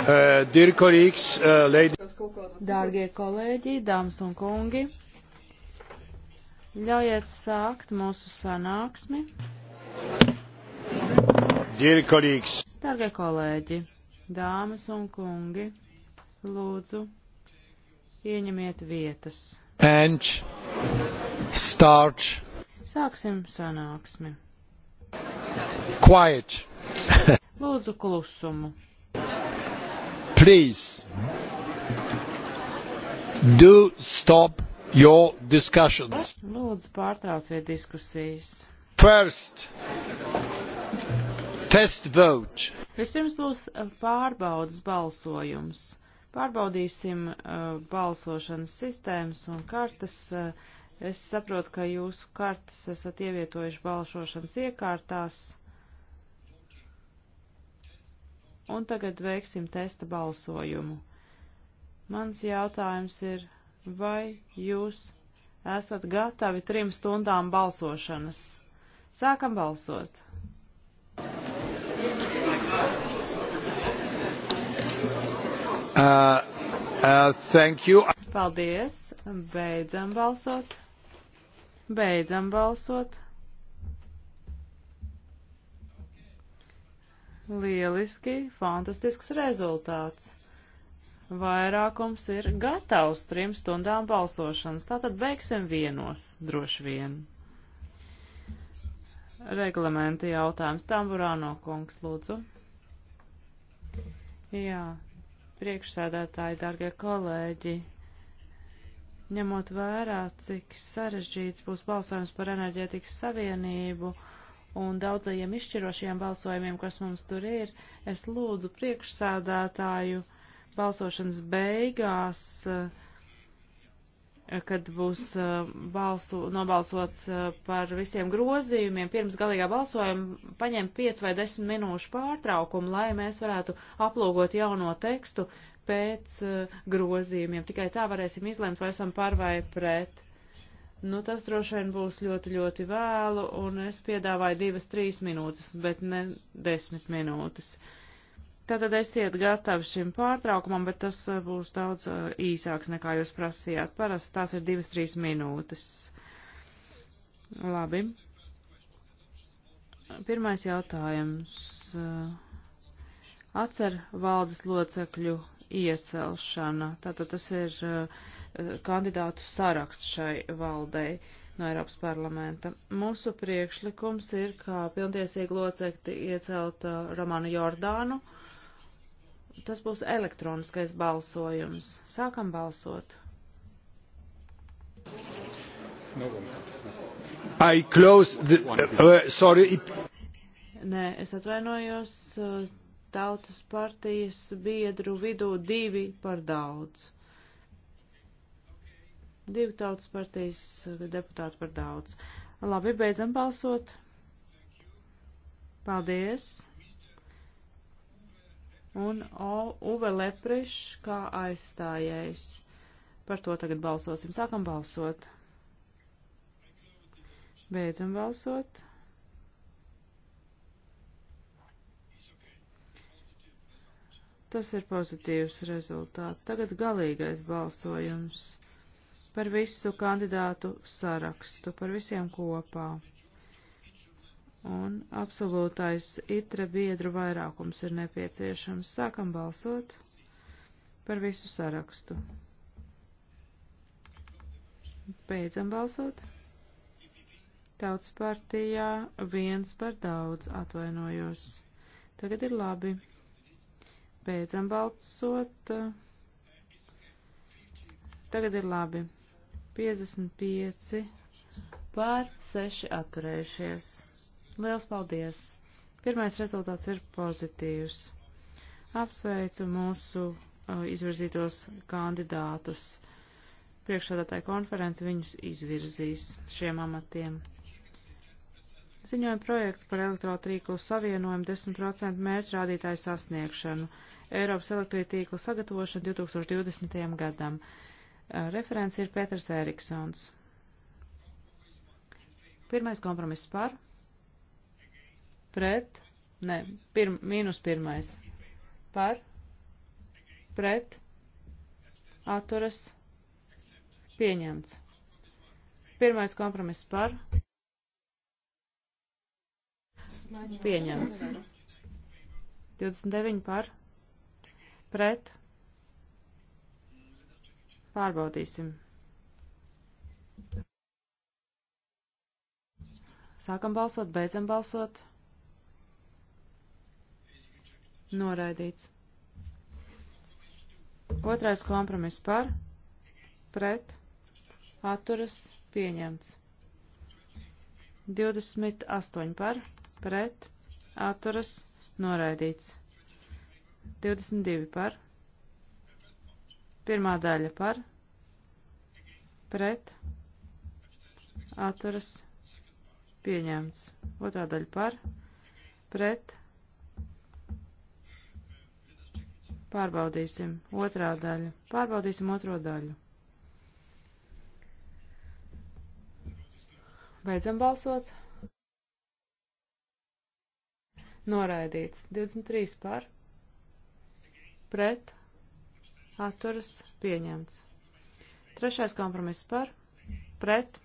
Uh, uh, Dārgie kolēģi, dāmas un kungi, ļaujiet sākt mūsu sanāksmi. Dārgie kolēģi, dāmas un kungi, lūdzu, ieņemiet vietas. Sāksim sanāksmi. Quiet. Lūdzu klusumu please do stop your discussions. Lūdzu, pārtrauciet diskusijas. First, test vote. Vispirms būs eh, pārbaudas balsojums. Pārbaudīsim uh, balsošanas sistēmas un kartas. Uh, eh, es saprotu, ka jūsu kartas esat ievietojuši balsošanas iekārtās. Un tagad veiksim testa balsojumu. Mans jautājums ir, vai jūs esat gatavi trim stundām balsošanas? Sākam balsot! Uh, uh, thank you. Paldies. Beidzam balsot. Beidzam balsot. Lieliski, fantastisks rezultāts. Vairākums ir gatavs trim stundām balsošanas, tātad beigsim vienos, droši vien. Reglamenta jautājums Tamburāno kungs, lūdzu. Jā, priekšsēdētāji, dargie kolēģi, ņemot vērā, cik sarežģīts būs balsojums par enerģētikas savienību, uh, un daudzajiem izšķirošajiem balsojumiem, kas mums tur ir, es lūdzu priekšsādātāju balsošanas beigās, eh, kad būs eh, balsu, nobalsots eh, par visiem grozījumiem, pirms galīgā balsojuma paņem 5 vai 10 minūšu pārtraukumu, lai mēs varētu aplūgot jauno tekstu pēc grozījumiem. Tikai tā varēsim izlemt, vai esam par vai pret. Nu, tas droši vien būs ļoti, ļoti vēlu, un es piedāvāju divas, trīs minūtes, bet ne desmit minūtes. Tātad esiet gatavi šim pārtraukumam, bet tas eh, būs daudz eh, īsāks nekā jūs prasījāt. Parasti tās ir divas, trīs minūtes. Labi. Pirmais jautājums. Eh, atcer valdes locekļu iecelšana. Tātad tas ir uh, Eh, kandidātu saraksts šai valdei no Eiropas parlamenta. Mūsu priekšlikums ir, kā pilntiesīgi locekti iecelt eh, Romanu Jordānu. Tas būs elektroniskais balsojums. Sākam balsot. I close the, uh, uh, sorry. Nē, es atvainojos, eh, tautas partijas biedru vidū divi par daudz. Divi tautas partijas eh, deputāti par daudz. Labi, beidzam balsot. Paldies. Un o, Uve Lepriš kā aizstājējs. Par to tagad balsosim. Sākam balsot. Beidzam balsot. Tas ir pozitīvs rezultāts. Tagad galīgais balsojums par visu kandidātu sarakstu, par visiem kopā. Un absolūtais itra biedru vairākums ir nepieciešams. Sākam balsot par visu sarakstu. Beidzam balsot. Tautas partijā viens par daudz atvainojos. Tagad ir labi. Beidzam balsot. Tagad ir labi. 55 pār 6 atturējušies. Liels paldies! Pirmais rezultāts ir pozitīvs. Apsveicu mūsu uh, izvirzītos kandidātus. Priekšsādātāja konference viņus izvirzīs šiem amatiem. Ziņojuma projekts par elektrotīklu savienojumu 10% mērķu rādītāju sasniegšanu. Eiropas elektrotīklu sagatavošana 2020. gadam. Referents ir Pēters Eriksons. Pirmais kompromiss par. Pret. Nē, pirm, mīnus pirmais. Par. Pret. Atturas. Pieņemts. Pirmais kompromiss par. Pieņemts. 29 par. Pret. Pārbaudīsim. Sākam balsot, beidzam balsot. Noraidīts. Otrais kompromiss par, pret, atturas, pieņemts. 28 par, pret, atturas, noraidīts. 22 par, Pirmā daļa par, pret, atturas, pieņemts. Otrā daļa par, pret, pārbaudīsim otrā daļa, pārbaudīsim otro daļu. Beidzam balsot. Noraidīts 23 par, pret atturas pieņemts. Trešais kompromiss par, pret,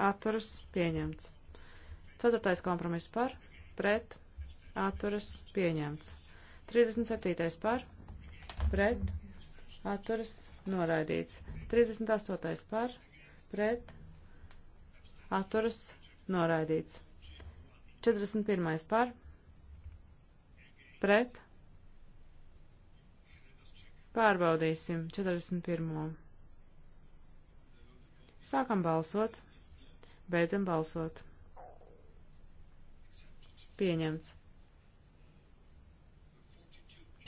atturas pieņemts. Ceturtais kompromiss par, pret, atturas pieņemts. 37. par, pret, atturas noraidīts. 38. par, pret, atturas noraidīts. 41. par, pret, Pārbaudīsim 41. Sākam balsot. Beidzam balsot. Pieņemts.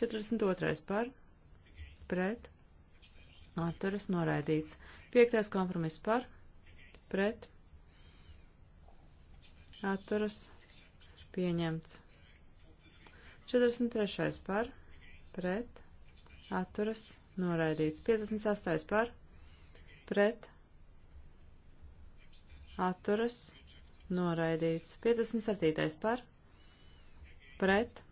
42. par. Pret. Atturas noraidīts. 5. kompromiss par. Pret. Atturas. Pieņemts. 43. par. Pret atturas, noraidīts. 58. par, pret, atturas, noraidīts. 57. par, pret,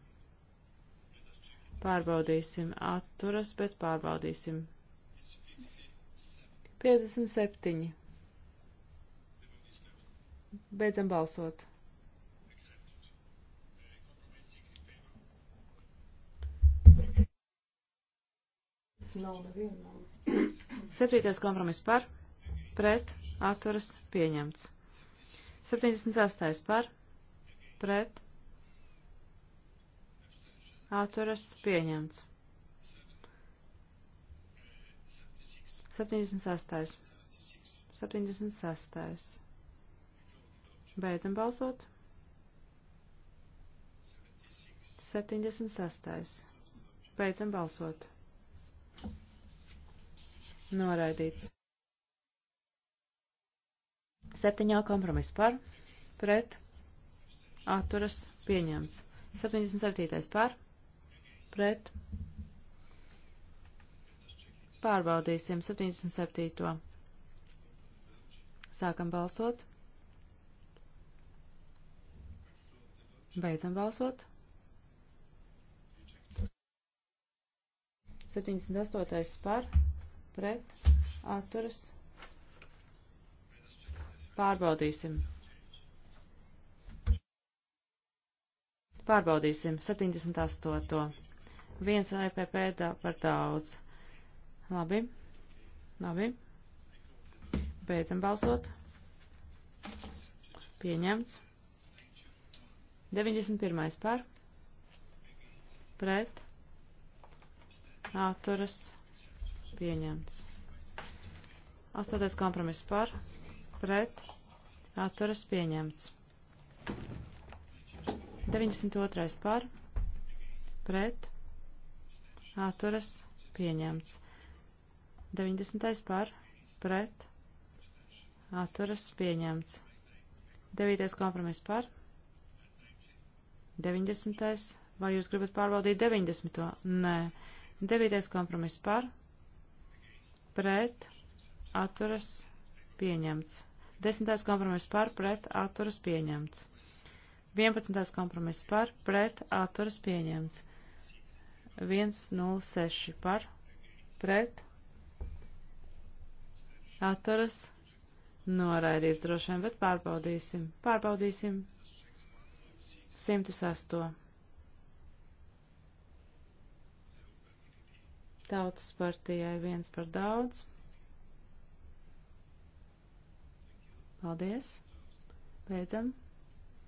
pārbaudīsim, atturas, bet pārbaudīsim. 57. Beidzam balsot. Nav neviena. Septītais kompromiss par, pret, atturas, pieņemts. 78. par, pret, atturas, pieņemts. 76. 76. Beidzam balsot. 76. Beidzam balsot noraidīts. Septiņā kompromiss par, pret, atturas, pieņemts. 77. par, pret, pārbaudīsim 77. Sākam balsot. Beidzam balsot. 78. par, pret, atturas. Pārbaudīsim. Pārbaudīsim. 78. Viens EPP da, par daudz. Labi. Labi. Beidzam balsot. Pieņemts. 91. par. Pret. Atturas pieņemts. Astotais kompromiss par, pret, atturas pieņemts. 92. par, pret, atturas pieņemts. 90. par, pret, atturas pieņemts. 9. kompromiss par, 90. vai jūs gribat pārbaudīt 90. Nē. 9. kompromiss par, pret pret atturas pieņemts. Desmitais kompromiss par pret atturas pieņemts. Vienpadsmitais kompromiss par pret atturas pieņemts. 106 par pret atturas noraidīts droši vien, bet pārbaudīsim. Pārbaudīsim 108. Tautas partijai viens par daudz. Paldies. Beidzam.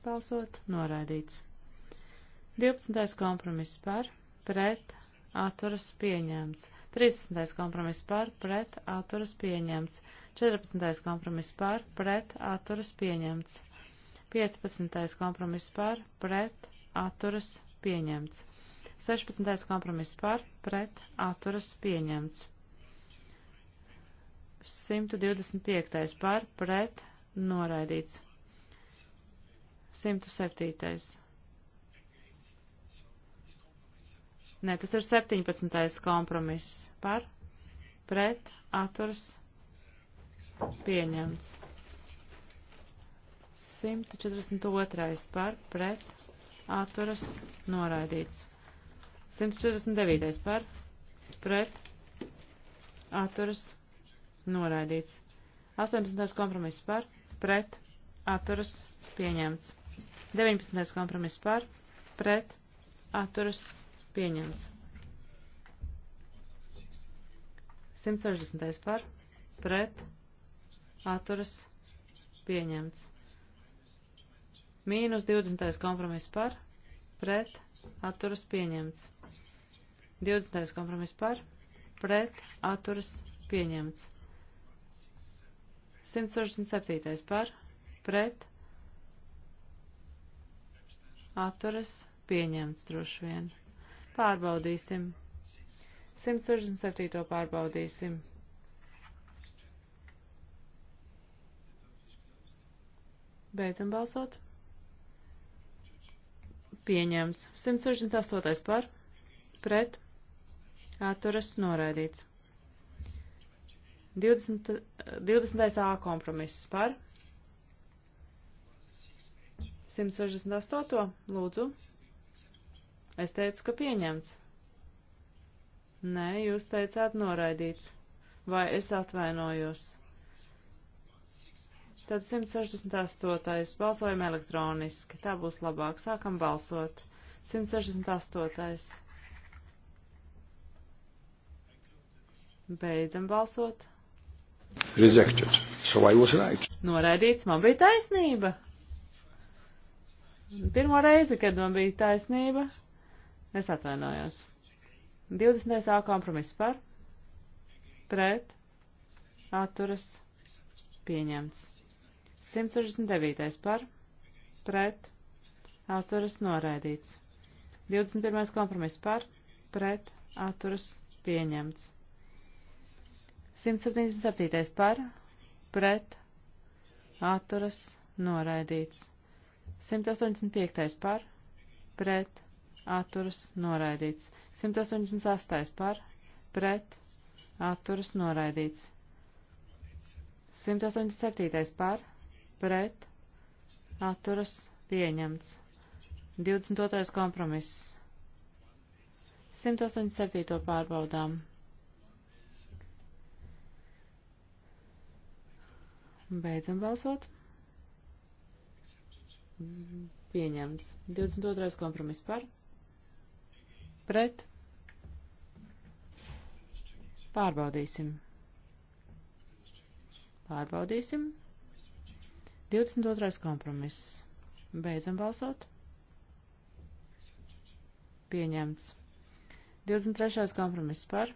Balsot. Noraidīts. 12. kompromiss par, pret, atturas pieņemts. 13. kompromiss par, pret, atturas pieņemts. 14. kompromiss par, pret, atturas pieņemts. 15. kompromiss par, pret, atturas pieņemts. 16. kompromiss par, pret, atturas pieņemts. 125. par, pret, noraidīts. 107. Nē, tas ir 17. kompromiss par, pret, atturas pieņemts. 142. par, pret, atturas noraidīts. 149. par pret atturas noraidīts. 18. kompromiss par pret atturas pieņemts. 19. kompromiss par pret atturas pieņemts. 160. par pret atturas pieņemts. Mīnus 20. kompromiss par pret atturas pieņemts. 20. kompromiss par, pret, atturas, pieņemts. 167. par, pret, atturas, pieņemts droši vien. Pārbaudīsim. 167. pārbaudīsim. Beidzam balsot. Pieņemts. 168. par, pret, atturas noraidīts. 20. 20. A kompromiss par 168. Lūdzu. Es teicu, ka pieņemts. Nē, jūs teicāt noraidīts. Vai es atvainojos? Tad 168. balsojam elektroniski. Tā būs labāk. Sākam balsot. 168. Beidzam balsot. Rejected. So I was right. Noraidīts, man bija taisnība. Pirmo reizi, kad man bija taisnība, es atvainojos. 20. A kompromiss par, pret, atturas, pieņemts. 169. par, pret, atturas, noraidīts. 21. kompromiss par, pret, atturas, pieņemts. 177. par, pret, atturas, noraidīts. 185. par, pret, atturas, noraidīts. 188. par, pret, atturas, noraidīts. 187. par, pret, atturas, pieņemts. 22. kompromiss. 187. pārbaudām. Beidzam balsot. Pieņemts. 22. kompromiss par. Pret. Pārbaudīsim. Pārbaudīsim. 22. kompromiss. Beidzam balsot. Pieņemts. 23. kompromiss par.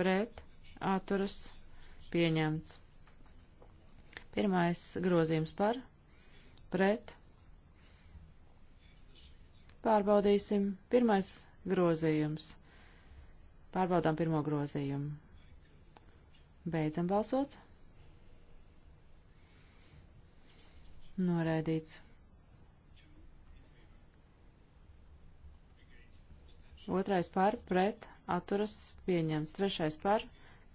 Pret. Atturas. Pieņemts. Pirmais grozījums par, pret. Pārbaudīsim. Pirmais grozījums. Pārbaudām pirmo grozījumu. Beidzam balsot. Noraidīts. Otrais par, pret, atturas, pieņemts. Trešais par,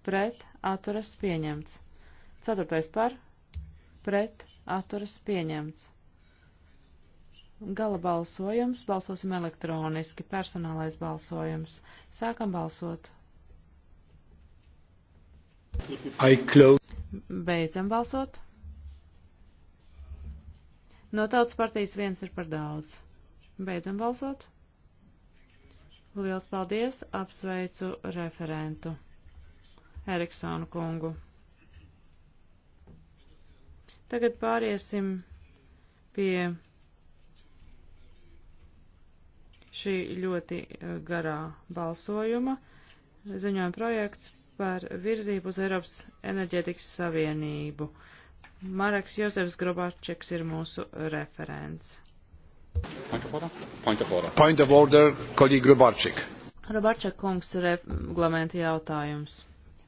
pret, atturas, pieņemts. Ceturtais par, pret atturas pieņemts. Gala balsojums, balsosim elektroniski, personālais balsojums. Sākam balsot. Beidzam balsot. No tautas partijas viens ir par daudz. Beidzam balsot. Liels paldies, apsveicu referentu Eriksonu kungu. Tagad pāriesim pie šī ļoti eh, garā balsojuma ziņojuma projekts par virzību uz Eiropas enerģētikas savienību. Mareks Jozefs Grobačeks ir mūsu referents. Point of order. Point of order. Point of order, kolīgi Grobaček. Grobaček kungs reglamenta jautājums.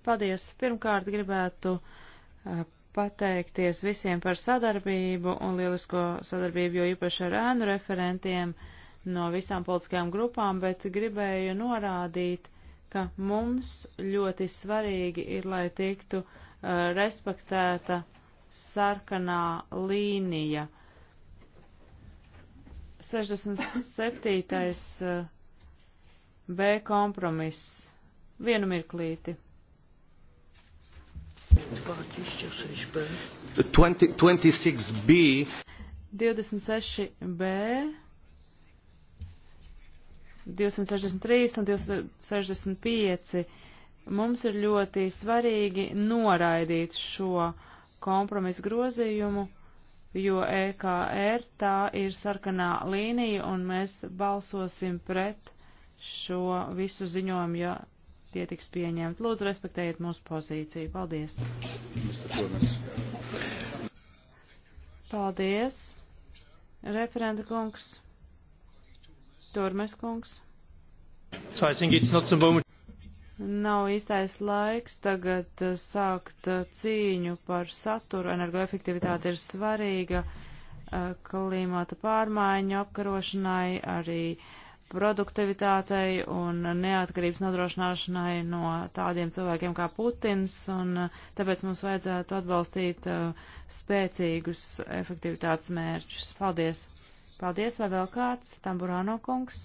Paldies. Pirmkārt gribētu eh, pateikties visiem par sadarbību un lielisko sadarbību, jo īpaši ar ēnu referentiem no visām politiskajām grupām, bet gribēju norādīt, ka mums ļoti svarīgi ir, lai tiktu uh, respektēta sarkanā līnija. 67. Uh, B kompromiss. Vienu mirklīti. 20, 26b. 26b. 263 un 265. Mums ir ļoti svarīgi noraidīt šo kompromisu grozījumu, jo EKR tā ir sarkanā līnija un mēs balsosim pret šo visu ziņojumu, ja tie tiks pieņemti. Lūdzu, respektējiet mūsu pozīciju. Paldies! Paldies! Referenta kungs, Turmes kungs. So Nav īstais laiks tagad uh, sākt uh, cīņu par saturu. Energoefektivitāte ir svarīga uh, klimata pārmaiņu apkarošanai, arī uh, produktivitātei un neatkarības nodrošināšanai no tādiem cilvēkiem kā Putins, un uh, tāpēc mums vajadzētu atbalstīt uh, spēcīgus efektivitātes mērķus. Paldies! Paldies, vai vēl kāds? Tamburāno kungs?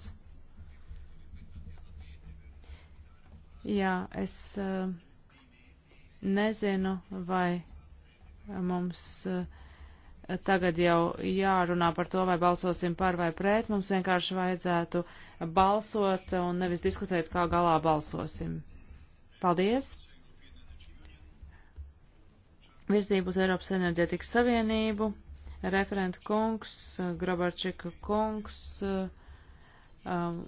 Jā, es uh, nezinu, vai mums. Uh, tagad jau jārunā par to, vai balsosim par vai pret. Mums vienkārši vajadzētu balsot un nevis diskutēt, kā galā balsosim. Paldies! Virzību uz Eiropas enerģētikas savienību, referenta kungs, Grobarčika kungs, um,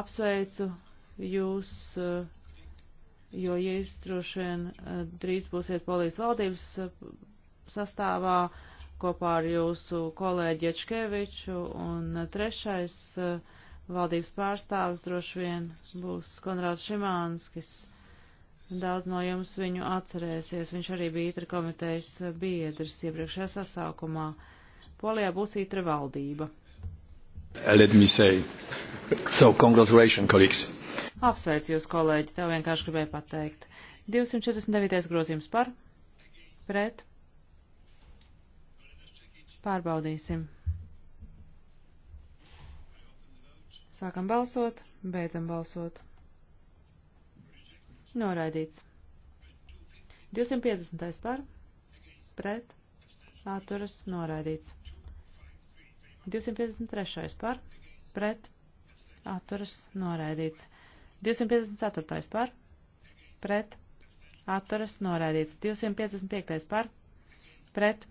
apsveicu jūs, jo jūs droši vien uh, drīz būsiet polijas valdības uh, sastāvā. Uh, kopā ar jūsu kolēģi Ečkeviču, un trešais eh, valdības pārstāvis droši vien būs Konrāds Šimānskis. Daudz no jums viņu atcerēsies, viņš arī bija itra komitejas eh, biedrs iepriekšējā sasaukumā. Polijā būs itra valdība. Uh, let me say. So, congratulations, colleagues. Apsveic jūs, kolēģi, tev vienkārši gribēju pateikt. 249. grozījums par, pret, Pārbaudīsim. Sākam balsot, beidzam balsot. Noraidīts. 250. par, pret, atturas, noraidīts. 253. par, pret, atturas, noraidīts. 254. par, pret, atturas, noraidīts. 255. par, pret,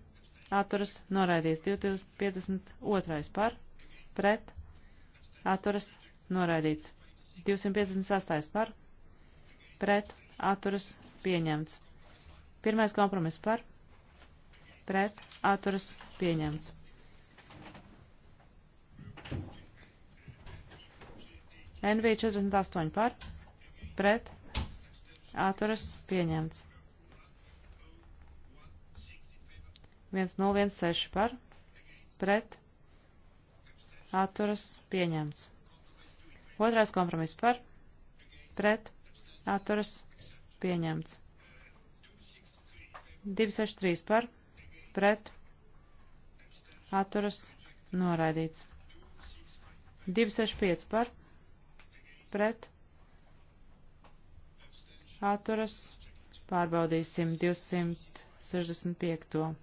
atturas noraidīts 252 par, pret, atturas noraidīts 258 par, pret, atturas pieņemts. Pirmais kompromiss par, pret, atturas pieņemts. NV 48 par, pret, atturas pieņemts. 1016 par, pret, atturas, pieņemts. Otrais kompromiss par, pret, atturas, pieņemts. 263 par, pret, atturas, noraidīts. 265 par, pret, atturas, pārbaudīsim 265.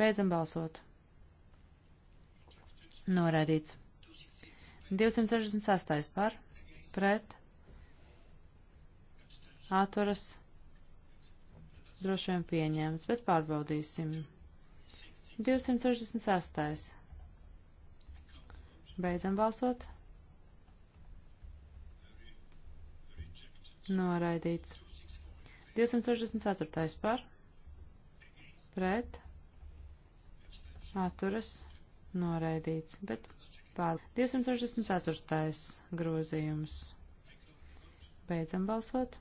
Beidzam balsot. Noraidīts. 268 par, pret, atturas, droši vien pieņēmts, bet pārbaudīsim. 268. Beidzam balsot. Noraidīts. 264. par, pret, atturas noraidīts, bet pār 264. grozījums. Beidzam balsot.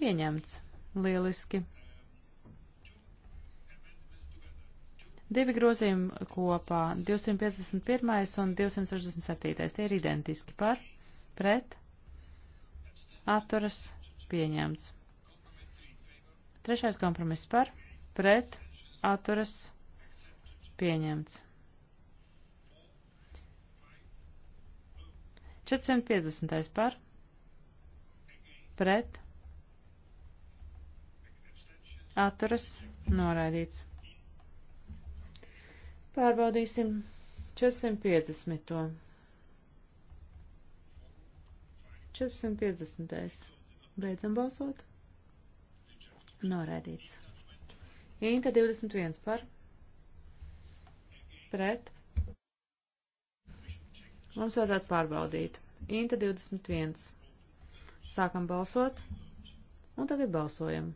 Pieņemts. Lieliski. Divi grozījumi kopā - 251. un 267. Tie ir identiski par, pret, atturas, pieņemts. Trešais kompromiss par, pret, atturas pieņemts. 450. par pret atturas noraidīts. Pārbaudīsim 450. To. 450. Beidzam balsot. Noraidīts. Inta 21 par pret. Mums vajadzētu pārbaudīt. Inta 21. Sākam balsot. Un tagad balsojam.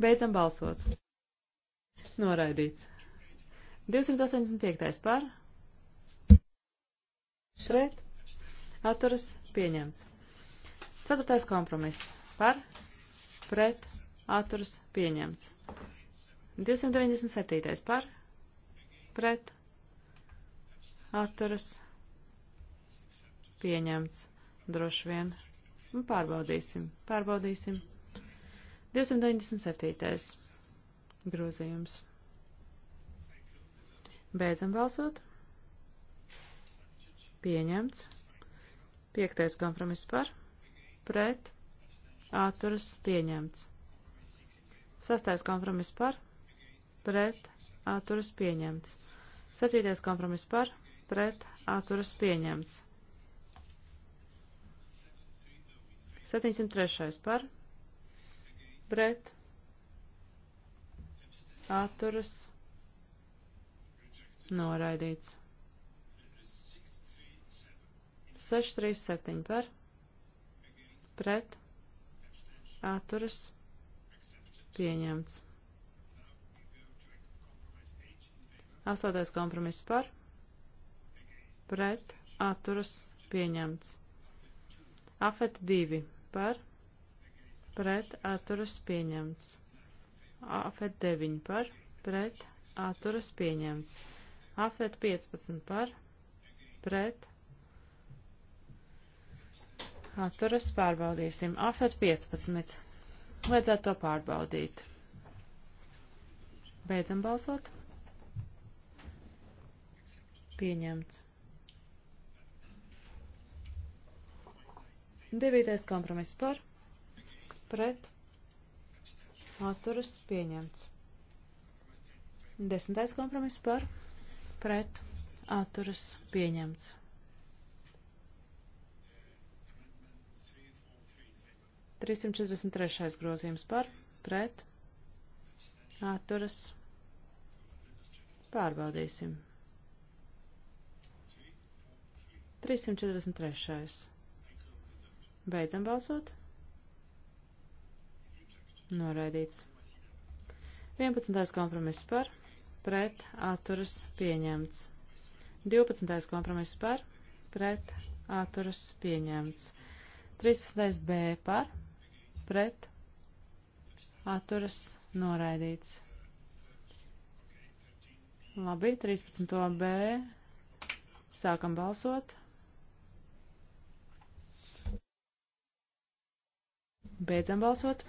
Beidzam balsot. Noraidīts. 285. par. Pret. Atturas pieņemts. Ceturtais kompromiss. Par. Pret atturas pieņemts. 297. par, pret, atturas pieņemts, droši vien. Un nu, pārbaudīsim, pārbaudīsim. 297. grozījums. Beidzam balsot. Pieņemts. Piektais kompromiss par, pret, atturas pieņemts. Sastais kompromiss par, pret, atturas pieņemts. Septītais kompromiss par, pret, atturas pieņemts. 703. par, pret, atturas noraidīts. 637 par, pret, atturas pieņemts pieņemts. Astotais kompromiss par, pret, atturas, pieņemts. Afet 2 par, pret, atturas, pieņemts. Afet 9 par, pret, atturas, pieņemts. Afet 15 par, pret, atturas, pārbaudīsim. Afet 15. Vajadzētu to pārbaudīt. Beidzam balsot. Pieņemts. Devītais kompromiss par, pret, atturas pieņemts. Desmitais kompromiss par, pret, atturas pieņemts. 343. grozījums par, pret, atturas, pārbaudīsim. 343. Beidzam balsot. Noraidīts. 11. kompromiss par, pret, atturas, pieņemts. 12. kompromiss par, pret, atturas, pieņemts. 13. B par, pret atturas noraidīts. Labi, 13. B. Sākam balsot. Beidzam balsot.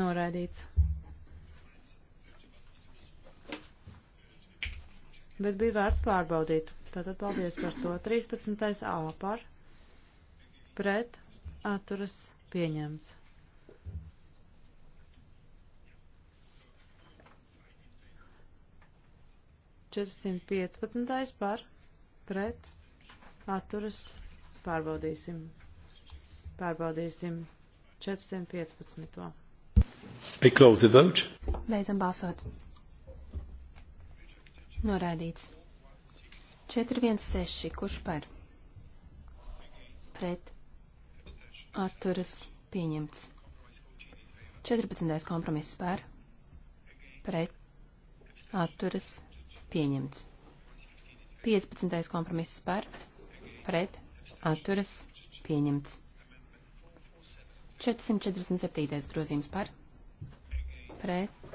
Noraidīts. Bet bija vērts pārbaudīt. Tātad paldies par to. 13. A par. Pret atturas pieņemts. Četrsimt piecpadsmitais par pret atturas pārbaudīsim. Pārbaudīsim 415. I close the vote. Beidzam balsot. Norādīts. 416. Kurš par? Pret atturas pieņemts. 14. kompromiss par, pret, atturas pieņemts. 15. kompromiss par, pret, atturas pieņemts. 447. grozījums par, pret,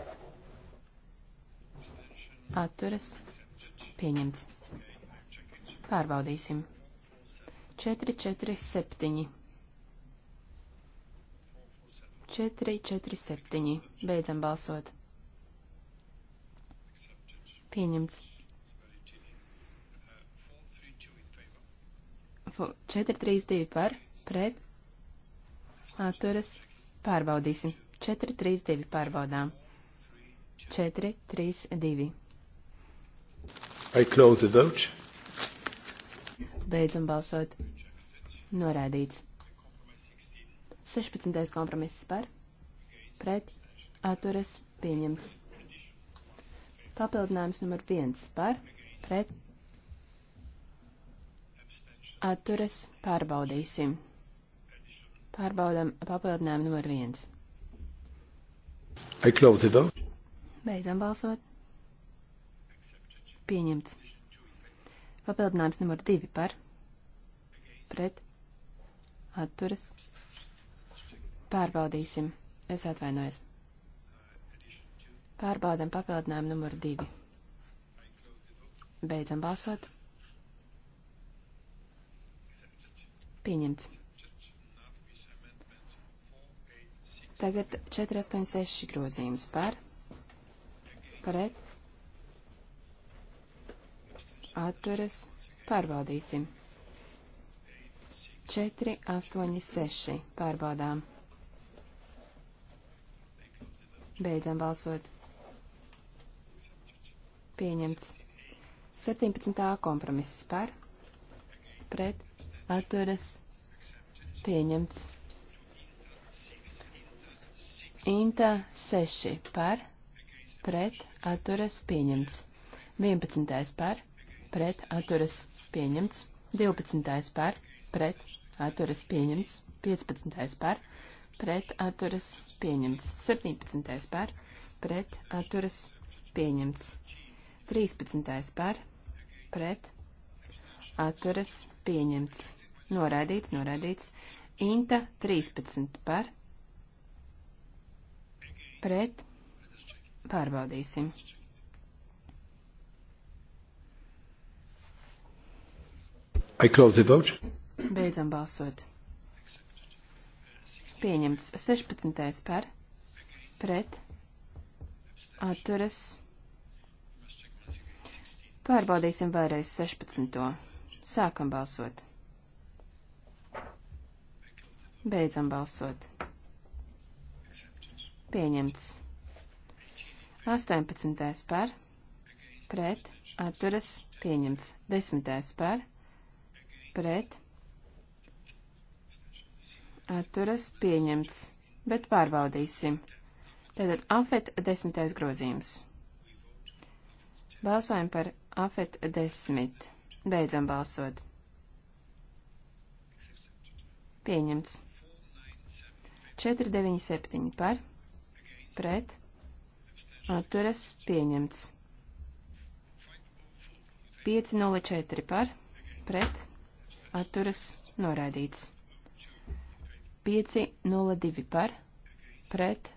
atturas pieņemts. Pārbaudīsim. 447. 447. Beidzam balsot. Pieņemts. 432 par, pret, atturas, pārbaudīsim. 432 pārbaudām. 432. I close the vote. Beidzam balsot. Norādīts. 16. kompromiss par, pret, atturas, pieņemts. Papildinājums numur 1 par, pret, atturas, pārbaudīsim. Pārbaudam papildinājumu numur 1. I close it out. Beidzam balsot. Pieņemts. Papildinājums numur 2 par, pret, atturas, pieņemts Pārbaudīsim. Es atvainojos. Pārbaudam papildinājumu numuru divi. Beidzam balsot. Pieņemts. Tagad 486 grozījums par, pret, atturas, pārbaudīsim. 486 pārbaudām. Beidzam balsot. Pieņemts. 17. kompromiss par, pret, atturas, pieņemts. Inta 6 par, pret, atturas, pieņemts. 11. par, pret, atturas, pieņemts. 12. par, pret, atturas, pieņemts. 15. par, pret atturas pieņemts. 17. par pret atturas pieņemts. 13. par pret atturas pieņemts. Noraidīts, noraidīts. Inta 13 par pret pārbaudīsim. I close the vote. Beidzam balsot pieņemts. 16. par pret atturas. Pārbaudīsim vēlreiz 16. Sākam balsot. Beidzam balsot. Pieņemts. 18. par pret atturas pieņemts. 10. par pret atturas pieņemts, bet pārbaudīsim. Tātad afet desmitais grozījums. Balsojam par afet desmit. Beidzam balsot. Pieņemts. 497 par, pret, atturas pieņemts. 504 par, pret, atturas noraidīts. 502 par, pret,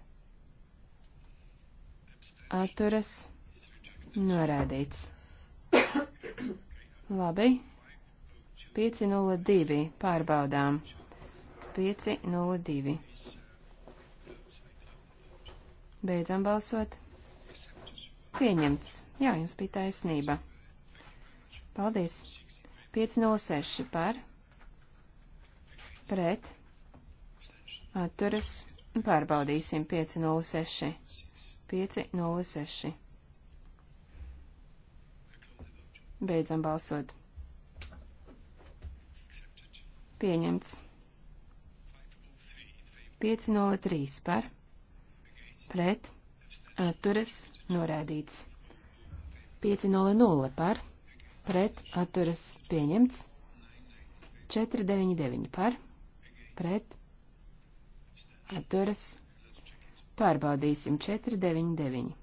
atturas, norādīts. Labi. 502 pārbaudām. 502. Beidzam balsot. Pieņemts. Jā, jums bija taisnība. Paldies. 506 par. Pret atturas pārbaudīsim 506. 506. Beidzam balsot. Pieņemts. 503 par. Pret. Atturas. Norādīts. 500 par. Pret. Atturas. Pieņemts. 499 par. Pret atturas. Pārbaudīsim 499.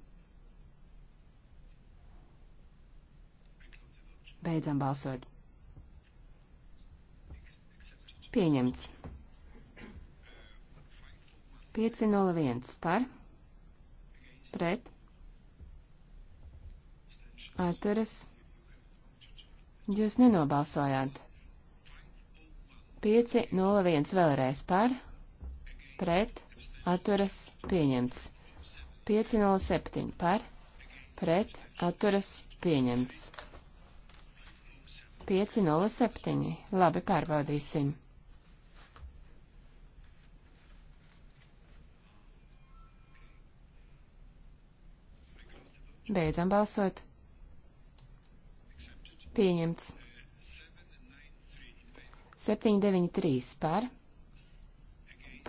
Beidzam balsot. Pieņemts. 501 par. Pret. Atturas. Jūs nenobalsojāt. 501 vēlreiz par pret, atturas, pieņemts. 507 par, pret, atturas, pieņemts. 507. Labi, pārbaudīsim. Beidzam balsot. Pieņemts. 793 par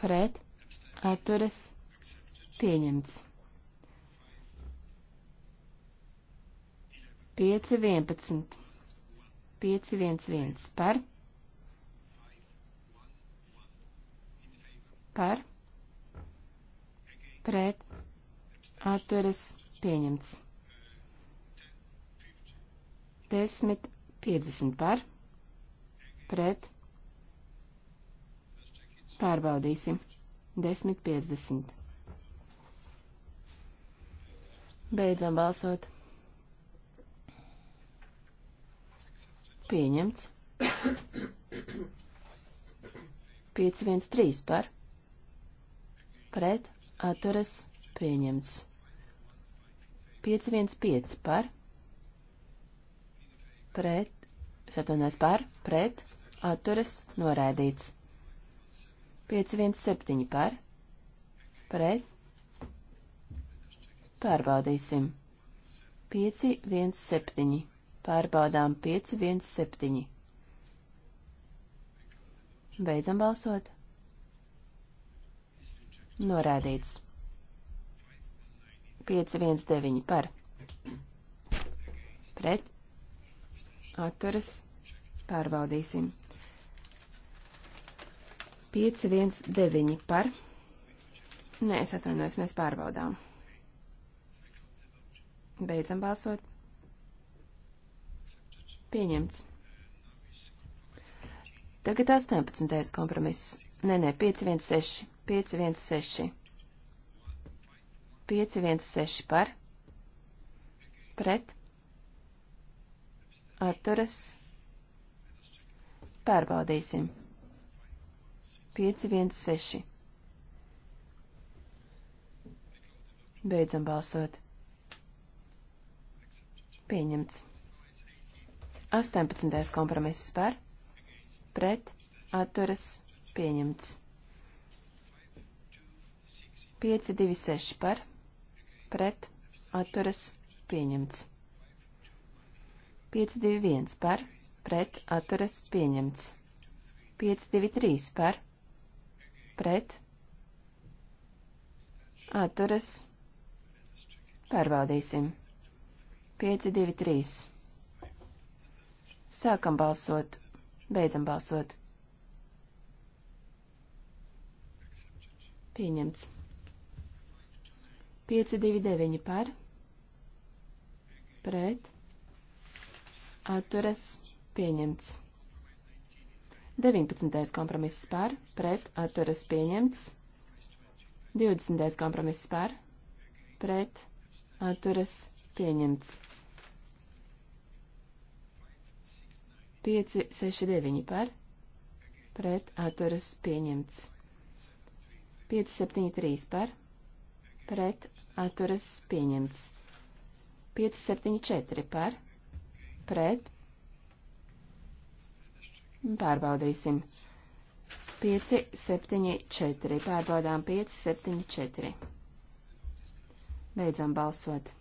pret atturas pieņemts. 5.11. 5.11. par par pret atturas pieņemts. 10.50 par pret Pārbaudīsim. 10.50. Beidzam balsot. Pieņemts. 513 par. Pret. Atturas. Pieņemts. 515 par. Pret. Satunās par. Pret. Atturas. Noraidīts. 517 par, pret, pārbaudīsim. 517, pārbaudām 517. Beidzam balsot. Norādīts. 519 par. Pret. Atturas. Pārbaudīsim. 519 par. Nē, es atvainojos, mēs pārbaudām. Beidzam balsot. Pieņemts. Tagad 18. kompromiss. Nē, nē, 516. 516. 516 par. Pret. Atturas. Pārbaudīsim. 516. Beidzam balsot. Pieņemts. 18. kompromiss par, pret, atturas, pieņemts. 526 par, pret, atturas, pieņemts. 521 par, pret, atturas, pieņemts. 523 par, pret, atturas, pārbaudīsim. 5, 2, 3. Sākam balsot, beidzam balsot. Pieņemts. 5, 2, 9 par, pret, atturas, pieņemts. 19. kompromiss par, pret, atturas pieņemts. 20. kompromiss par, pret, atturas pieņemts. 5, 6, 9 par, pret, atturas pieņemts. 5, 7, 3 par, pret, atturas pieņemts. 5, 7, 4 par, pret, Pārbaudīsim. 5, 7, 4. Pārbaudām 5, 7, 4. Beidzam balsot.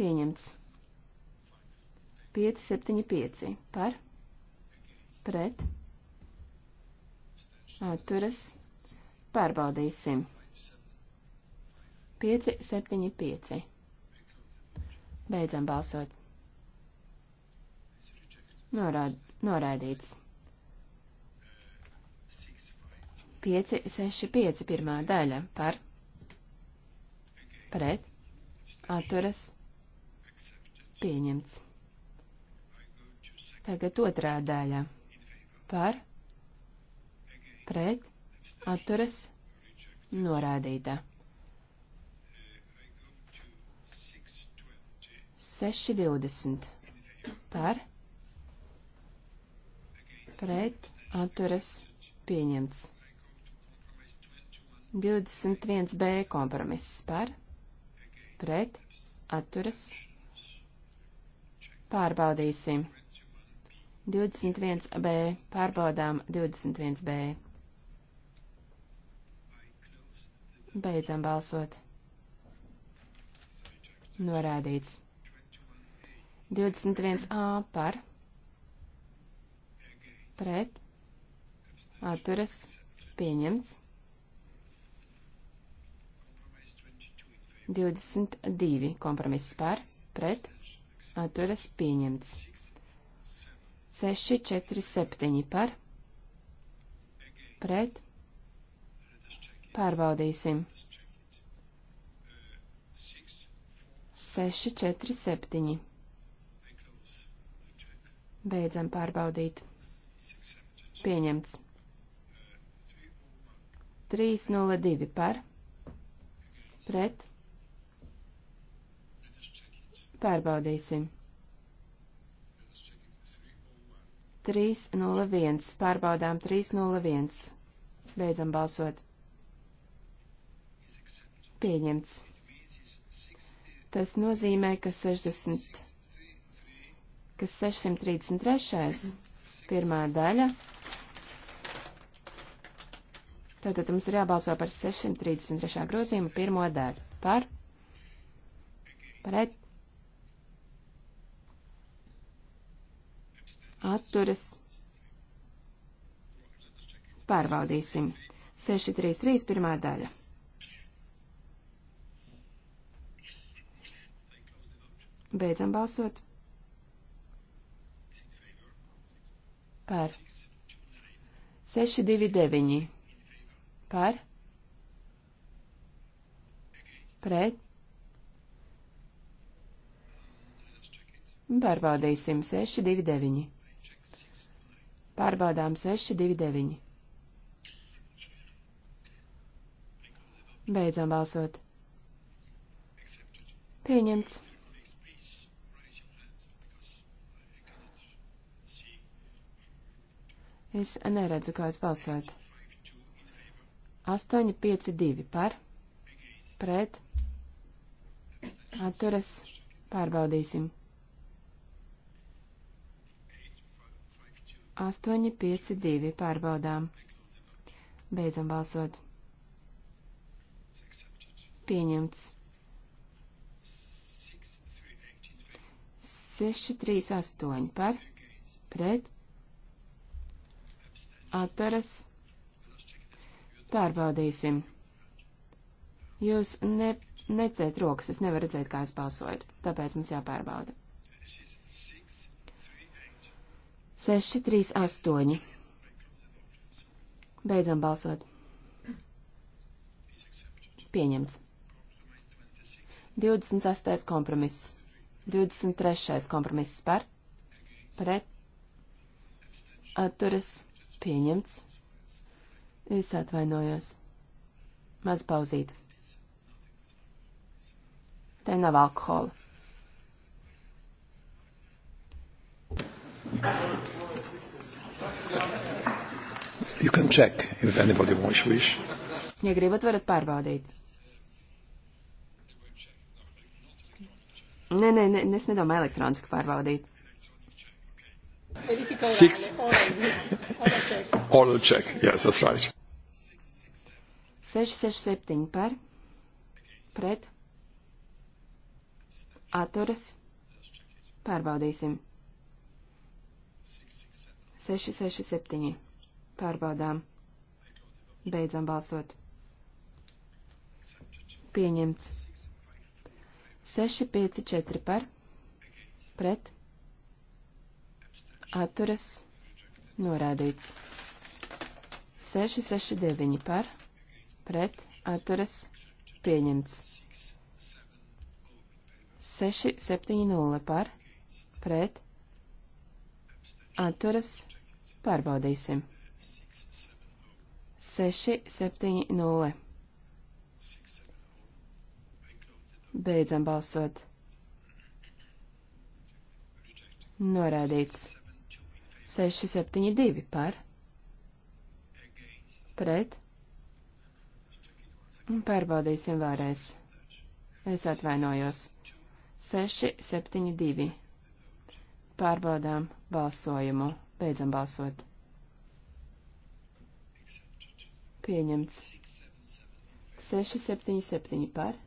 Pieņemts. 5, 7, 5. Par. Pret. Atturas. Pārbaudīsim. 5, 7, 5. Beidzam balsot. Norād, noraidīts. 5, 6, 5 pirmā daļa par pret atturas pieņemts. Tagad otrā daļa par pret atturas norādīta. 6.20 par pret pret atturas pieņemts. 21b kompromiss par, pret atturas pārbaudīsim. 21b pārbaudām 21b. Beidzam balsot. Norādīts. 21a par pret, atturas, pieņemts. 22 kompromiss par, pret, atturas, pieņemts. 6, 4, 7 par, pret, pārbaudīsim. 6, 4, 7. Beidzam pārbaudīt. Pieņemts. 302 par. Pret. Pārbaudīsim. 301. Pārbaudām 301. Beidzam balsot. Pieņemts. Tas nozīmē, ka 60, ka 633. pirmā daļa Tātad mums ir jābalso par 633. grozījumu pirmo daļu. Par? Pret? Atturas? Pārbaudīsim. 633. pirmā daļa. Beidzam balsot. Par. 629 par pret. Pārbaudīsim 629. Pārbaudām 629. Beidzam balsot. Pieņemts. Es neredzu, kā jūs balsot. 852 par, pret, atturas, pārbaudīsim. 852 pārbaudām. Beidzam balsot. Pieņemts. 638 par, pret, atturas, pārbaudīsim Pārbaudīsim. Jūs ne, necēt rokas, es nevaru redzēt, kā jūs balsojat, tāpēc mums jāpārbauda. 6, 3, 8. Beidzam balsot. Pieņemts. 26. kompromiss. 23. kompromiss par. Pret. Atturas. Pieņemts. Es atvainojos. Maz pauzīt. Te nav alkohola. You can check if anybody wants wish. Ja gribat, varat pārbaudīt. Nē, nē, nē, es nedomāju elektroniski pārbaudīt. Six. Oral check. Oral check. Yes, that's right. 667 par, pret, atturas, pārbaudīsim. 667, pārbaudām, beidzam balsot. Pieņemts. 654 par, pret, atturas, norādīts. 669 par, pret pret, atturas, pieņemts. 6, 7, 0 par, pret, atturas, pārbaudīsim. 6, 7, 0. Beidzam balsot. Norādīts. 6, 7, 2 par, pret, Un pārbaudīsim vēlreiz. Es atvainojos. 6, 7, 2. Pārbaudām balsojumu. Beidzam balsot. Pieņemts. 6, 7, 7 par.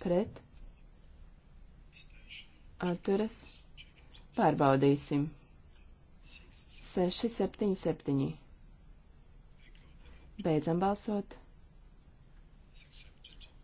Pret. Atturas. Pārbaudīsim. 6, 7, 7. Beidzam balsot.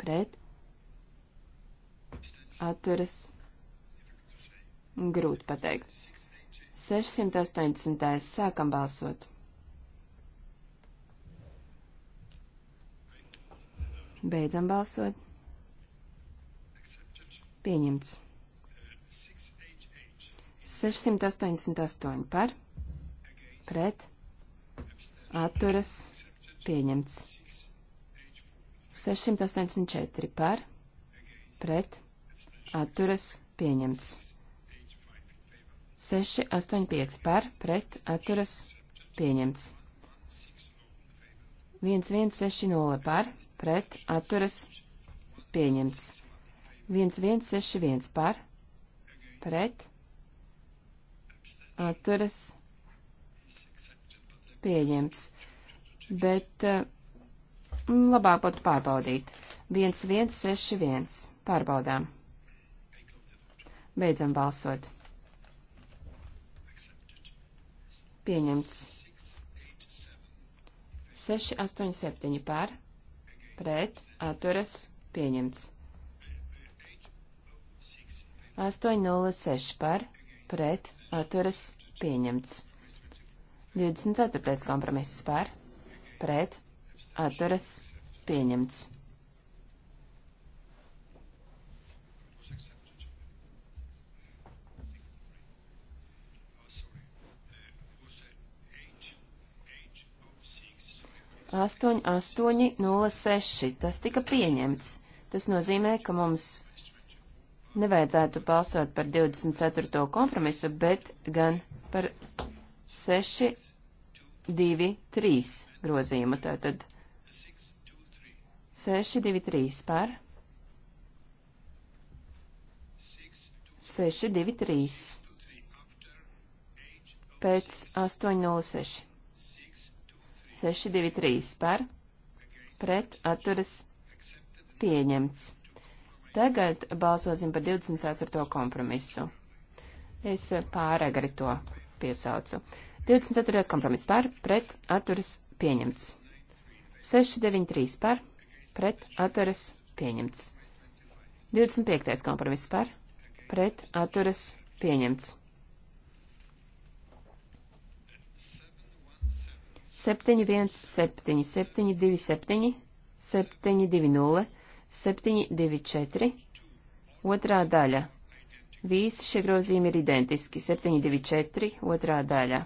pret, atturas, grūti pateikt. 680. sākam balsot. Beidzam balsot. Pieņemts. 688 par, pret, atturas, pieņemts. 684 par, pret, atturas, pieņemts. 685 par, pret, atturas, pieņemts. 1160 par, pret, atturas, pieņemts. 1161 par, pret, atturas, pieņemts. Bet uh, Labāk būtu pārbaudīt. 1161. Pārbaudām. Beidzam balsot. Pieņemts. 687 pār. Pret. Atturas. Pieņemts. 806 par. Pret. Atturas. Pieņemts. 24. kompromiss par. Pret atturas pieņemts. Astoņi, astoņi, nulle seši. Tas tika pieņemts. Tas nozīmē, ka mums nevajadzētu balsot par 24. kompromisu, bet gan par 6, 2, 3 grozījumu. Tātad 623 par. 623 pēc 806. 623 par. Pret atturas pieņemts. Tagad balsosim par 24. kompromisu. Es pāragri to piesaucu. 24. kompromiss par, pret, atturas pieņemts. 693 par pret atturas pieņemts. 25. kompromiss par pret atturas pieņemts. 717, 727, 720, 724, otrā daļa. Visi šie grozījumi ir identiski, 724, otrā daļa.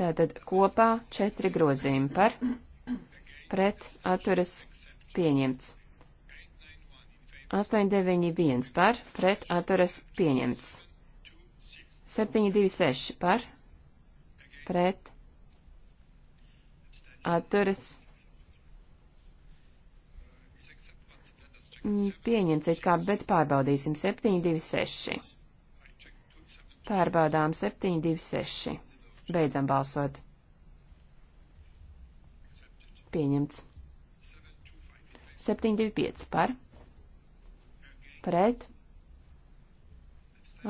Tātad kopā četri grozījumi par, pret, atturas, pieņemts. 891 par, pret atturas pieņemts. 726 par, pret atturas mm, pieņemts it kā, bet pārbaudīsim 726. Pārbaudām 726. Beidzam balsot. Pieņemts. 725 par, pret,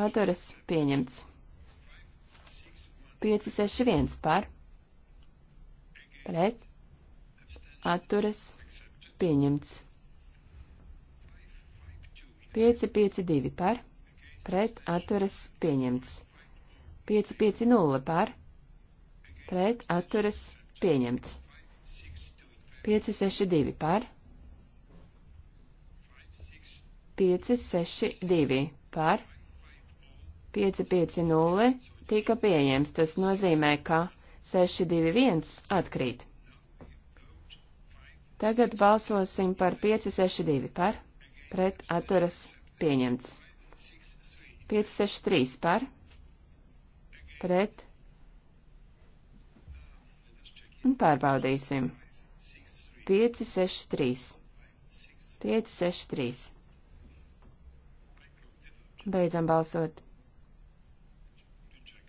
atturas pieņemts. 561 par, pret, atturas pieņemts. 552 par, pret, atturas pieņemts. 550 par, pret, atturas pieņemts. 562 par, 562 par 550 tika pieejams. Tas nozīmē, ka 621 atkrīt. Tagad balsosim par 562 par, pret atturas pieņemts. 563 par, pret, un pārbaudīsim. 563. 563. Beidzam balsot.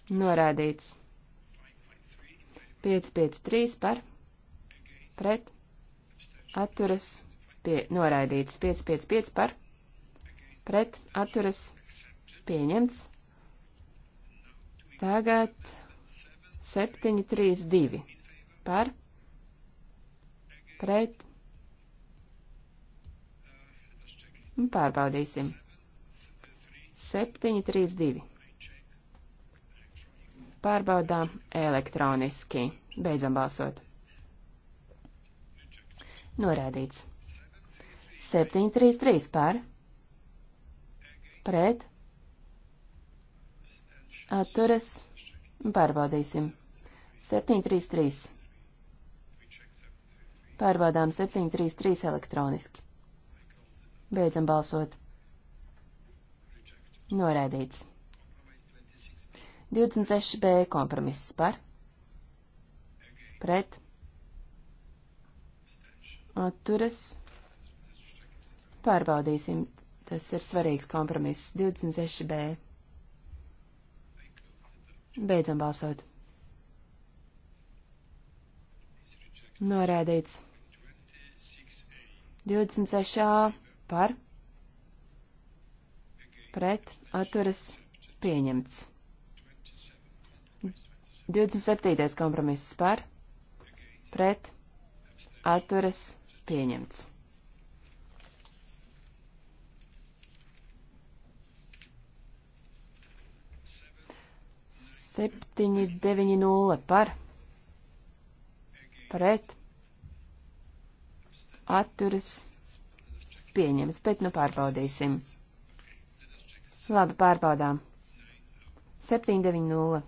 Norādīts. 553 par pret atturas pie, noraidīts 555 par pret atturas pieņemts. Tagad 732 par pret. Nu, pārbaudīsim. 732. Pārbaudām elektroniski. Beidzam balsot. Norādīts. 733 pār. Pret. Atturas. Pārbaudīsim. 733. Pārbaudām 733 elektroniski. Beidzam balsot. Noraidīts. 26b kompromiss par, pret, atturas, pārbaudīsim, tas ir svarīgs kompromiss, 26b. Beidzam balsot. Noraidīts. 26a par, pret, atturas pieņemts. 27. kompromiss par, pret, atturas pieņemts. Septiņi, deviņi, nulle par, pret, atturas pieņemts, bet nu pārbaudīsim. 7, 9, 0, Labi, pārbaudām. 790.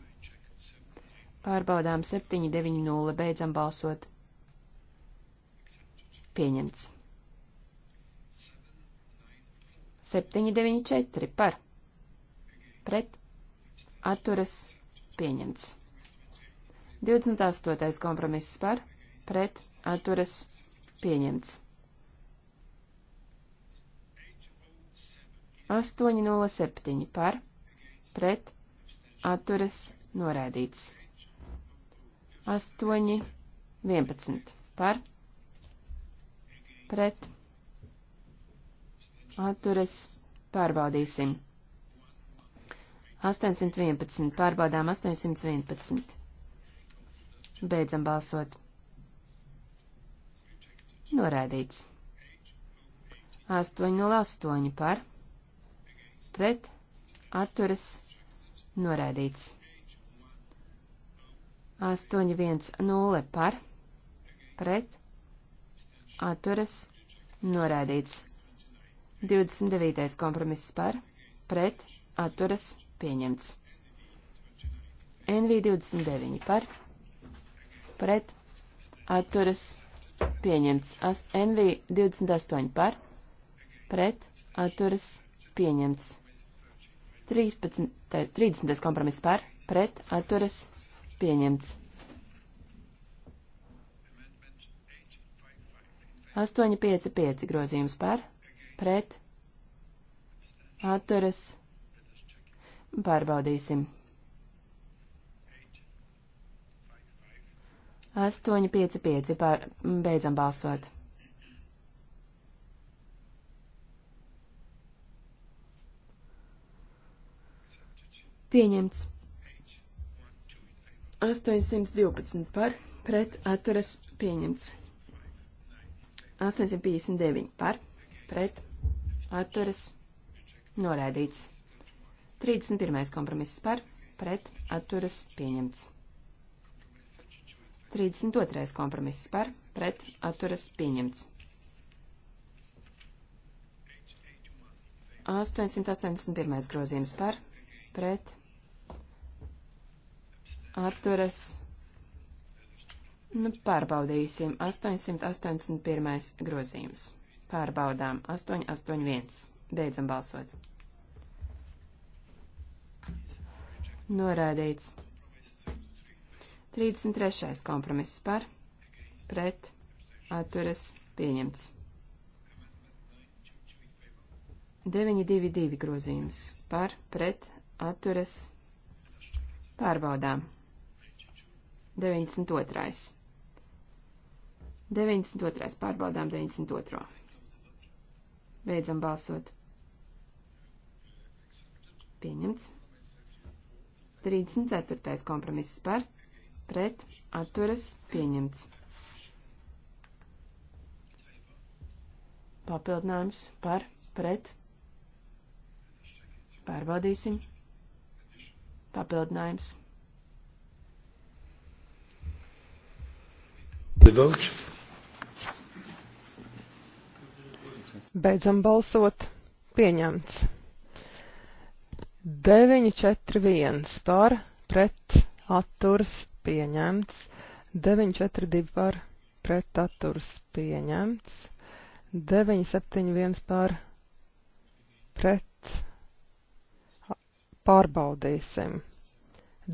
Pārbaudām 790, beidzam balsot. Pieņemts. 794 par. Pret. Atturas. Pieņemts. 28. kompromiss par. Pret. Atturas. Pieņemts. 807 par, pret, atturas, noraidīts. 811 par, pret, atturas, pārbaudīsim. 811, pārbaudām 811. Beidzam balsot. Noraidīts. 808 par pret, atturas, noraidīts. 810 par, pret, atturas, noraidīts. 29. kompromiss par, pret, atturas, pieņemts. NV29 par, pret, atturas, pieņemts. NV28 par, pret, atturas, pieņemts. 13, 30. kompromiss par, pret, atturas, pieņemts. 855 grozījums par, pret, atturas, pārbaudīsim. 855 par, beidzam balsot. Pieņemts. 812 par, pret atturas pieņemts. 859 par, pret atturas norēdīts. 31. kompromiss par, pret atturas pieņemts. 32. kompromiss par, pret atturas pieņemts. 881. grozījums par, pret atturas. Nu, pārbaudīsim 881. grozījums. Pārbaudām 881. Beidzam balsot. Norādīts. 33. kompromiss par, pret, atturas, pieņemts. 922 grozījums par, pret, atturas, pārbaudām. 92. 92. pārbaudām 92. Beidzam balsot. Pieņemts. 34. kompromiss par, pret, atturas, pieņemts. Papildinājums par, pret. Pārbaudīsim. Papildinājums. Beidzam balsot. Pieņemts. 941 par, pret, atturs, pieņemts. 942 par, pret, atturs, pieņemts. 971 par, pret, pārbaudīsim.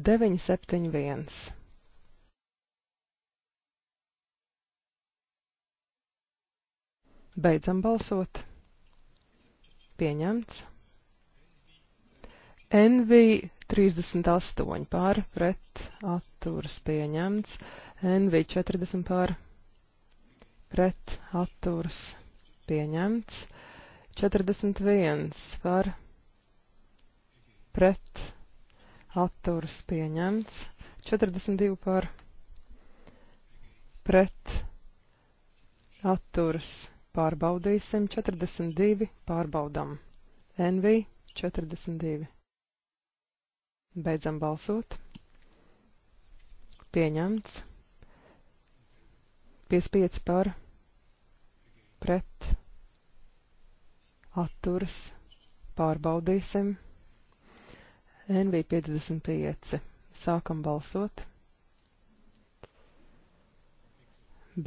971. Beidzam balsot. Pieņemts. NV 38 pār pret atturas pieņemts. NV 40 pār pret atturas pieņemts. 41 pār pret atturas pieņemts. 42 pār pret atturas pieņemts pārbaudīsim 42, pārbaudam. NV 42. Beidzam balsot. Pieņemts. 55 par pret atturas pārbaudīsim. NV 55. Sākam balsot.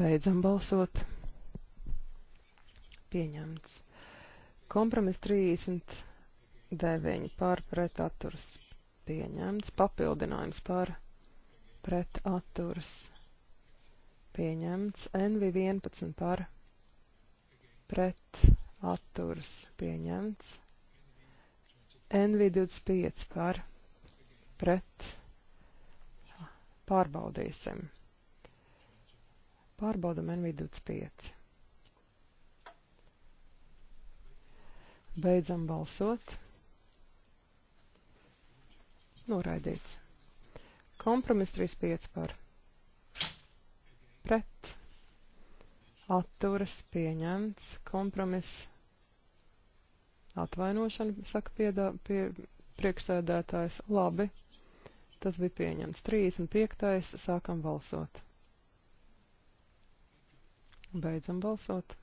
Beidzam balsot pieņemts. Kompromis 39 pār pret atturas pieņemts. Papildinājums pār pret atturas pieņemts. NV 11 pār pret atturas pieņemts. NV 25 pār pret pārbaudīsim. Pārbaudam NV 25. Beidzam balsot. Noraidīts. Kompromiss 35 par. Pret. Atturas pieņemts. Kompromiss. Atvainošana, saka piedā, pie priekšsēdētājs. Labi. Tas bija pieņemts. 35. Sākam balsot. Beidzam balsot.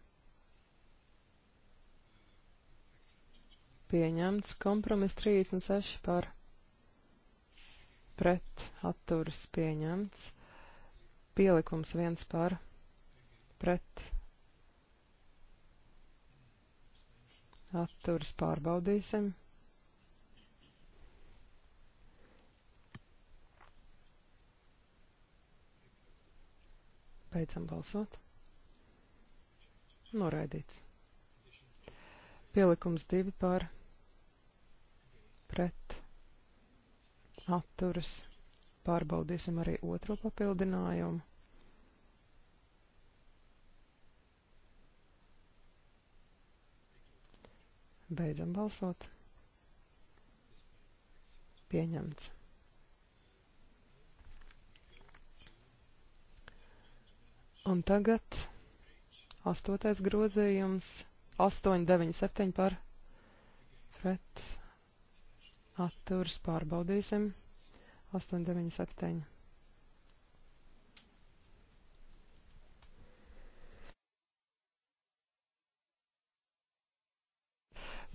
pieņemts, kompromis 36 par pret atturas pieņemts, pielikums 1 par pret atturas pārbaudīsim. Beidzam balsot. Noraidīts. Pielikums 2 par pret pret atturas. Pārbaudīsim arī otro papildinājumu. Beidzam balsot. Pieņemts. Un tagad astotais grozījums 897 par pret atturas pārbaudīsim. 8, 9, 7.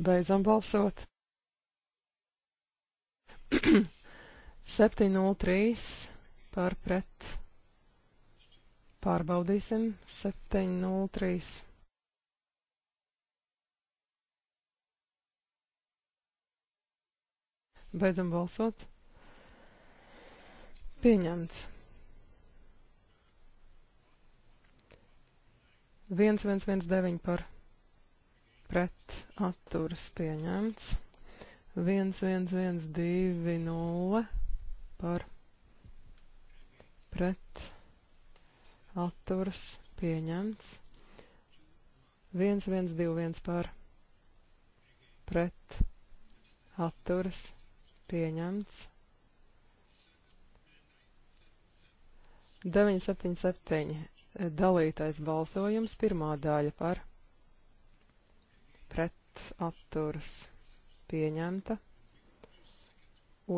Beidzam balsot. 703 par pret. Pārbaudīsim. 703. Beidzam balsot. Pieņemts. 1119 par pret atturas pieņemts. 1120 par pret atturas pieņemts. 1121 par pret atturas pieņemts pieņemts. 977. Dalītais balsojums pirmā daļa par pret atturas pieņemta.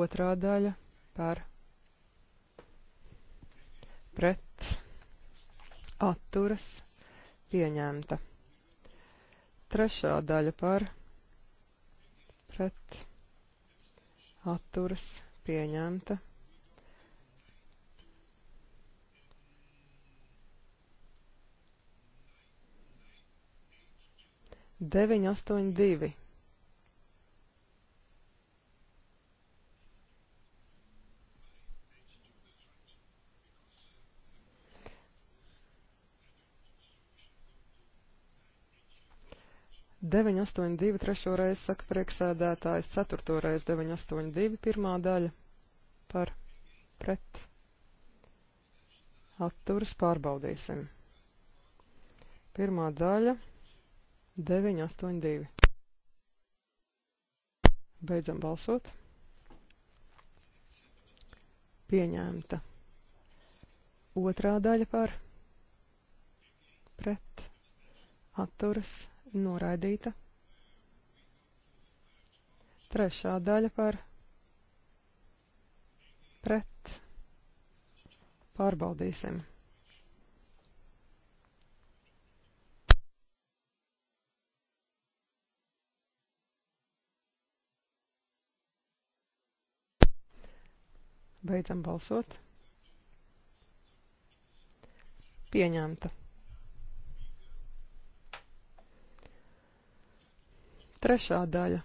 Otrā daļa par pret atturas pieņemta. Trešā daļa par pret atturas atturas pieņemta. Deviņi, astoņi, divi. 982 trešo reizi, saka priekšsēdētājs, ceturto reizi 982 pirmā daļa par pret. Atturas pārbaudīsim. Pirmā daļa 982. Beidzam balsot. Pieņemta. Otrā daļa par pret atturas noraidīta. Trešā daļa par pret pārbaudīsim. Beidzam balsot. Pieņemta. Trešā daļa.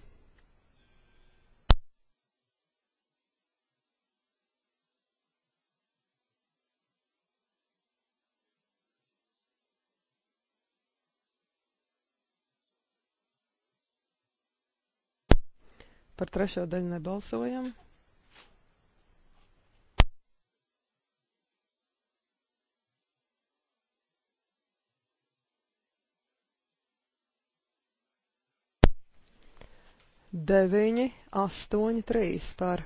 Par trešo daļu nebalsojam. 9, 8, 3 par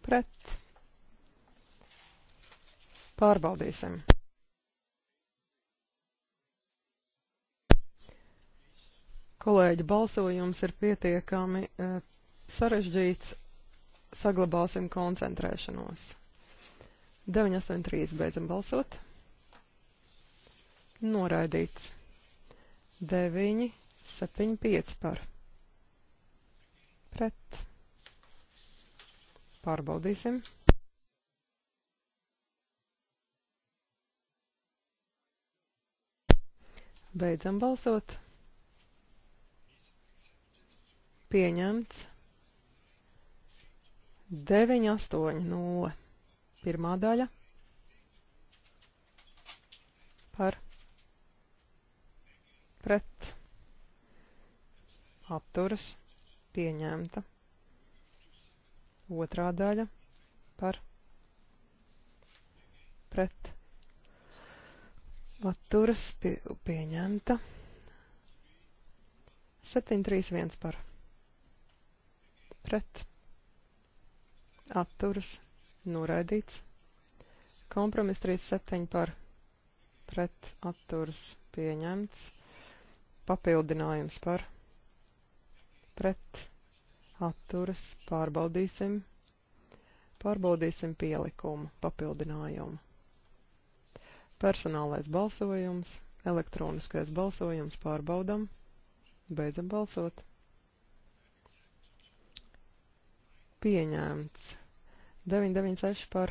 pret. Pārbaudīsim. Kolēģi, balsojums ir pietiekami e, sarežģīts. Saglabāsim koncentrēšanos. 983 beidzam balsot. Noraidīts. 9. 7,5 par. Pret. Pārbaudīsim. Beidzam balsot. Pieņemts. 9, 8, 0. Pirmā daļa. Par. Pret atturas pieņemta. Otrā daļa par pret atturas pie, pieņemta. 731 par pret atturas noraidīts. Kompromiss 37 par pret atturas pieņemts. Papildinājums par pret pret atturas pārbaudīsim. Pārbaudīsim pielikumu, papildinājumu. Personālais balsojums, elektroniskais balsojums pārbaudam. Beidzam balsot. Pieņēmts. 996 par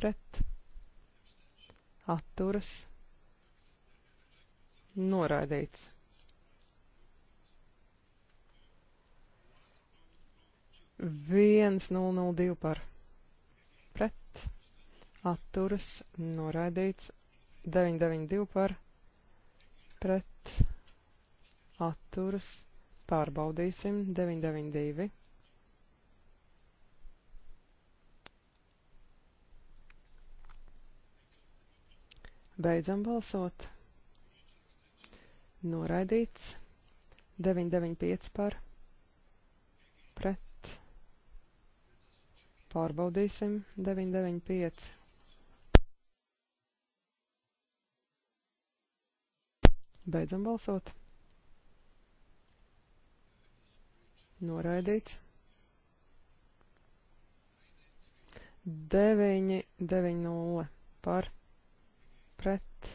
pret atturas noraidīts. 1002 par pret, atturas, noraidīts, 992 par pret, atturas, pārbaudīsim, 992. Beidzam balsot. Noraidīts 995 par pret Pārbaudīsim 995. Beidzam balsot. Noraidīts. 9, 9, 0 par pret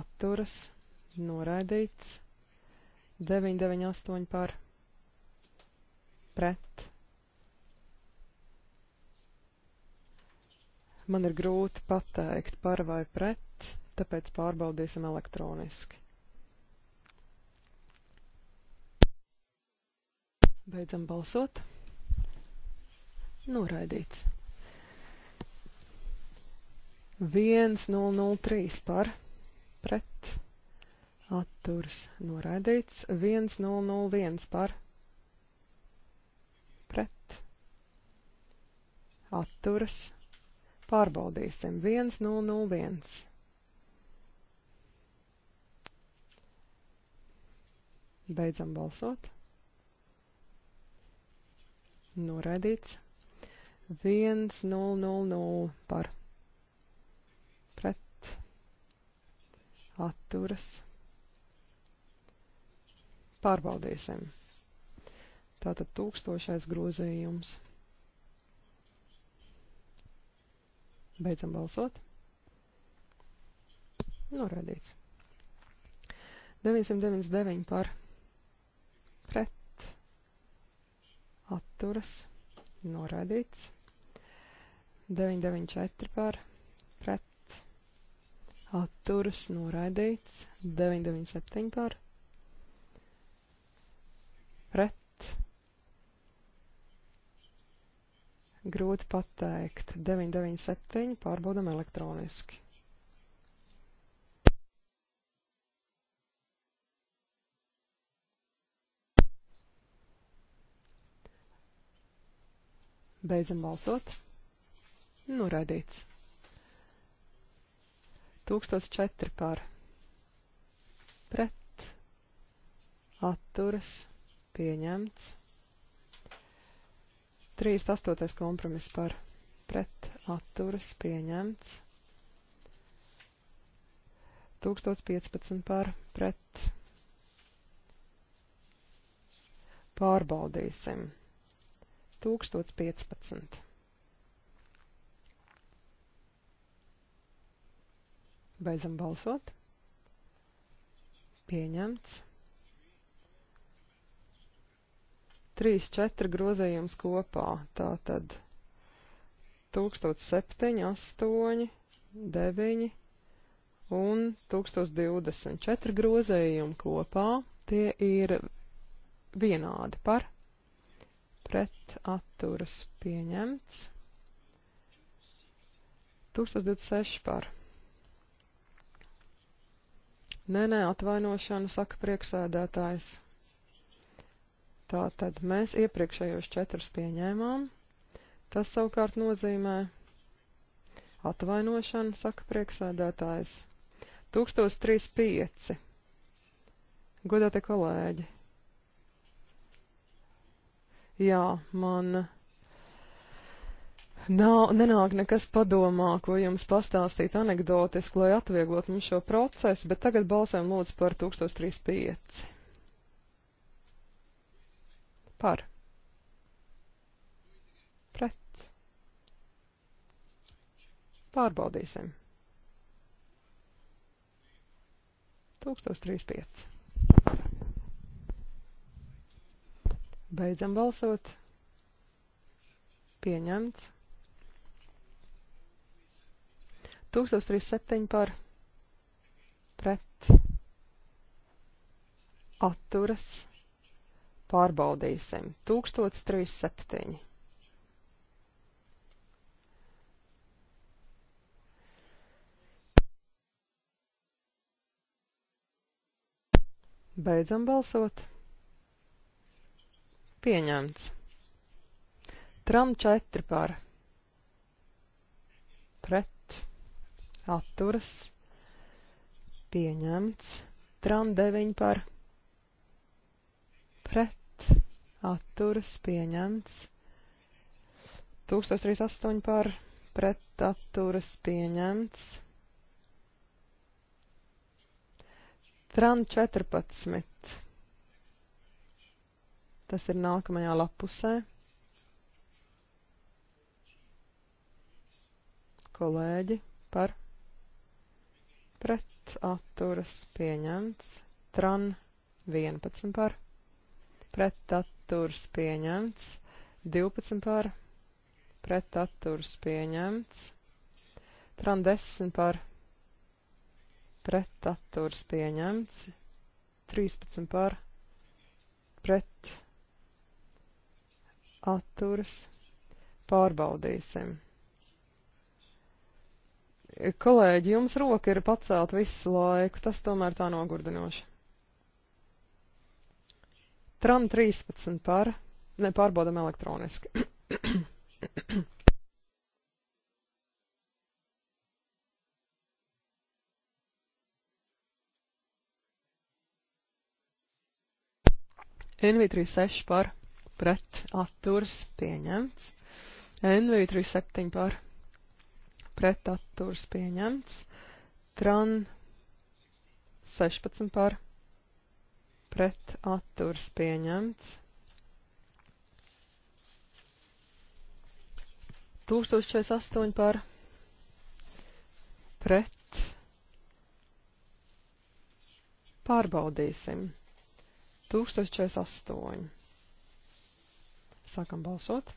atturas noraidīts. 9, 9, 8 par pret man ir grūti pateikt par vai pret, tāpēc pārbaudīsim elektroniski. Beidzam balsot. Noraidīts. 1003 par pret atturs noraidīts. 1001 par pret atturs Pārbaudīsim. 1001. Nu, nu, Beidzam balsot. Noraidīts. 1000 nu, par. Pret. Atturas. Pārbaudīsim. Tātad tūkstošais grozījums. Beidzam balsot. Norādīts. 999 par pret atturas. Norādīts. 994 par pret atturas. Norādīts. 997 par pret Grūti pateikt. 997 pārbaudam elektroniski. Beidzam balsot. Noraidīts. Nu, 1004 par pret atturas pieņemts. 38. kompromiss par pret atturas pieņemts. 1015 par pret. Pārbaudīsim. 1015. Beidzam balsot. Pieņemts. 3, 4 grozējums kopā. Tā tad 1007, 8, 9 un 1020. 4 grozējumi kopā. Tie ir vienādi par pret atturas pieņemts. 1026 par. Nē, nē, atvainošana, saka prieksēdētājs. Tātad mēs iepriekšējos četrus pieņēmām. Tas savukārt nozīmē atvainošanu, saka prieksēdētājs. 1035. Godātie kolēģi. Jā, man nav, nenāk nekas padomā, ko jums pastāstīt anegdotiski, lai atvieglotu mums šo procesu, bet tagad balsēm lūdzu par 1035 par pret pārbaudīsim 1035 beidzam balsot pieņemts 1307 par pret atturas Pārbaudīsim. 1037. Beidzam balsot. Pieņemts. Tram 4 par. Pret. Atturas. Pieņemts. Tram 9 par. atturas pieņemts. 1038 par pret atturas pieņemts. Tran 14. Tas ir nākamajā lapusē. Kolēģi par pret atturas pieņemts. Tran 11 par pret atturas atturs pieņemts, 12 par pret atturs pieņemts, tran 10 par pret atturs pieņemts, 13 par pret atturs pārbaudīsim. Kolēģi, jums roka ir pacelt visu laiku, tas tomēr tā nogurdinoši. Tram 13 par, ne pārbaudam elektroniski. NV36 par pret atturs pieņemts. NV37 par pret atturs pieņemts. Tran 16 par pret atturs pieņemts. 1048 par pret pārbaudīsim. 1048. Sākam balsot.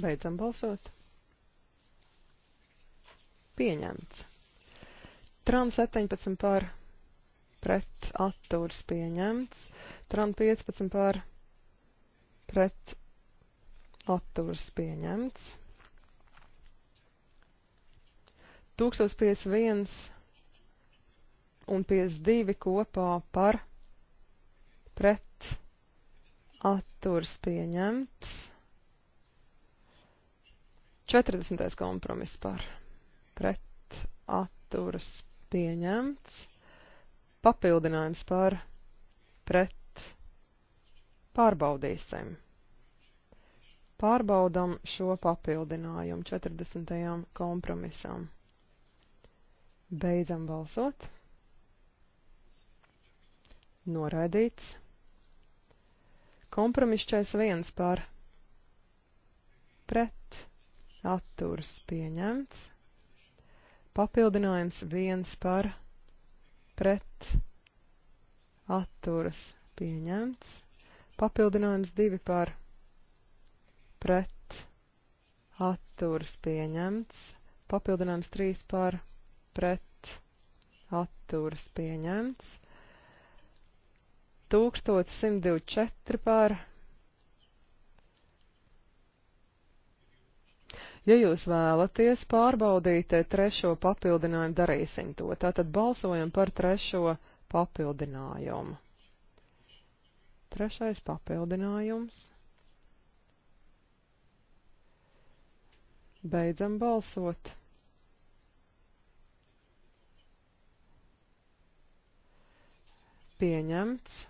Beidzam balsot. Pieņemts. Tram 17 par pret pret atturs pieņemts, tram 15 par pret atturs pieņemts, 1051 un 52 kopā par pret atturs pieņemts, 40. kompromiss par pret atturas pieņemts papildinājums par pret pārbaudīsim. Pārbaudam šo papildinājumu 40. kompromisam. Beidzam balsot. Noraidīts. Kompromišķais viens par pret atturs pieņemts. Papildinājums viens par pret pret atturas pieņemts. Papildinājums 2 par pret atturas pieņemts. Papildinājums 3 par pret atturas pieņemts. 1124 par pret Ja jūs vēlaties pārbaudīt eh, trešo papildinājumu, darīsim to. Tātad balsojam par trešo papildinājumu. Trešais papildinājums. Beidzam balsot. Pieņemts.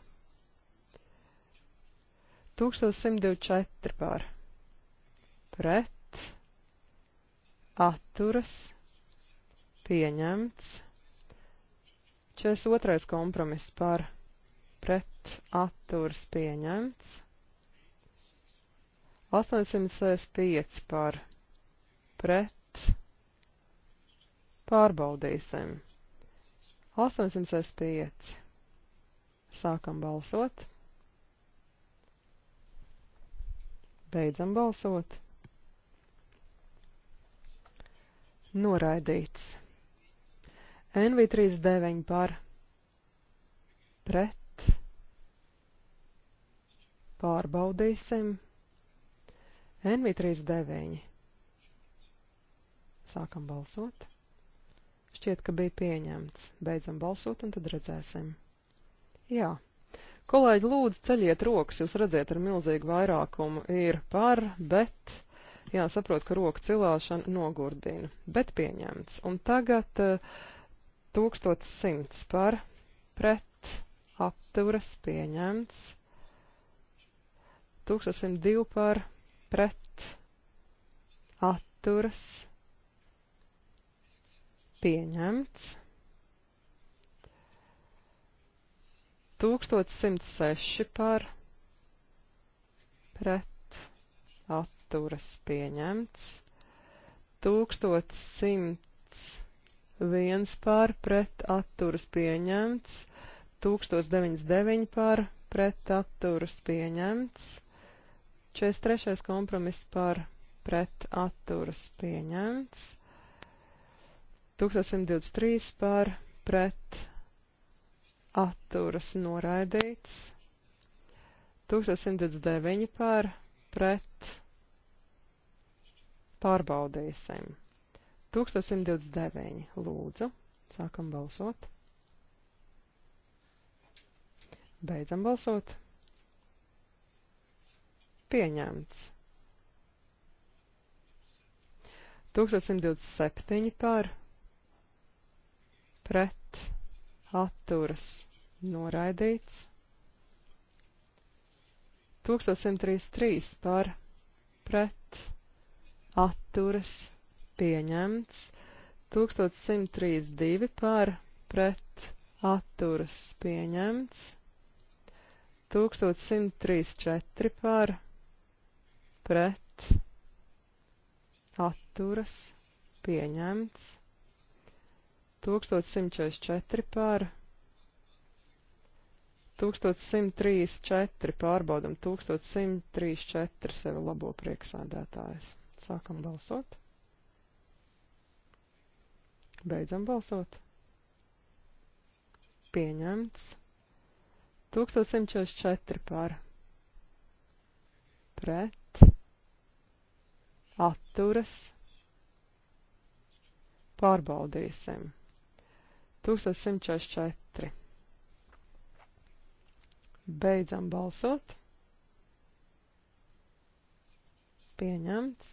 1124 par. Pret atturas, pieņemts. 42. kompromiss par pret atturas pieņemts. 865 par pret pārbaudīsim. 865. Sākam balsot. Beidzam balsot. Noraidīts. NV39 par pret. Pārbaudīsim. NV39. Sākam balsot. Šķiet, ka bija pieņemts. Beidzam balsot un tad redzēsim. Jā. Kolēģi, lūdzu, ceļiet rokas, jūs redziet, ar milzīgu vairākumu ir par, bet Jā, saprot, ka roka cilāšana nogurdina, bet pieņemts. Un tagad uh, eh, 1100 par pret apturas pieņemts. 1102 par pret atturas pieņemts. 1106 par pret atturas pieņemts, 1101 pār pret atturas pieņemts, 1099 pār pret atturas pieņemts, 43. kompromiss pār pret atturas pieņemts, 1123 pār pret atturas noraidīts, 1109 pār pret Pārbaudīsim. 1129. Lūdzu, sākam balsot. Beidzam balsot. Pieņemts. 1127 par pret atturas noraidīts. 1133 par pret atturas pieņemts, 1132 par pret atturas pieņemts, 1134 par pret atturas pieņemts, 1144 par 1134 pārbaudam 1134 sevi labo prieksādētājs. Sākam balsot. Beidzam balsot. Pieņemts. 1144 par. Pret. Atturas. Pārbaudīsim. 1144. Beidzam balsot. Pieņemts.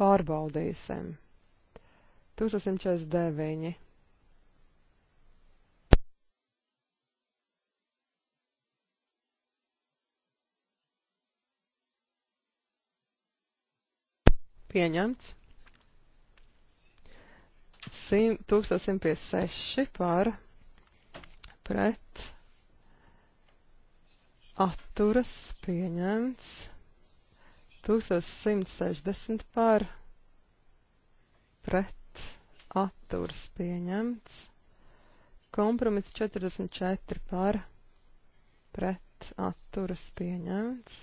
Pārbaudīsim. 1649. Pieņemts. 1156 par pret atturas pieņemts. 1160 par pret atturs pieņemts. Kompromiss 44 par pret atturas pieņemts.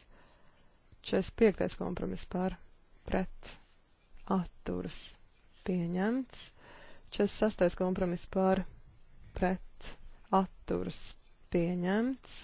45. kompromiss par pret atturas pieņemts. 46. kompromiss par pret atturas pieņemts.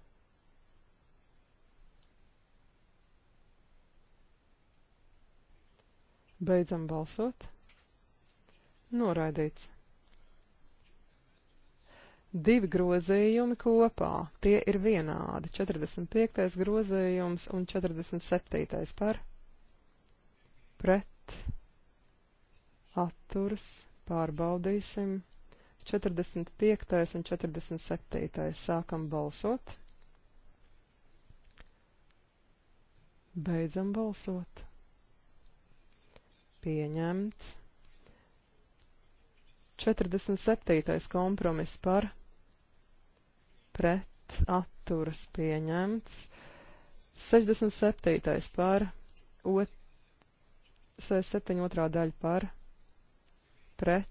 Beidzam balsot. Noraidīts. Divi grozījumi kopā, tie ir vienādi, 45. grozījums un 47. par, pret, atturs, pārbaudīsim, 45. un 47. sākam balsot, beidzam balsot pieņemts. 47. kompromiss par pret atturas pieņemts. 67. par 67. otrā daļa par pret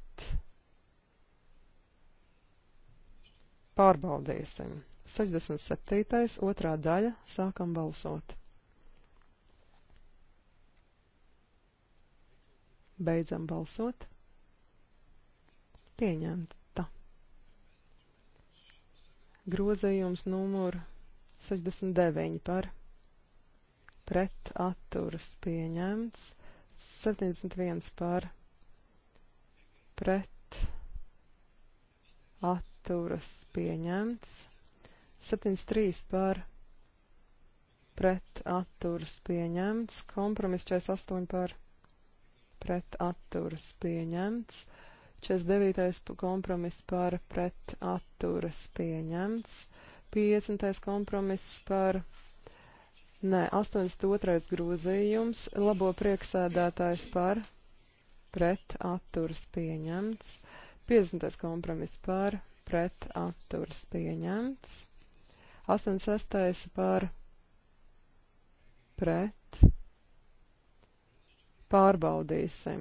pārbaudīsim. 67. otrā daļa sākam balsot. Beidzam balsot. Pieņemta. Grozējums numur 69 par pret atturas pieņemts. 71 par pret atturas pieņemts. 73 par pret atturas pieņemts. Kompromiss 48 par pret pret atturas pieņemts. 49. kompromiss par pret atturas pieņemts. 50. kompromiss par. Nē, 82. grozījums labo prieksēdētājs par pret atturas pieņemts. 50. kompromiss par pret atturas pieņemts. 86. par pret Pārbaudīsim.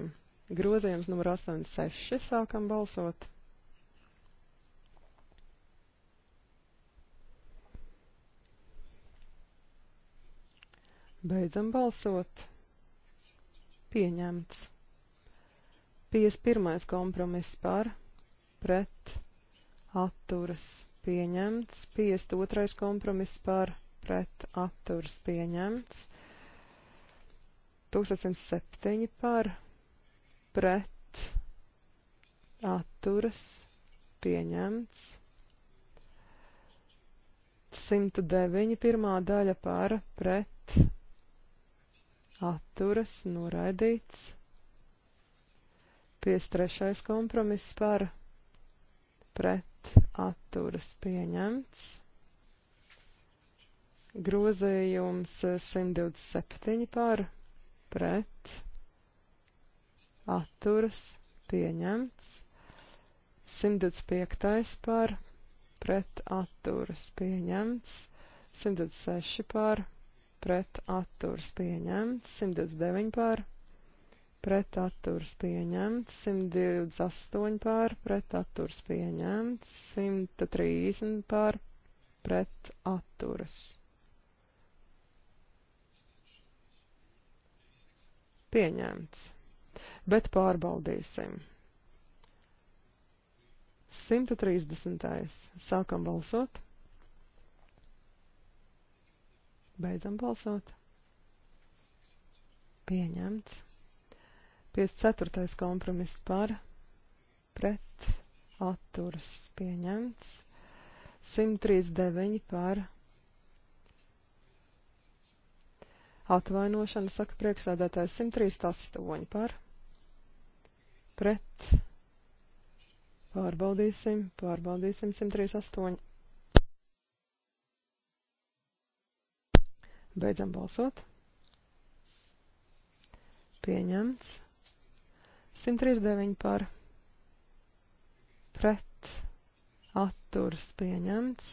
Grozījums numur 86. Sākam balsot. Beidzam balsot. Pieņemts. 51. kompromiss par, pret, atturas, pieņemts. 52. kompromiss par, pret, atturas, pieņemts. 1107 par pret atturas pieņemts. 109 pirmā daļa par pret atturas noraidīts. 53. kompromiss par pret atturas pieņemts. Grozījums 127 eh, par pret pret, atturas, pieņemts. 125. par, pret, atturas, pieņemts. 126 par, pret, atturas, pieņemts. 129 par, pret, atturas, pieņemts. 128 par, pret, atturas, pieņemts. 130 par, pret, atturas. Pieņemts. Bet pārbaudīsim. 130. Sākam balsot. Beidzam balsot. Pieņemts. 54. kompromiss par, pret, atturas pieņemts. 139 par, pret Atvainošana, saka priekšsēdētājs 138 par. Pret. Pārbaudīsim, pārbaudīsim 138. Beidzam balsot. Pieņemts. 139 par. Pret. Atturs pieņemts.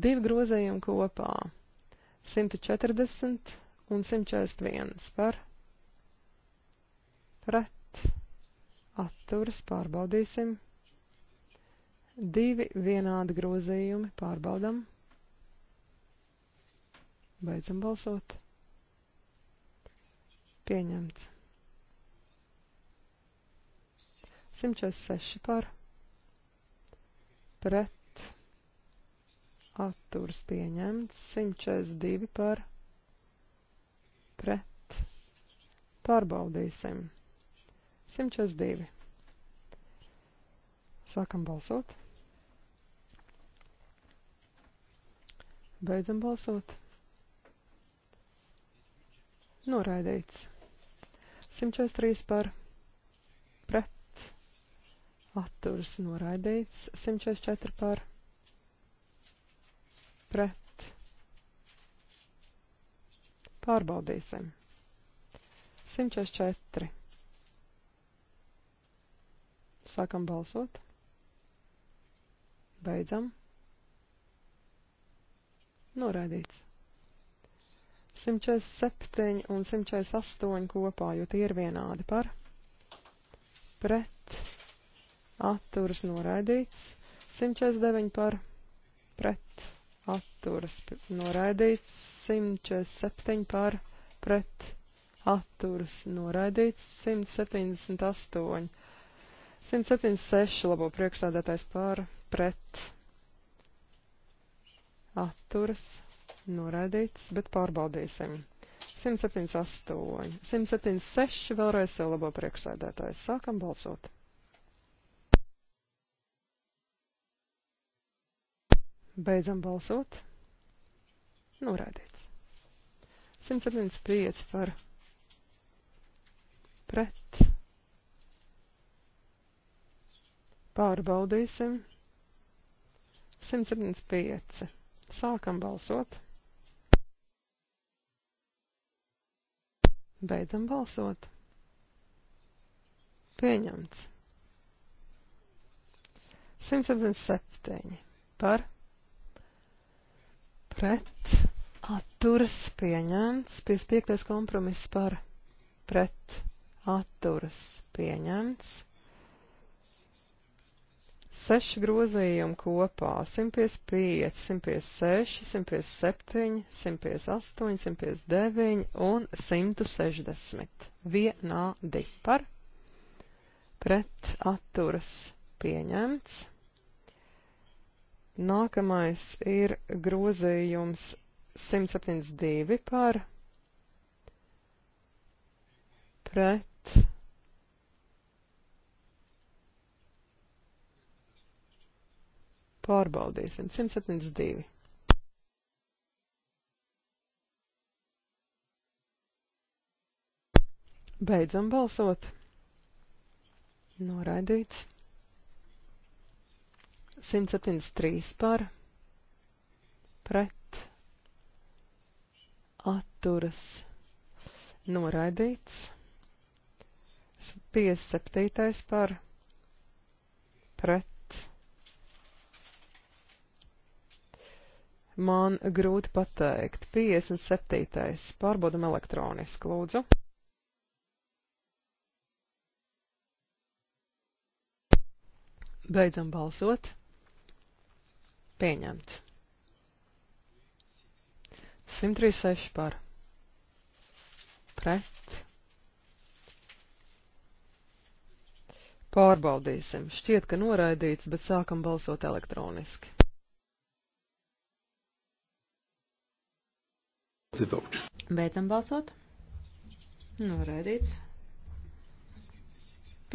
Divi grozējumi kopā. 140 un 141 par pret atturas pārbaudīsim. Divi vienādi grozījumi pārbaudam. Beidzam balsot. Pieņemts. 146 par pret atturas pieņemts, 142 par pret pret. Pārbaudīsim. 142. Sākam balsot. Beidzam balsot. Noraidīts. 143 par pret. Atturs noraidīts. 144 par pret Pārbaudīsim. 104. Sākam balsot. Beidzam. Noraidīts. 147 un 148 kopā, jo tie ir vienādi par. Pret. Atturas noraidīts. 149 par. Pret atturas noraidīts, 147 par pret atturas noraidīts, 178, 176 labo priekšsādātais par pret atturas noraidīts, bet pārbaudīsim. 178, 176 vēlreiz jau labo priekšsēdētājs. Sākam balsot. Beidzam balsot. Norādīts. 175 par pret. Pārbaudīsim. 175. Sākam balsot. Beidzam balsot. Pieņemts. 177 par pret pret, atturas pieņemts, 55. kompromiss par pret, atturas pieņemts. Seši grozījumi kopā - 155, 156, 157, 158, 159 un 160. Vienādi par pret atturas pieņemts. Nākamais ir grozījums 172 par pret pārbaudīsim 172. Beidzam balsot. Noraidīts. 173 par, pret, atturas, noraidīts, 57 par, pret, Man grūti pateikt. 57. Pārbaudam elektroniski, lūdzu. Beidzam balsot. Pieņemts. 136 par. Pret. Pārbaudīsim. Šķiet, ka noraidīts, bet sākam balsot elektroniski. Beidzam balsot. Noraidīts.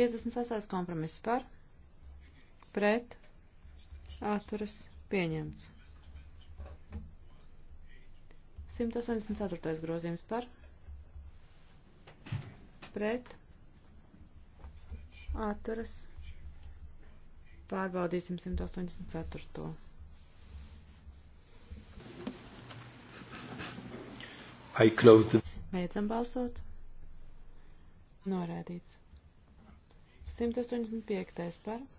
56. kompromiss par. Pret. Atturas Pieņemts. 184. grozījums par pret atturas. Pārbaudīsim 184. I closed it. Beidzam balsot. Norēdīts. 185. par.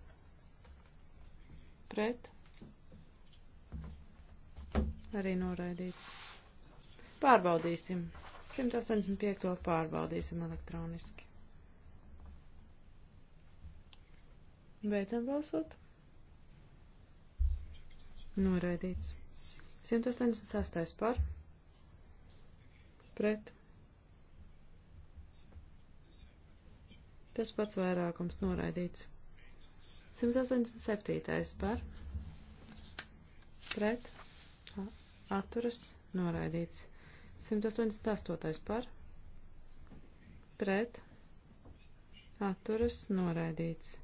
Pret. Arī noraidīts. Pārbaudīsim. 185. pārbaudīsim elektroniski. Beidzam balsot. Noraidīts. 186. par. Pret. Tas pats vairākums noraidīts. 187. par. Pret atturas noraidīts. 188. par pret atturas noraidīts.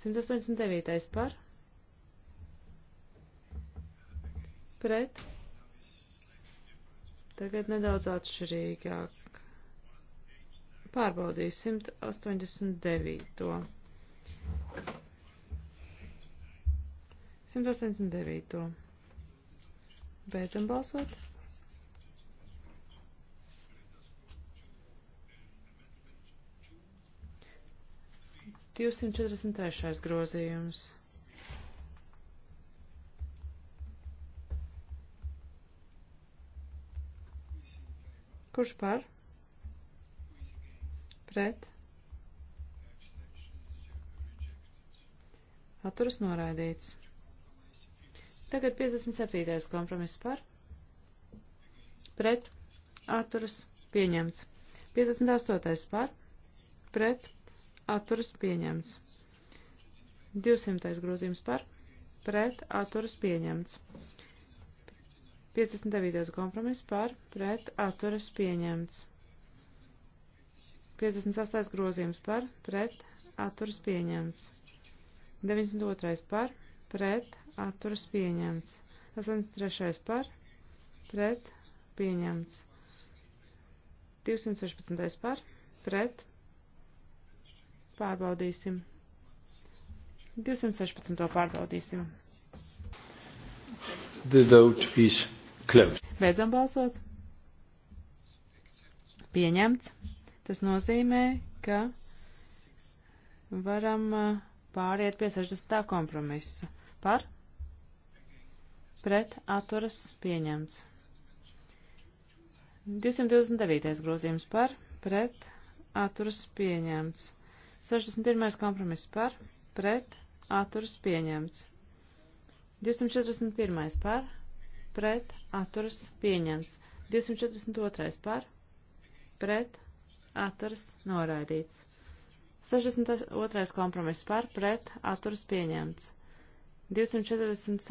189. par pret tagad nedaudz atšķirīgāk. Pārbaudīs 189. 189. Beidzam balsot. Divsimt četrdesmit trešais grozījums. Kurš par? Pret? Atturas noraidīts. Tagad 57. kompromiss par, pret, atturas, pieņemts. 58. par, pret, atturas, pieņemts. 200. grozījums par, pret, atturas, pieņemts. 59. kompromiss par, pret, atturas, pieņemts. 58. grozījums par, pret, atturas, pieņemts. 92. par, pret atturas pieņemts. 83. par pret pieņemts. 216. par pret pārbaudīsim. 216. pārbaudīsim. The vote is closed. Beidzam balsot. Pieņemts. Tas nozīmē, ka varam uh, pāriet pie 60. kompromisa par pret atturas pieņemts. 229. grozījums par pret atturas pieņemts. 61. kompromiss par pret atturas pieņemts. 241. par pret atturas pieņemts. 242. par pret atturas noraidīts. 62. kompromiss par pret atturas pieņemts. 246.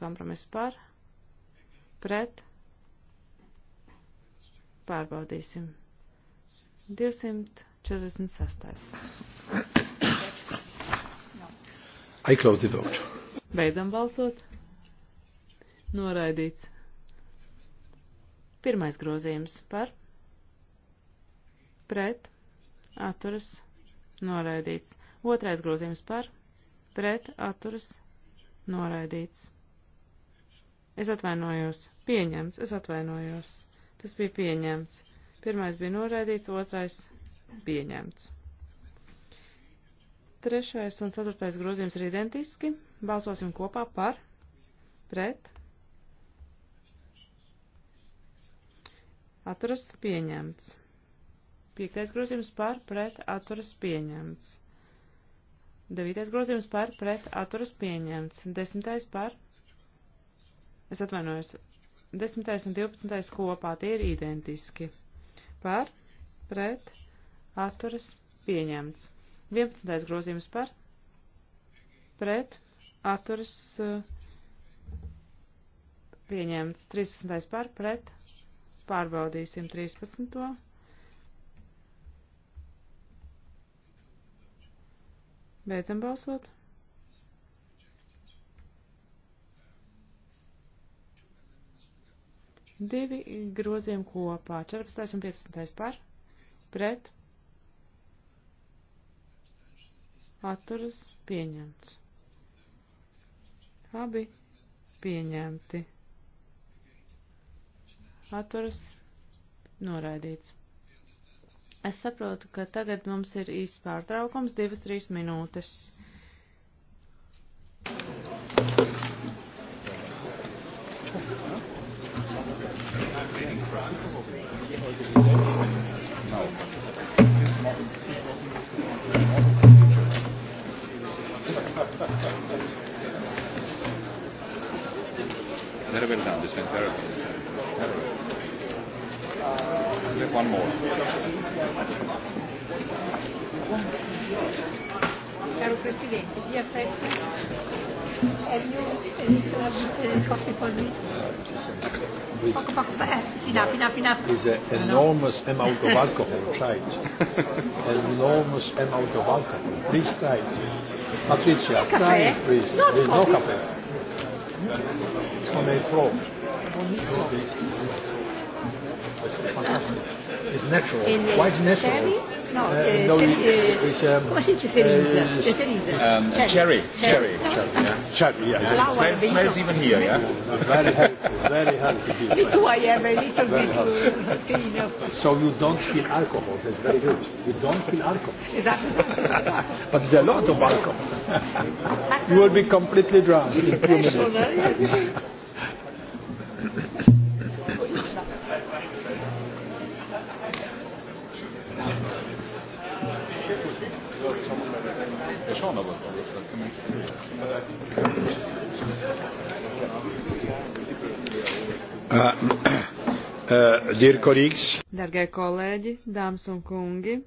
kompromiss par, pret, pārbaudīsim. 246. I close the vote. Beidzam balsot. Noraidīts. Pirmais grozījums par, pret, atturas, noraidīts. Otrais grozījums par, pret, atturas, noraidīts Noraidīts. Es atvainojos. Pieņemts. Es atvainojos. Tas bija pieņemts. Pirmais bija noraidīts, otrais pieņemts. Trešais un ceturtais grozījums ir identiski. Balsosim kopā par, pret, atturas pieņemts. Piektais grozījums par, pret, atturas pieņemts. Devītais grozījums par pret atturas pieņemts. Desmitais par. Es atvainojos. Desmitais un divpadsmitais kopā tie ir identiski. Par pret atturas pieņemts. Vienpadsmitais grozījums par pret atturas pieņemts. Trīspadsmitais par pret pārbaudīsim 13. Beidzam balsot. Divi groziem kopā. 14. un 15. par. Pret. Atturas pieņemts. Abi pieņemti. Atturas noraidīts. Es saprotu, ka tagad mums ir īsts pārtraukums, divas, trīs minūtes. Very well done. This went very well. Very well. We have one more. Caro Presidente, via festa. Have you a coffee for me? Poco, poco, enough, enough, enough. There's an enormous amount of alcohol, try it. An enormous amount of alcohol. Please try it. Patricia, try it, please. Not There's eh, coffee. no cafe. It's on a floor. On this floor. It's fantastic. It's natural. In, Quite uh, natural. Cherry? No, uh, uh no cherry, uh, is, um, come si dice cerise? Uh, c'è cerise. Um, cherry. Cherry. Cherry, cherry, yeah. Cherry, yeah. yeah. It smells, smells even here, yeah? very healthy, very healthy. That's why I have a little bit clean up. So you don't feel alcohol, that's very good. You don't feel alcohol. Exactly. but there's a lot of alcohol. you will be completely drunk in two minutes. Yes, on about all this, but I mean, uh, uh, Dargie kolēģi, dāmas un kungi,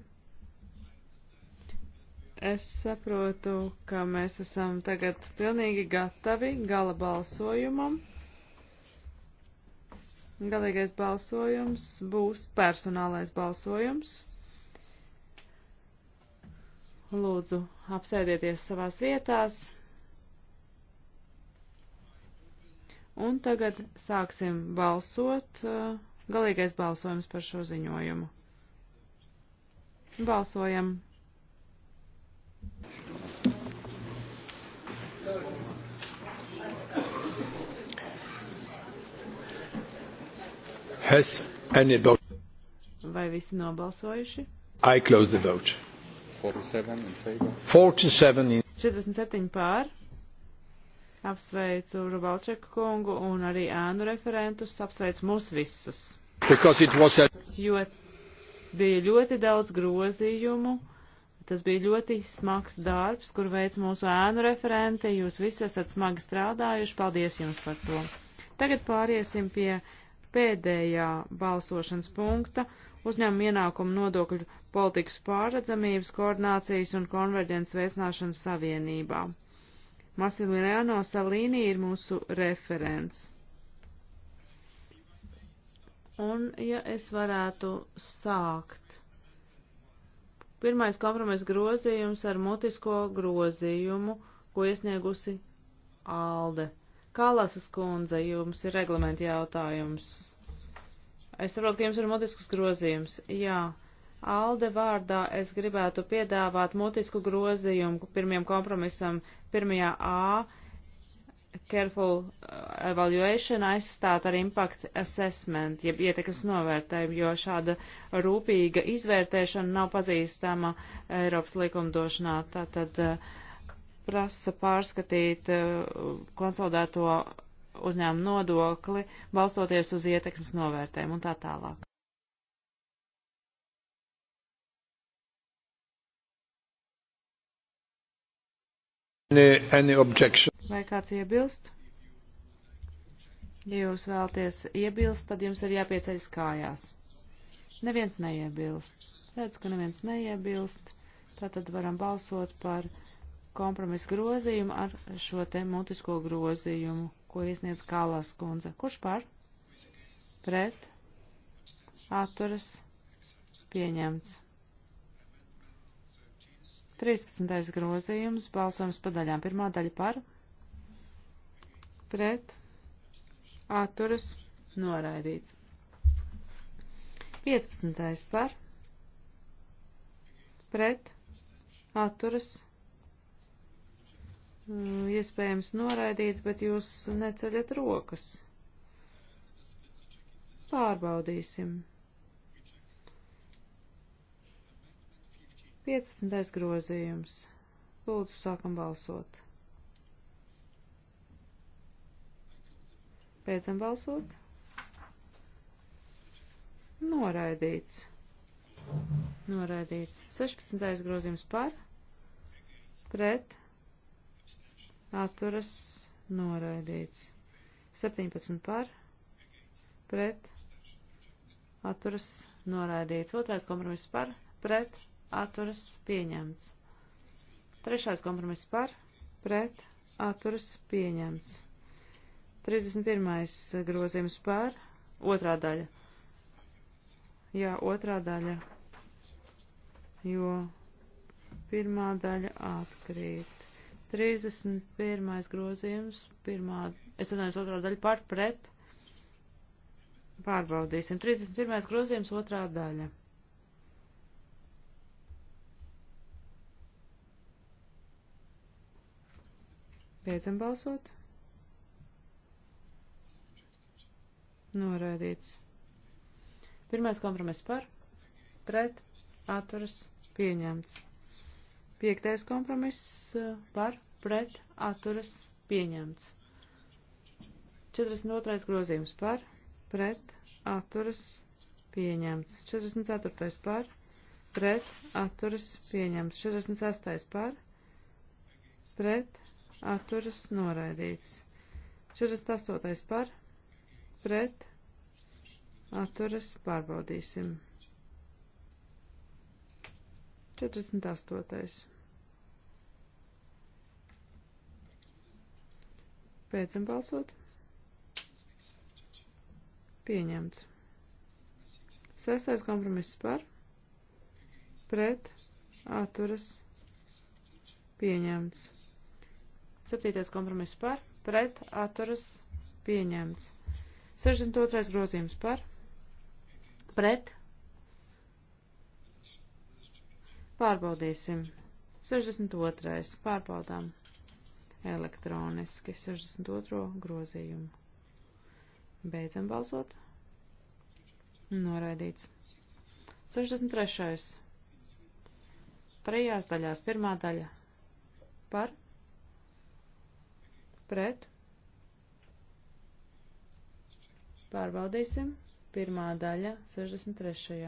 es saprotu, ka mēs esam tagad pilnīgi gatavi gala balsojumam. Galīgais balsojums būs personālais balsojums. Lūdzu, apsēdieties savās vietās. Un tagad sāksim balsot, uh, galīgais balsojums par šo ziņojumu. Balsojam! Has anybody? Vai visi nobalsojuši? I close the vote. 47, 47 pār. Apsveicu Rubalčeku kungu un arī ēnu referentus, apsveicu mūs visus. A... Jo bija ļoti daudz grozījumu, tas bija ļoti smags darbs, kur veic mūsu ēnu referenti, jūs visi esat smagi strādājuši, paldies jums par to. Tagad pāriesim pie pēdējā balsošanas punkta uzņēmuma ienākumu nodokļu politikas pārredzamības, koordinācijas un konverģences veicināšanas savienībā. Massimiliano Salīni ir mūsu referents. Un, ja es varētu sākt. Pirmais kompromiss grozījums ar mutisko grozījumu, ko iesniegusi Alde. Kalasas kundze, jums ir reglamenta jautājums. Es saprotu, ka jums ir mutisks grozījums. Jā. Alde vārdā es gribētu piedāvāt mutisku grozījumu pirmiem kompromisam pirmajā A, careful uh, evaluation aizstāt ar impact assessment, jeb ietekmes novērtējumu, jo šāda rūpīga izvērtēšana nav pazīstama Eiropas likumdošanā. Tātad, uh, prasa pārskatīt eh, konsolidēto uzņēmumu nodokli, balstoties uz ietekmes novērtējumu un tā tālāk. Any, any objection? Vai kāds iebilst? Ja jūs vēlaties iebilst, tad jums ir jāpieceļas kājās. Neviens neiebilst. Redz, ka neviens neiebilst. Tātad varam balsot par kompromisa grozījumu ar šo te mutisko grozījumu, ko iesniedz Kālās kundze. Kurš par? Pret? Atturas? Pieņemts. 13. grozījums, balsojums pa daļām. Pirmā daļa par? Pret? Atturas? Noraidīts. 15. par? Pret? Atturas? Noraidīts Mm, iespējams noraidīts, bet jūs neceļat rokas. Pārbaudīsim. 15. grozījums. Lūdzu, sākam balsot. Beidzam balsot. Noraidīts. Noraidīts. 16. grozījums par. Pret atturas noraidīts. 17 par, pret, atturas noraidīts. Otrais kompromiss par, pret, atturas pieņemts. Trešais kompromiss par, pret, atturas pieņemts. 31. grozījums par, otrā daļa. Jā, otrā daļa, jo pirmā daļa atkrīt. 31. grozījums, pirmā, es runāju, otrā daļa par pret. Pārbaudīsim. 31. grozījums, otrā daļa. Beidzam balsot. Noraidīts. Pirmais kompromiss par, pret, atturas, pieņemts. Piektais kompromiss eh, par pret atturas pieņemts. 42. grozījums par pret atturas pieņemts. 44. par pret atturas pieņemts. 46. par pret atturas noraidīts. 48. par pret atturas pārbaudīsim. 48. Beidzam balsot. Pieņemts. Sestais kompromiss par. Pret. Atturas. Pieņemts. Septītais kompromiss par. Pret. Atturas. Pieņemts. 62. grozījums par. Pret. Pārbaudīsim. 62. Pārbaudām elektroniski 62. grozījumu. Beidzam balsot. Noraidīts. 63. Trijās daļās. Pirmā daļa. Par. Pret. Pārbaudīsim. Pirmā daļa 63.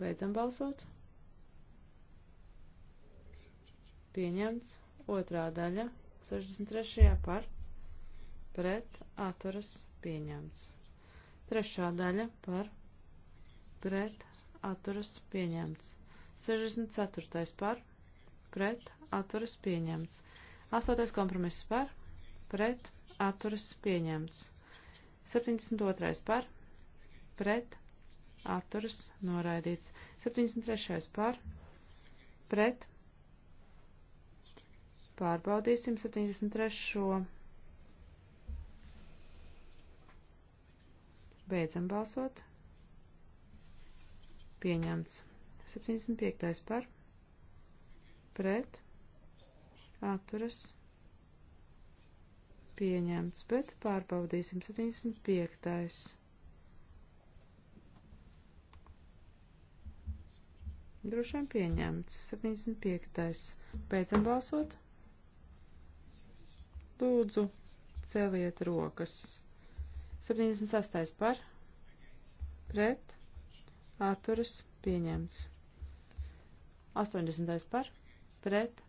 Beidzam balsot. pieņemts, otrā daļa 63. par pret atturas pieņemts, trešā daļa par pret atturas pieņemts, 64. par pret atturas pieņemts, 8. kompromiss par pret atturas pieņemts, 72. par pret atturas noraidīts, 73. par pret Pārbaudīsim 73. Beidzam balsot. Pieņemts. 75. par. Pret. Atturas. Pieņemts, bet pārbaudīsim 75. Droši vien pieņemts. 75. Beidzam balsot. Lūdzu, celiet rokas. 76. par, pret, atturas, pieņemts. 80. par, pret,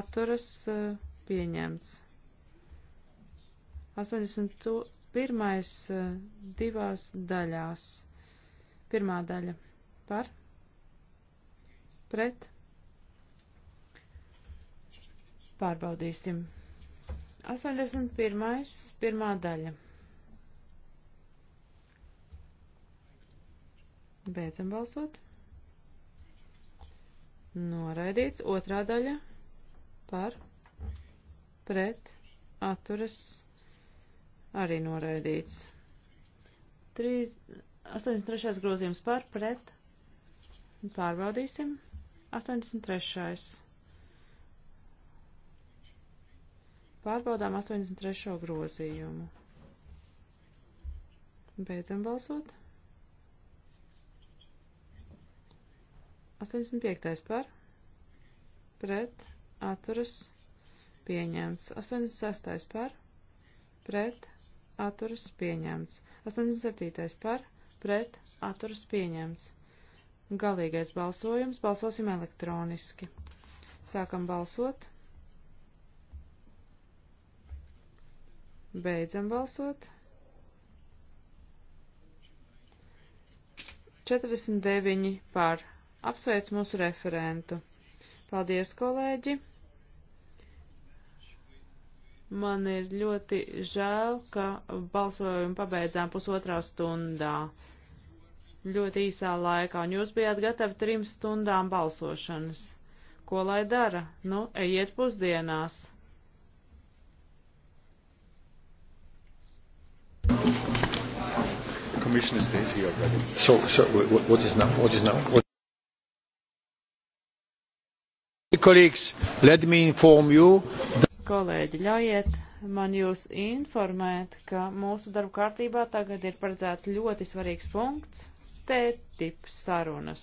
atturas, pieņemts. 81. divās daļās. Pirmā daļa par, pret, Pārbaudīsim. 81. pirmā daļa. Beidzam balsot. Noraidīts otrā daļa par pret atturas arī noraidīts. 3, 83. grozījums par pret. Pārbaudīsim. 83. Pārbaudām 83. grozījumu. Beidzam balsot. 85. par. Pret. Atturas. Pieņemts. 86. par. Pret. Atturas. Pieņemts. 87. par. Pret. Atturas. Pieņemts. Galīgais balsojums. Balsosim elektroniski. Sākam balsot. Beidzam balsot. 49 par. Apsveic mūsu referentu. Paldies, kolēģi! Man ir ļoti žēl, ka balsojumu pabeidzām pusotrā stundā. Ļoti īsā laikā, un jūs bijāt gatavi trim stundām balsošanas. Ko lai dara? Nu, ejiet pusdienās! Commissioner stays here already. So, so what, what is now? What is now? What Colleagues, let me inform you that... Kolēģi, ļaujiet man jūs informēt, ka mūsu darba kārtībā tagad ir paredzēts ļoti svarīgs punkts - TTIP sarunas.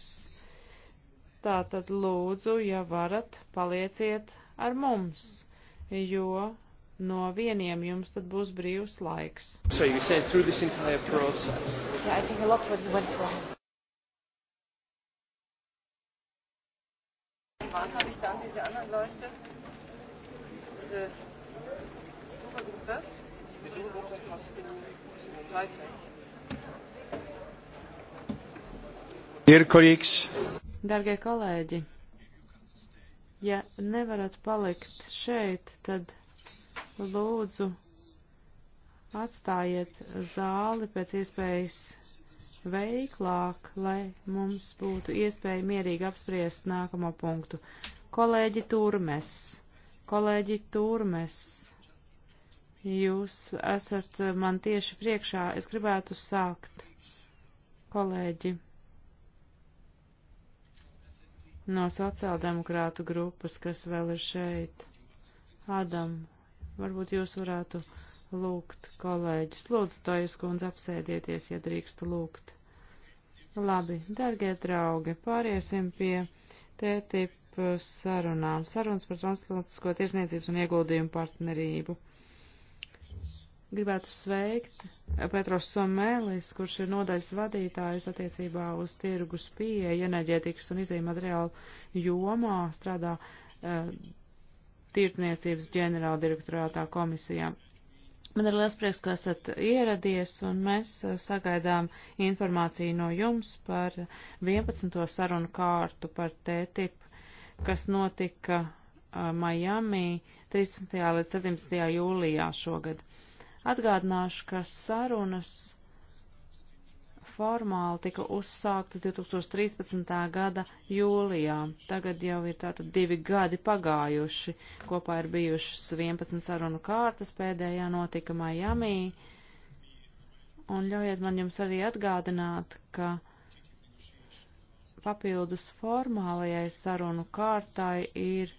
Tātad lūdzu, ja varat, palieciet ar mums, jo no vieniem jums tad būs brīvs laiks. So you said through this entire process. Yeah, I think a lot what went wrong. Wann habe ich dann diese anderen Leute, diese Supergruppe? Die Supergruppe hast du dreifach. Dear colleagues. Dargie kolēģi, ja nevarat palikt šeit, tad lūdzu atstājiet zāli pēc iespējas veiklāk, lai mums būtu iespēja mierīgi apspriest nākamo punktu. Kolēģi Turmes, kolēģi Turmes, jūs esat man tieši priekšā, es gribētu sākt. Kolēģi no sociāldemokrātu grupas, kas vēl ir šeit. Adam, Varbūt jūs varētu lūgt kolēģis. Lūdzu, to jūs, kundze, apsēdieties, ja drīkstu lūgt. Labi, dargie draugi, pāriesim pie TTIP sarunām. Sarunas par transatlantisko tiesniecības un ieguldījumu partnerību. Gribētu sveikt Petros Somēlis, kurš ir nodaļas vadītājs attiecībā uz tirgus pieeja enerģētikas un izīmateriālu jomā, strādā uh, tirdzniecības ģenerāldirektorātā komisijā. Man ir liels prieks, ka esat ieradies, un mēs eh, sagaidām informāciju no jums par 11. sarunu kārtu par TTIP, kas notika eh, Miami 13. līdz 17. jūlijā šogad. Atgādināšu, ka sarunas formāli tika uzsāktas 2013. gada jūlijā. Tagad jau ir tātad divi gadi pagājuši, kopā ir bijušas 11 sarunu kārtas, pēdējā notika Miami. Un ļaujiet man jums arī atgādināt, ka papildus formālajai sarunu kārtai ir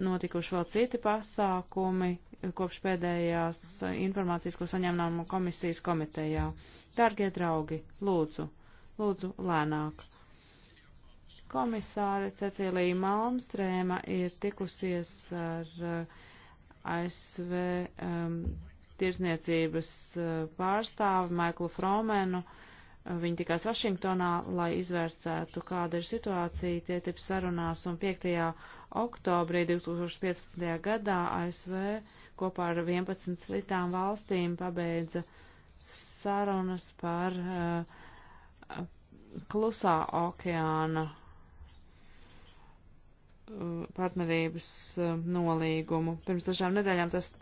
notikuši vēl citi pasākumi eh, kopš pēdējās eh, informācijas, ko saņēmām no komisijas komitejā. Dārgie draugi, lūdzu, lūdzu lēnāk. Komisāre Cecīlija Malmstrēma ir tikusies ar eh, ASV um, tirzniecības pārstāvi Maiklu Fromenu. Uh, Viņi tikās Vašingtonā, lai izvērcētu, kāda ir situācija TTIP sarunās, un 5. oktobrī 2015. gadā ASV kopā ar 11 citām valstīm pabeidza sarunas par uh, klusā okeāna eh, partnerības eh, nolīgumu. Pirms dažām nedēļām tas,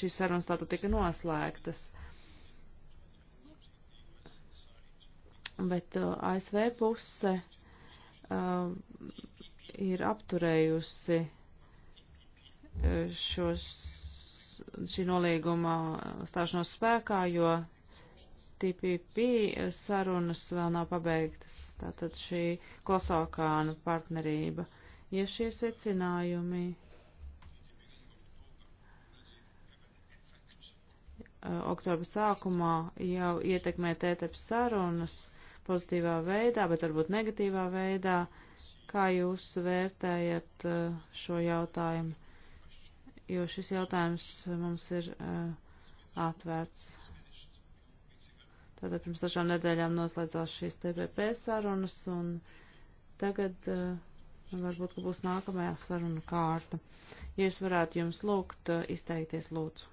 šīs sarunas tātad tika noslēgtas. Uh, bet uh, ASV puse uh, ir apturējusi uh, šos, šī nolīguma stāšanos spēkā, jo TPP sarunas vēl nav pabeigtas, tātad šī klosākānu partnerība. Ja šie secinājumi uh, oktobra sākumā jau ietekmē tēteps sarunas, pozitīvā veidā, bet varbūt negatīvā veidā. Kā jūs vērtējat uh, šo jautājumu? Jo šis jautājums mums ir uh, atvērts. Tātad pirms dažām nedēļām noslēdzās šīs TPP sarunas, un tagad uh, varbūt, ka būs nākamajā saruna kārta. Ja es varētu jums lūgt, uh, izteikties lūdzu.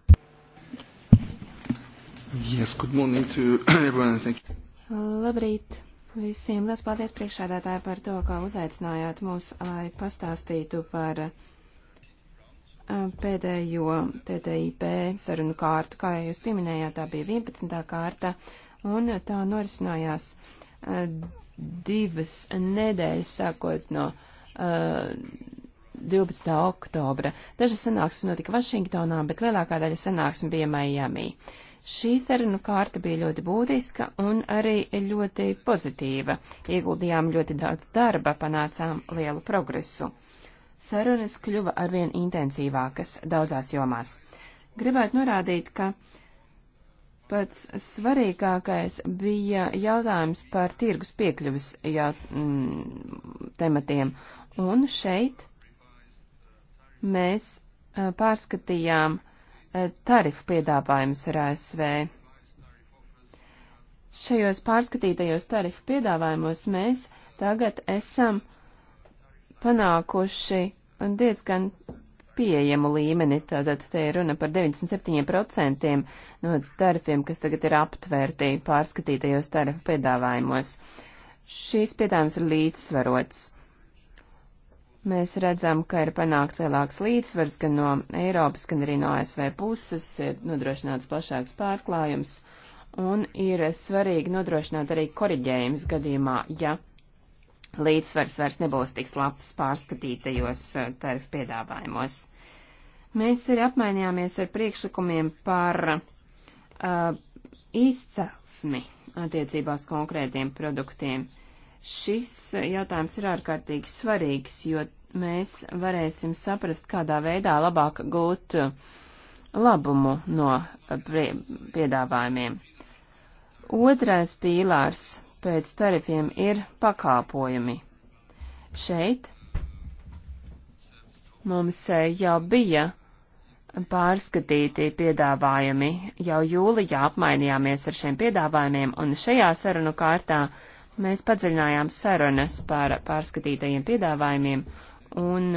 Yes, good morning to everyone. Thank you. Labrīt visiem! Lielas paldies priekšādātāji par to, ka uzaicinājāt mūs, lai pastāstītu par pēdējo TTIP sarunu kārtu. Kā jūs pieminējāt, tā bija 11. kārta, un tā norisinājās divas nedēļas, sākot no 12. oktobra. Dažas sanāksmes notika Vašingtonā, bet lielākā daļa sanāksme bija Miami. Uh, Šī sarunu kārta bija ļoti būtiska un arī ļoti pozitīva. Ieguldījām ļoti daudz darba, panācām lielu progresu. Sarunas kļuva arvien intensīvākas daudzās jomās. Gribētu norādīt, ka pats svarīgākais bija jautājums par tirgus piekļuvis jā, mm, tematiem, un šeit mēs pārskatījām uh, Eh, tarifu piedāvājumus ar ASV. Šajos pārskatītajos tarifu piedāvājumos mēs tagad esam panākuši diezgan pieejamu līmeni, tātad te ir runa par 97% no tarifiem, kas tagad ir aptvērti pārskatītajos tarifu piedāvājumos. Šīs piedāvājums ir līdzsvarots. Mēs redzam, ka ir panākts lielāks līdzsvars gan no Eiropas, gan arī no ASV puses, ir nodrošināts plašāks pārklājums, un ir svarīgi nodrošināt arī koriģējums gadījumā, ja līdzsvars vairs nebūs tik labs pārskatītajos eh, tarifu piedāvājumos. Mēs arī apmainījāmies ar priekšlikumiem par uh, izcelsmi attiecībās konkrētiem produktiem. Uh, Šis jautājums ir ārkārtīgi svarīgs, jo mēs varēsim saprast, kādā veidā labāk gūt labumu no piedāvājumiem. Otrais pīlārs pēc tarifiem ir pakāpojumi. Šeit mums jau bija pārskatīti piedāvājumi, jau jūlijā apmainījāmies ar šiem piedāvājumiem, un šajā sarunu kārtā uh, Mēs padziļinājām sarunas par pārskatītajiem piedāvājumiem un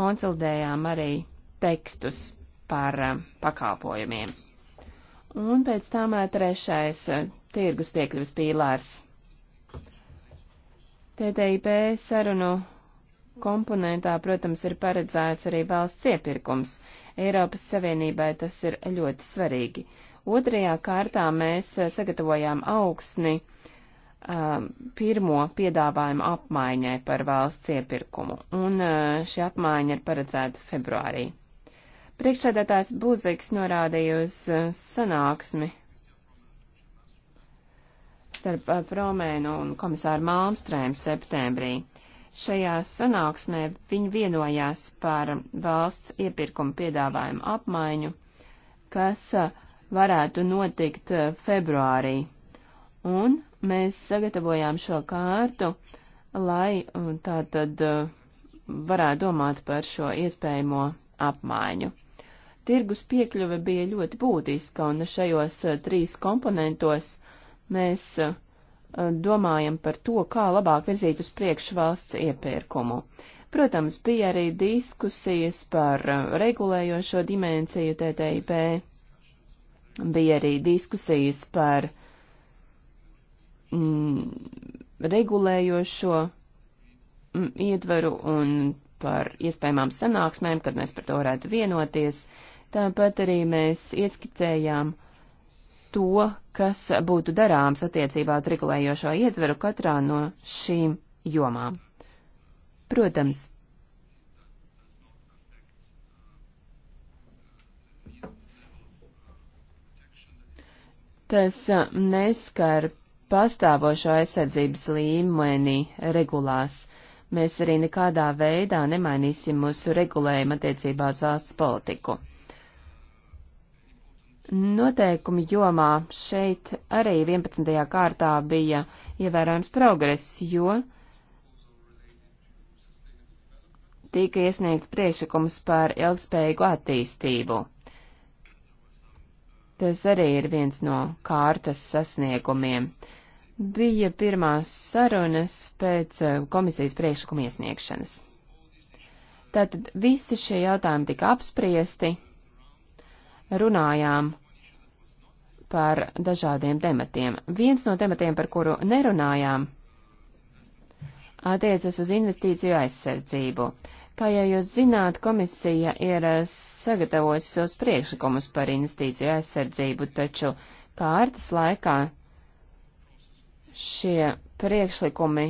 konsultējām arī tekstus par eh, pakalpojumiem. Un pēc tam eh, trešais eh, tirgus piekļuvis pīlārs. TTIP sarunu komponentā, protams, ir paredzēts arī valsts iepirkums. Eiropas Savienībai tas ir ļoti svarīgi. Otrajā kārtā mēs sagatavojām augsni um, pirmo piedāvājumu apmaiņai par valsts iepirkumu, un uh, šī apmaiņa ir paredzēta februārī. Priekšsēdētājs Buziks norādīja uz uh, sanāksmi starp uh, Promēnu un komisāru Malmstrēmu septembrī. Šajā sanāksmē viņi vienojās par valsts iepirkumu piedāvājumu apmaiņu, kas uh, varētu notikt uh, februārī, un Mēs sagatavojām šo kārtu, lai tā tad uh, varētu domāt par šo iespējamo apmaiņu. Tirgus piekļuve bija ļoti būtiska, un šajos uh, trīs komponentos mēs uh, domājam par to, kā labāk virzīt uz priekšu valsts iepirkumu. Protams, bija arī diskusijas par regulējošo dimensiju TTIP, bija arī diskusijas par uh, mm, regulējošo mm, ietvaru un par iespējamām sanāksmēm, kad mēs par to varētu vienoties. Tāpat arī mēs ieskicējām to, kas būtu darāms attiecībā uz regulējošo ietveru katrā no šīm jomām. Protams, tas neskar pastāvošo aizsardzības līmeni regulās. Mēs arī nekādā veidā nemainīsim mūsu regulējumu attiecībā uz valsts politiku. Noteikumi jomā šeit arī 11. kārtā bija ievērojams progress, jo tika iesniegts priekšlikums par ilgspējīgu attīstību. Tas arī ir viens no kārtas sasniegumiem bija pirmās sarunas pēc eh, komisijas priekšlikuma iesniegšanas. Tātad visi šie jautājumi tika apspriesti, runājām par dažādiem tematiem. Viens no tematiem, par kuru nerunājām, attiecas uz investīciju aizsardzību. Kā jau jūs zināt, komisija ir eh, sagatavojusi savus priekšlikumus par investīciju aizsardzību, taču kārtas laikā šie priekšlikumi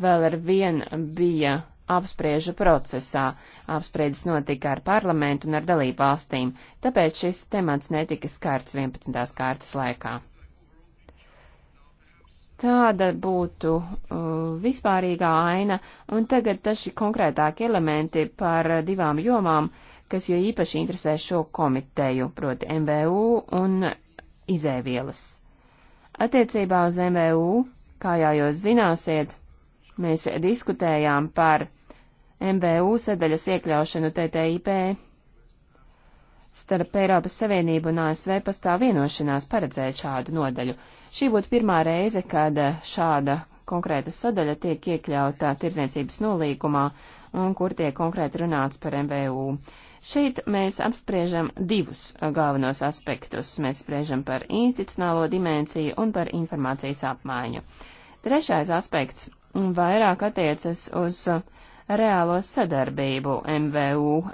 vēl ar vien bija apspriežu procesā. Apspriedis notika ar parlamentu un ar dalību valstīm, tāpēc šis temats netika skārts 11. kārtas laikā. Tāda būtu uh, vispārīgā aina, un tagad taši konkrētāki elementi par divām jomām, kas jo īpaši interesē šo komiteju, proti MVU un izēvielas. Attiecībā uz MVU, kā jau jūs zināsiet, mēs diskutējām par MVU sadaļas iekļaušanu TTIP. Starp Eiropas Savienību un ASV pastāv vienošanās paredzēt šādu nodaļu. Šī būtu pirmā reize, kad šāda konkrēta sadaļa tiek iekļauta tirdzniecības nolīgumā un kur tiek konkrēti runāts par MVU. Šeit mēs apspriežam divus uh, galvenos aspektus. Mēs spriežam par institucionālo dimensiju un par informācijas apmaiņu. Trešais aspekts vairāk attiecas uz uh, reālo sadarbību MVU uh,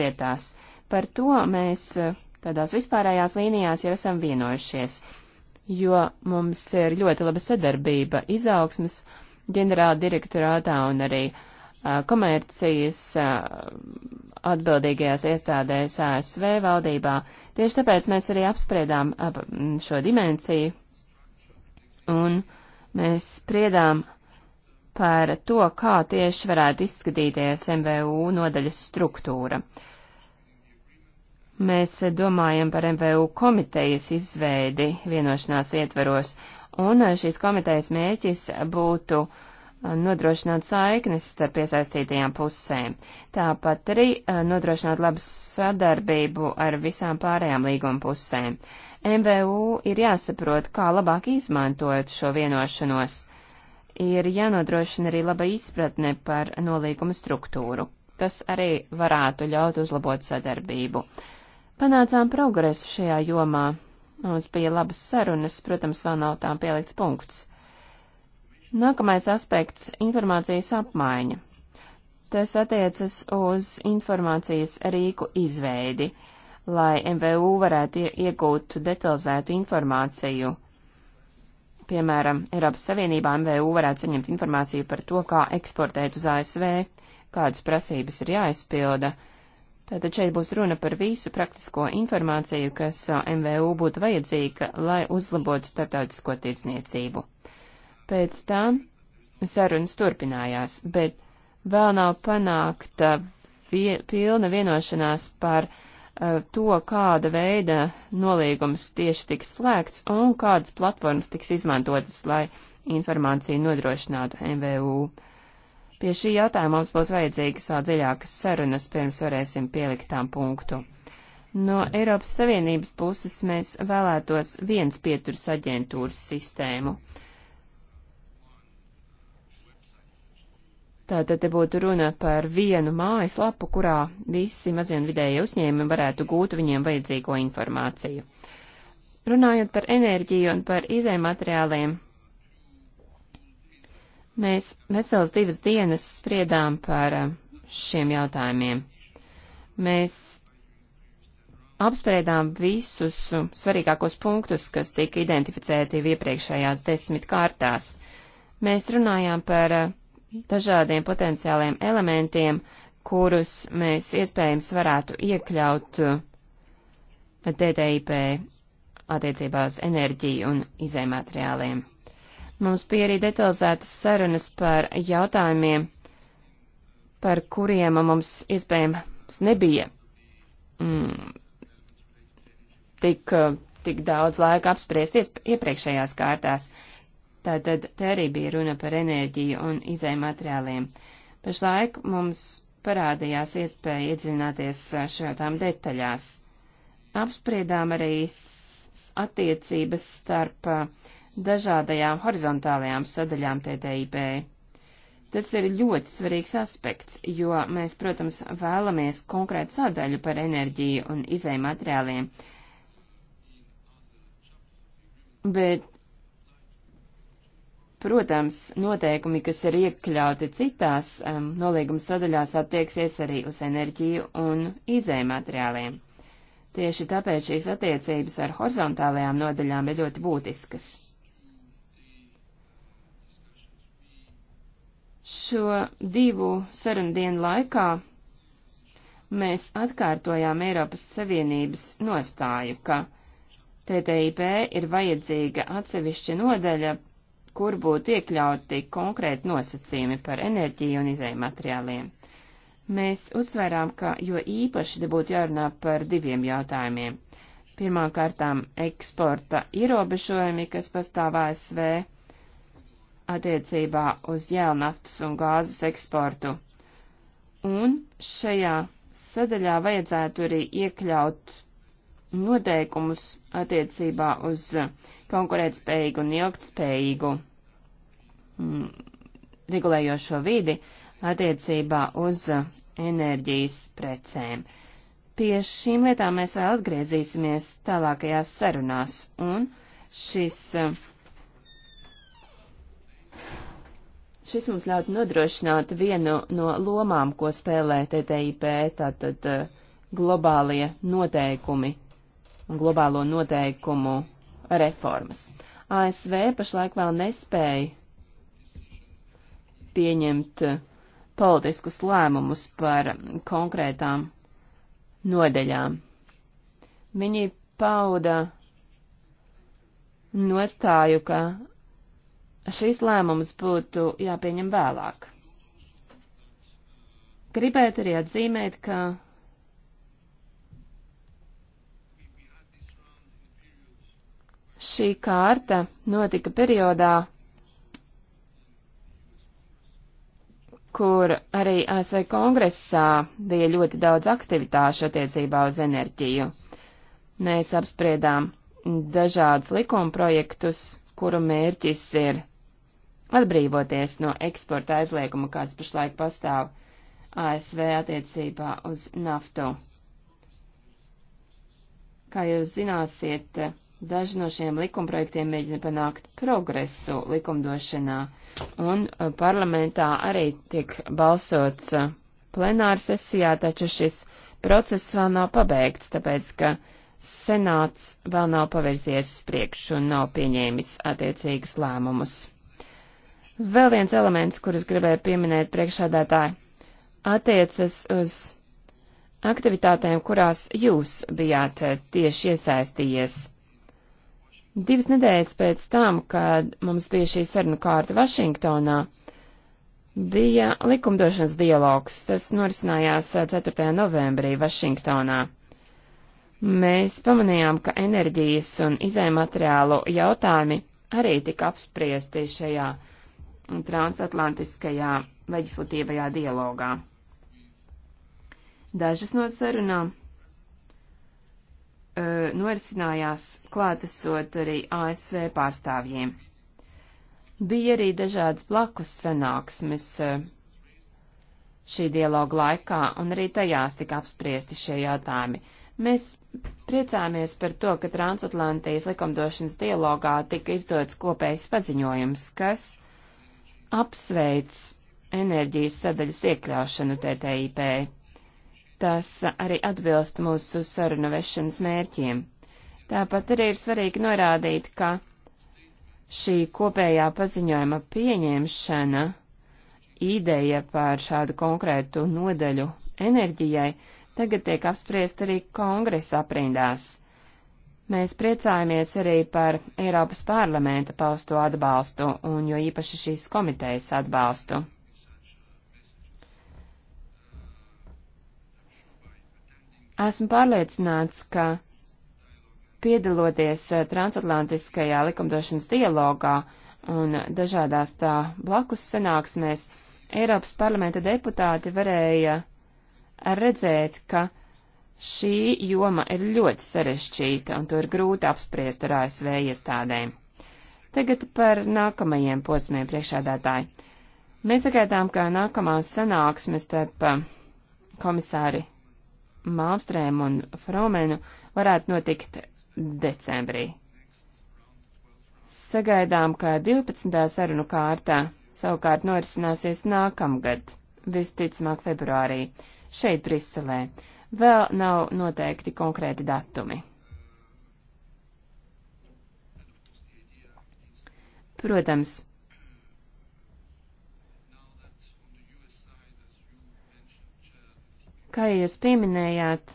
lietās. Par to mēs uh, tādās vispārējās līnijās jau esam vienojušies, jo mums ir ļoti laba sadarbība izaugsmas ģenerāla direktorātā un arī uh, Eh, komercijas eh, atbildīgajās iestādēs ASV valdībā. Tieši tāpēc mēs arī apspriedām eh, šo dimensiju un mēs spriedām par to, kā tieši varētu izskatīties MVU nodaļas struktūra. Mēs domājam par MVU komitejas izveidi vienošanās ietveros, un šīs komitejas mēķis būtu uh, nodrošināt saiknes starp iesaistītajām pusēm, tāpat arī nodrošināt labu sadarbību ar visām pārējām līguma pusēm. MVU ir jāsaprot, kā labāk izmantot šo vienošanos, ir jānodrošina arī laba izpratne par nolīguma struktūru. Tas arī varētu ļaut uzlabot sadarbību. Panācām progresu šajā jomā. Mums bija labas sarunas, protams, vēl nav tām pielikts punkts. Nākamais aspekts - informācijas apmaiņa. Tas attiecas uz informācijas rīku izveidi, lai MVU varētu iegūt detalizētu informāciju. Piemēram, Eiropas Savienībā MVU varētu saņemt informāciju par to, kā eksportēt uz ASV, kādas prasības ir jāizpilda, Tātad šeit būs runa par visu praktisko informāciju, kas MVU būtu vajadzīga, lai uzlabotu starptautisko tiesniecību. Pēc tam sarunas turpinājās, bet vēl nav panākta vie, pilna vienošanās par uh, to, kāda veida nolīgums tieši tiks slēgts un kādas platformas tiks izmantotas, lai informāciju nodrošinātu MVU. Pie šī jautājuma mums būs vajadzīgas vēl dziļākas sarunas, pirms varēsim pielikt tām punktu. No Eiropas Savienības puses mēs vēlētos viens pieturs aģentūras sistēmu. Uh, Tātad te būtu runa par vienu mājaslapu, kurā visi mazie un vidējie uzņēmumi varētu gūt viņiem vajadzīgo informāciju. Runājot par enerģiju un par izējumateriāliem, mēs vesels divas dienas spriedām par eh, šiem jautājumiem. Mēs apspriedām visus svarīgākos punktus, kas tika identificēti iepriekšējās desmit kārtās. Mēs runājām par uh, dažādiem potenciāliem elementiem, kurus mēs iespējams varētu iekļaut TTIP eh, attiecībā uz enerģiju un izējumateriāliem. Mums bija arī detalizētas sarunas par jautājumiem, par kuriem mums iespējams nebija mm, tik, eh, tik daudz laika apspriest iepriekšējās kārtās. Uh, Tātad te arī bija runa par enerģiju un izējuma materiāliem. Pašlaik mums parādījās iespēja iedzināties šādām detaļās. Apspriedām arī attiecības starp dažādajām horizontālajām sadaļām TTIP. Tas ir ļoti svarīgs aspekts, jo mēs, protams, vēlamies konkrētu sadaļu par enerģiju un izējumateriāliem, bet Protams, noteikumi, kas ir iekļauti citās um, nolīguma sadaļās, attieksies arī uz enerģiju un izējumateriāliem. Tieši tāpēc šīs attiecības ar horizontālajām nodaļām ir ļoti būtiskas. Šo divu sarunu dienu laikā mēs atkārtojām Eiropas Savienības nostāju, ka TTIP ir vajadzīga atsevišķa nodaļa kur būtu iekļauti konkrēti nosacījumi par enerģiju un izējumateriāliem. Mēs uzsvērām, ka jo īpaši te būtu jārunā par diviem jautājumiem. Pirmkārtām eksporta ierobežojumi, kas pastāv ASV attiecībā uz jēlnaftas un gāzes eksportu. Un šajā sadaļā vajadzētu arī iekļaut noteikumus attiecībā uz konkurētspējīgu un ilgtspējīgu mm, regulējošo vidi attiecībā uz enerģijas precēm. Pie šīm lietām mēs vēl atgriezīsimies tālākajās sarunās, un šis, šis mums ļautu nodrošināt vienu no lomām, ko spēlē TTIP, tātad eh, globālie noteikumi un globālo noteikumu reformas. ASV pašlaik vēl nespēja pieņemt politiskus lēmumus par konkrētām nodeļām. Viņi pauda nostāju, ka šīs lēmums būtu jāpieņem vēlāk. Gribētu arī atzīmēt, ka Šī kārta notika periodā, kur arī ASV kongresā bija ļoti daudz aktivitāšu attiecībā uz enerģiju. Mēs apspriedām dažādus likumprojektus, kuru mērķis ir atbrīvoties no eksporta aizlieguma, kāds pašlaik pastāv ASV attiecībā uz naftu. Kā jūs zināsiet, Daži no šiem likumprojektiem mēģina panākt progresu likumdošanā, un uh, parlamentā arī tiek balsots uh, plenāra sesijā, taču šis process vēl nav pabeigts, tāpēc ka senāts vēl nav pavirzies uz priekšu un nav pieņēmis attiecīgus lēmumus. Vēl viens elements, kurus gribēju pieminēt priekšādātāji, attiecas uz aktivitātēm, kurās jūs bijāt tieši iesaistījies Divas nedēļas pēc tam, kad mums bija šī sarunu kārta Vašingtonā, bija likumdošanas dialogs. Tas norisinājās 4. novembrī Vašingtonā. Mēs pamanījām, ka enerģijas un izējumateriālu jautājumi arī tika apspriesti šajā transatlantiskajā leģislatīvajā dialogā. Dažas no sarunām Uh, norisinājās klātesot arī ASV pārstāvjiem. Bija arī dažādas blakus sanāksmes uh, šī dialoga laikā, un arī tajās tika apspriesti šie jautājumi. Mēs priecāmies par to, ka Transatlantijas likumdošanas dialogā tika izdots kopējs paziņojums, kas apsveic enerģijas sadaļas iekļaušanu TTIP tas arī atbilst mūsu sarunu vešanas mērķiem. Tāpat arī ir svarīgi norādīt, ka šī kopējā paziņojuma pieņemšana, ideja par šādu konkrētu nodeļu enerģijai, tagad tiek apspriest arī kongresa aprindās. Mēs priecājamies arī par Eiropas parlamenta pausto atbalstu un jo īpaši šīs komitejas atbalstu. Esmu pārliecināts, ka piedaloties eh, transatlantiskajā likumdošanas dialogā un dažādās tā blakus sanāksmēs, Eiropas parlamenta deputāti varēja redzēt, ka šī joma ir ļoti sarežģīta un to ir grūti apspriest ar ASV iestādēm. Tagad par nākamajiem posmiem priekšādātāji. Mēs sagaidām, ka nākamās sanāksmes starp eh, komisāri Mālstrēm un Fromenu varētu notikt decembrī. Sagaidām, ka 12. sarunu kārtā savukārt norisināsies nākamgad, visticamāk februārī, šeit Briselē. Vēl nav noteikti konkrēti datumi. Protams, Kā jūs pieminējāt,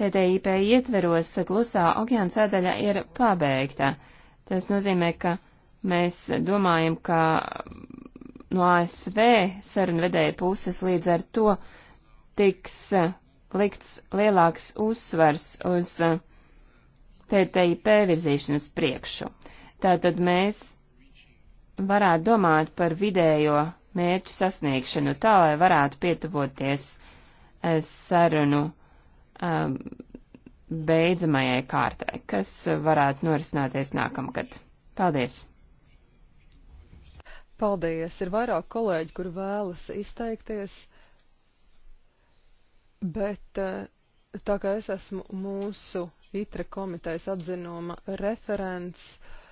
TTIP ietveros klusā okeāna sēdaļa ir pabeigta. Tas nozīmē, ka mēs domājam, ka no ASV sarunvedēja puses līdz ar to tiks likts lielāks uzsvars uz TTIP virzīšanas priekšu. Tātad mēs varētu domāt par vidējo mērķu sasniegšanu, tā lai varētu pietuvoties eh, sarunu um, beidzamajai kārtai, kas varētu norisināties nākamgad. Paldies! Paldies! Ir vairāk kolēģi, kur vēlas izteikties, bet eh, tā kā es esmu mūsu ITRE komitejas atzinuma referents, uh,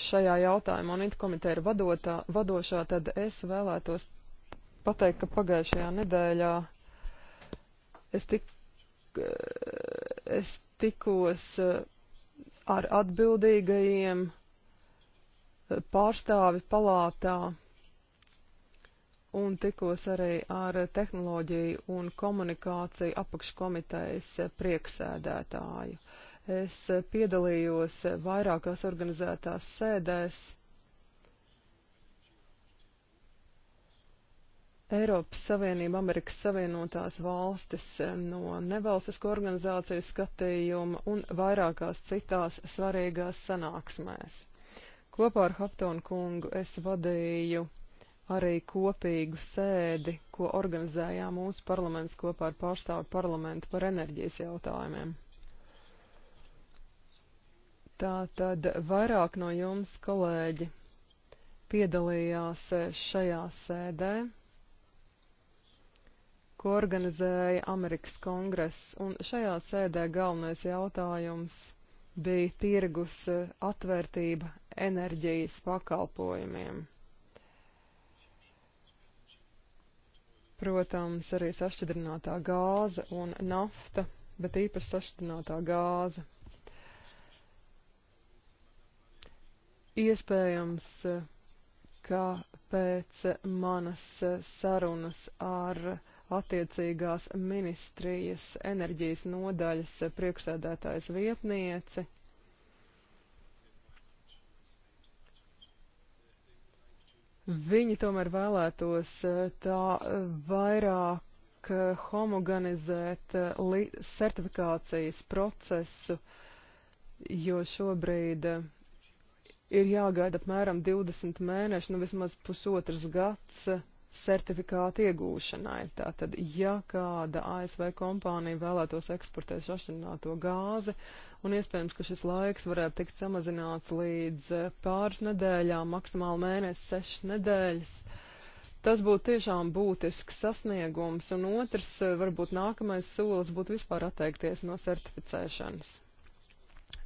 šajā jautājumā un intkomiteja ir vadotā, vadošā, tad es vēlētos pateikt, ka pagājušajā nedēļā es, tik, es tikos eh, ar atbildīgajiem eh, pārstāvi palātā un tikos arī ar tehnoloģiju un komunikāciju apakškomitejas eh, prieksēdētāju. Es piedalījos vairākās organizētās sēdēs Eiropas Savienība, Amerikas Savienotās valstis no nevalstisko organizāciju skatījuma un vairākās citās svarīgās sanāksmēs. Kopā ar Haptonu kungu es vadīju arī kopīgu sēdi, ko organizējām mūsu parlaments kopā ar pārstāvu parlamentu par enerģijas jautājumiem. Tā tad vairāk no jums, kolēģi, piedalījās šajā sēdē, ko organizēja Amerikas kongress, un šajā sēdē galvenais jautājums bija tirgus atvērtība enerģijas pakalpojumiem. Protams, arī sašķidrinātā gāze un nafta, bet īpaši sašķidrinātā gāze. Iespējams, ka pēc manas sarunas ar attiecīgās ministrijas enerģijas nodaļas priekšsēdētājas vietnieci. Viņi tomēr vēlētos eh, tā vairāk eh, homogenizēt eh, certifikācijas procesu, jo šobrīd uh, ir jāgaida apmēram 20 mēneši, nu vismaz pusotrs gads certifikāta iegūšanai. Tātad, ja kāda ASV kompānija vēlētos eksportēt šašķināto gāzi, un iespējams, ka šis laiks varētu tikt samazināts līdz pāris nedēļām, maksimāli mēnesis, sešas nedēļas, tas būtu tiešām būtisks sasniegums, un otrs, varbūt nākamais solis būtu vispār atteikties no certificēšanas.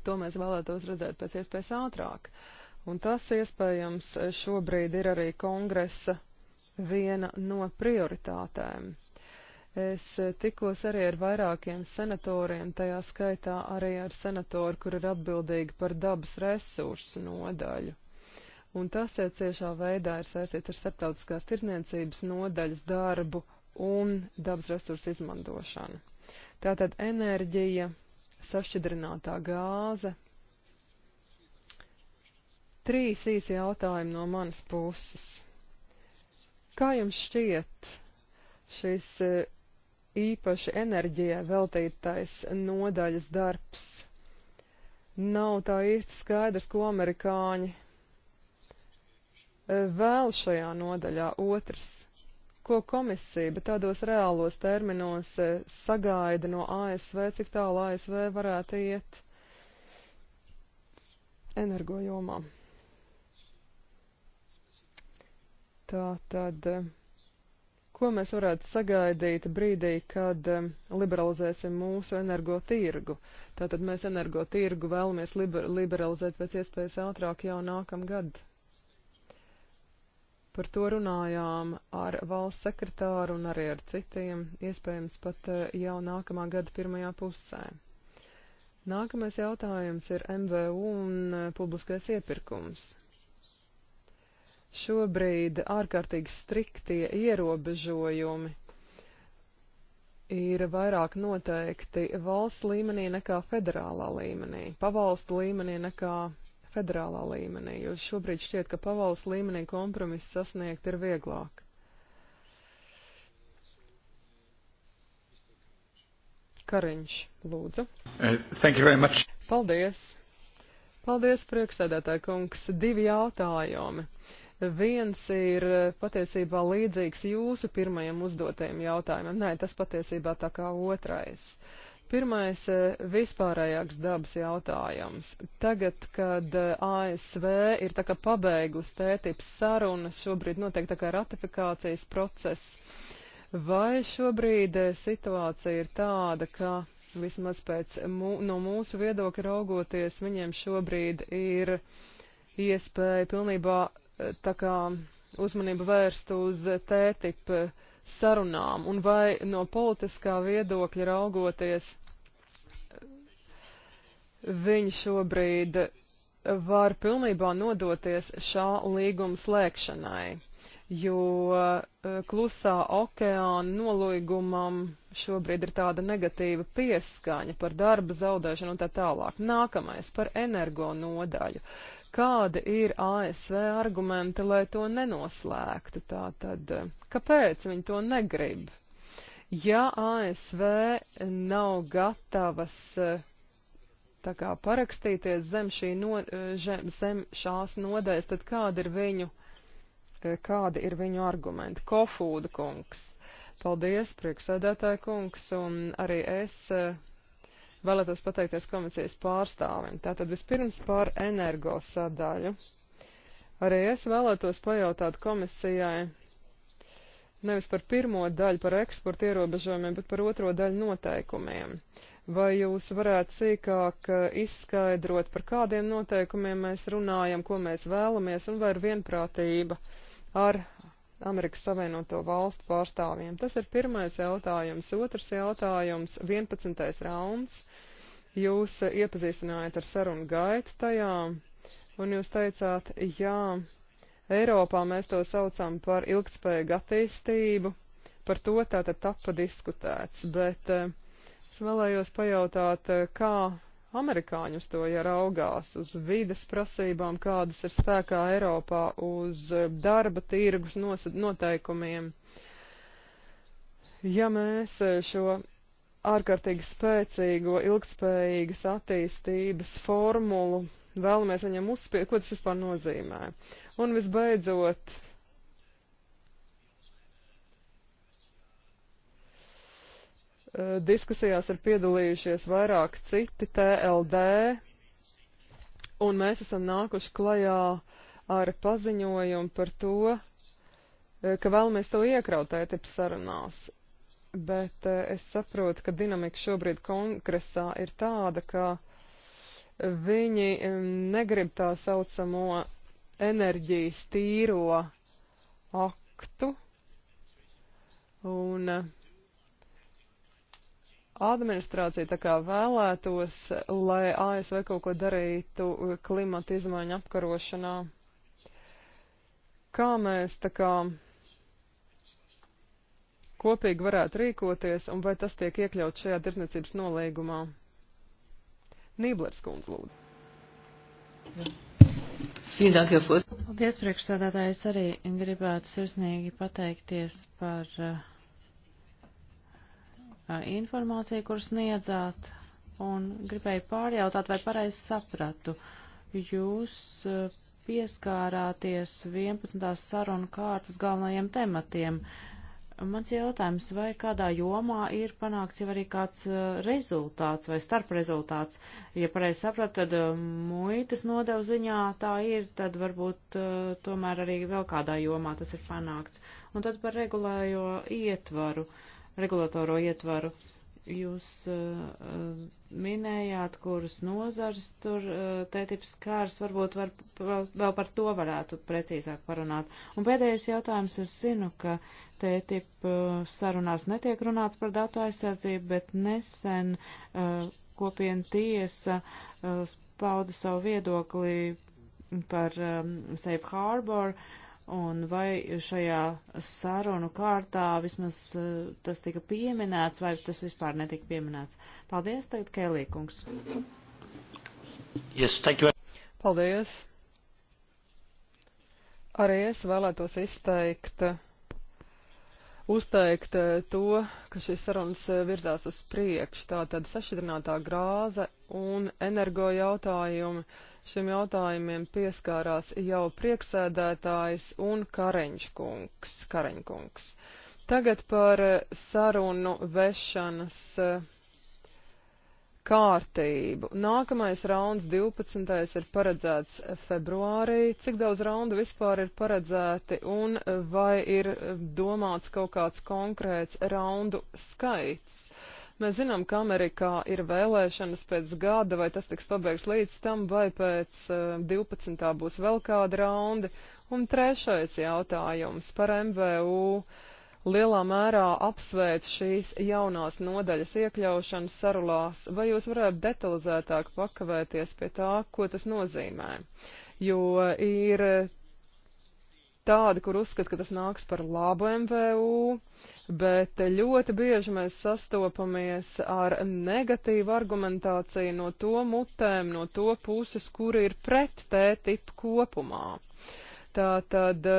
To mēs vēlētos redzēt pēc iespējas ātrāk. Un tas iespējams šobrīd ir arī kongresa viena no prioritātēm. Es tikos arī ar vairākiem senatoriem, tajā skaitā arī ar senatoru, kur ir atbildīgi par dabas resursu nodaļu. Un tas ir ciešā veidā ir saistīts ar starptautiskās tirzniecības nodaļas darbu un dabas resursu izmantošanu. Tātad enerģija, sašķidrinātā gāze. Trīs īsi jautājumi no manas puses. Kā jums šķiet šis eh, īpaši enerģijai veltītais nodaļas darbs? Nav tā īsti skaidrs, ko amerikāņi eh, vēl šajā nodaļā otrs ko komisija, bet tādos reālos terminos e, sagaida no ASV, cik tālu ASV varētu iet energojomā. Tā tad, e, ko mēs varētu sagaidīt brīdī, kad e, liberalizēsim mūsu energotirgu? Tātad mēs energotirgu vēlamies liber liberalizēt pēc iespējas ātrāk jau nākamgad. Par to runājām ar valsts sekretāru un arī ar citiem, iespējams pat eh, jau nākamā gada pirmajā pusē. Nākamais jautājums ir MVU un eh, publiskais iepirkums. Šobrīd ārkārtīgi striktie ierobežojumi ir vairāk noteikti valsts līmenī nekā federālā līmenī, pavalstu līmenī nekā federālā līmenī, jo šobrīd šķiet, ka pavalsts līmenī kompromiss sasniegt ir vieglāk. Kariņš, lūdzu. Uh, Paldies. Paldies, priekšsēdētāji kungs. Divi jautājumi. Viens ir uh, patiesībā līdzīgs jūsu pirmajam uzdotajam jautājumam. Nē, tas patiesībā tā kā otrais. Uh, Pirmais eh, - vispārējāks dabas jautājums. Tagad, kad eh, ASV ir tā kā pabeigusi tētips sarunas, šobrīd notiek tā kā ratifikācijas process, vai šobrīd eh, situācija ir tāda, ka vismaz pēc mū, no mūsu viedokļa raugoties, viņiem šobrīd ir iespēja pilnībā tā kā uzmanību vērst uz tētipu sarunām, un vai no politiskā viedokļa raugoties viņi šobrīd var pilnībā nodoties šā līguma slēgšanai, jo eh, klusā okeāna nolīgumam šobrīd ir tāda negatīva pieskaņa par darba zaudēšanu un tā tālāk. Nākamais par energo nodaļu. Kādi ir ASV argumenti, lai to nenoslēgtu? Tātad, eh, kāpēc viņi to negrib? Ja ASV nav gatavas uh, tā kā parakstīties zem, šī no, žem, zem šās nodaļas, tad kāda ir viņu, e, kādi ir viņu argumenti? Kofūda kungs. Paldies, prieksēdētāja kungs, un arī es e, vēlētos pateikties komisijas pārstāvim. Tātad vispirms par energo sadaļu. Arī es vēlētos pajautāt komisijai nevis par pirmo daļu par eksporta ierobežojumiem, bet par otro daļu noteikumiem. Uh, Vai jūs varētu sīkāk eh, izskaidrot, par kādiem noteikumiem mēs runājam, ko mēs vēlamies, un vai ir vienprātība ar Amerikas Savienoto Valstu pārstāvjiem? Tas ir pirmais jautājums. Otrs jautājums - 11. rauns. Jūs iepazīstinājāt ar sarunu gaitu tajā, un jūs teicāt, jā, Eiropā mēs to saucam par ilgtspējīgu attīstību, par to tātad tapa diskutēts, bet uh, Es vēlējos pajautāt, eh, kā amerikāņi uz to, ja raugās uz vides prasībām, kādas ir spēkā Eiropā, uz eh, darba tirgus noteikumiem. Ja mēs eh, šo ārkārtīgi spēcīgo, ilgspējīgas attīstības formulu vēlamies viņam uzspiest, ko tas vispār nozīmē? Un visbeidzot, Eh, diskusijās ir piedalījušies vairāk citi TLD, un mēs esam nākuši klajā ar paziņojumu par to, eh, ka vēlamies to iekraut ētips sarunās. Bet eh, es saprotu, ka dinamika šobrīd kongresā ir tāda, ka viņi mm, negrib tā saucamo enerģijas tīro aktu. Un uh, administrācija tā kā vēlētos, lai ASV kaut ko darītu klimata izmaiņu apkarošanā. Kā mēs tā kā kopīgi varētu rīkoties un vai tas tiek iekļauts šajā tirsniecības nolīgumā? Nīblers kundz lūdzu. Ja. Paldies, priekšsādātājs. Arī gribētu sirsnīgi pateikties par uh, informāciju, kuras sniedzāt, un gribēju pārjautāt, vai pareizi sapratu. Jūs pieskārāties 11. sarunu kārtas galvenajiem tematiem. Mans jautājums, vai kādā jomā ir panākts jau arī kāds rezultāts vai starprezultāts? Ja pareizi sapratu, tad muitas nodevu ziņā tā ir, tad varbūt tomēr arī vēl kādā jomā tas ir panākts. Un tad par regulējo ietvaru. Uh, regulatoro ietvaru. Jūs uh, minējāt, kuras nozars tur uh, tētips kārs, varbūt var, vēl par to varētu precīzāk parunāt. Un pēdējais jautājums, es zinu, ka tētip uh, sarunās netiek runāts par datu aizsardzību, bet nesen uh, kopiena tiesa uh, pauda savu viedokli par um, Safe Harbor. Uh, un vai šajā sarunu kārtā vismaz eh, tas tika pieminēts, vai tas vispār netika pieminēts. Paldies, tagad Kēlīkungs. Yes, Paldies. Arī es vēlētos izteikt, uzteikt eh, to, ka šīs sarunas eh, virzās uz priekšu, tātad sašķidrinātā grāze un energo jautājumi. Uh, Šiem jautājumiem pieskārās jau prieksēdētājs un Kareņkungs. Kareņkungs. Tagad par eh, sarunu vešanas eh, kārtību. Nākamais rauns 12. ir paredzēts februārī. Cik daudz raundu vispār ir paredzēti un eh, vai ir domāts kaut kāds konkrēts raundu skaits? Mēs zinām, ka Amerikā ir vēlēšanas pēc gada, vai tas tiks pabeigts līdz tam, vai pēc uh, eh, 12. būs vēl kāda raunda. Un trešais jautājums par MVU. Lielā mērā apsveic šīs jaunās nodaļas iekļaušanas sarulās, vai jūs varētu detalizētāk pakavēties pie tā, ko tas nozīmē? Jo ir tādi, kur uzskat, ka tas nāks par labu MVU, bet ļoti bieži mēs sastopamies ar negatīvu argumentāciju no to mutēm, no to puses, kuri ir pret tētipu kopumā. Tātad,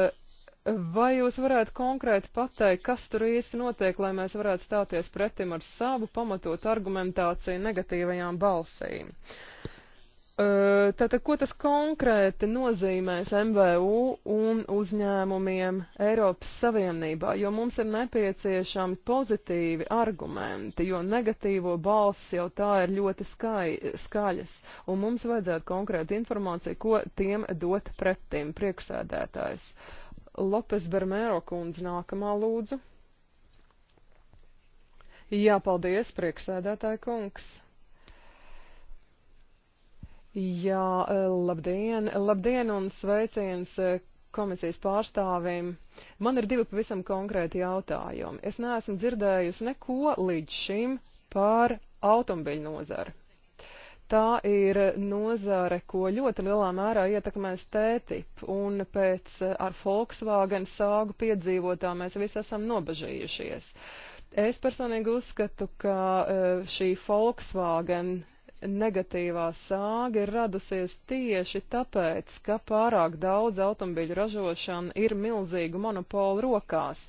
vai jūs varētu konkrēti pateikt, kas tur īsti notiek, lai mēs varētu stāties pretim ar savu pamatotu argumentāciju negatīvajām balsīm? Uh, Tātad, ko tas konkrēti nozīmēs MVU un uzņēmumiem Eiropas Savienībā, jo mums ir nepieciešami pozitīvi argumenti, jo negatīvo balss jau tā ir ļoti skai, skaļas, un mums vajadzētu konkrēti informāciju, ko tiem dot pretim priekšsēdētājs. Lopes Bermēro kundze nākamā lūdzu. Jā, paldies, priekšsēdētāja kungs. Jā, e, labdien, labdien un sveiciens e, komisijas pārstāvim. Man ir divi pavisam konkrēti jautājumi. Es neesmu dzirdējusi neko līdz šim par automobiļu nozari. Tā ir nozare, ko ļoti lielā mērā ietekmēs tētip, un pēc e, ar Volkswagen sāgu piedzīvotā mēs visi esam nobežījušies. Es personīgi uzskatu, ka šī Volkswagen negatīvā sāga ir radusies tieši tāpēc, ka pārāk daudz automobīļu ražošana ir milzīgu monopolu rokās.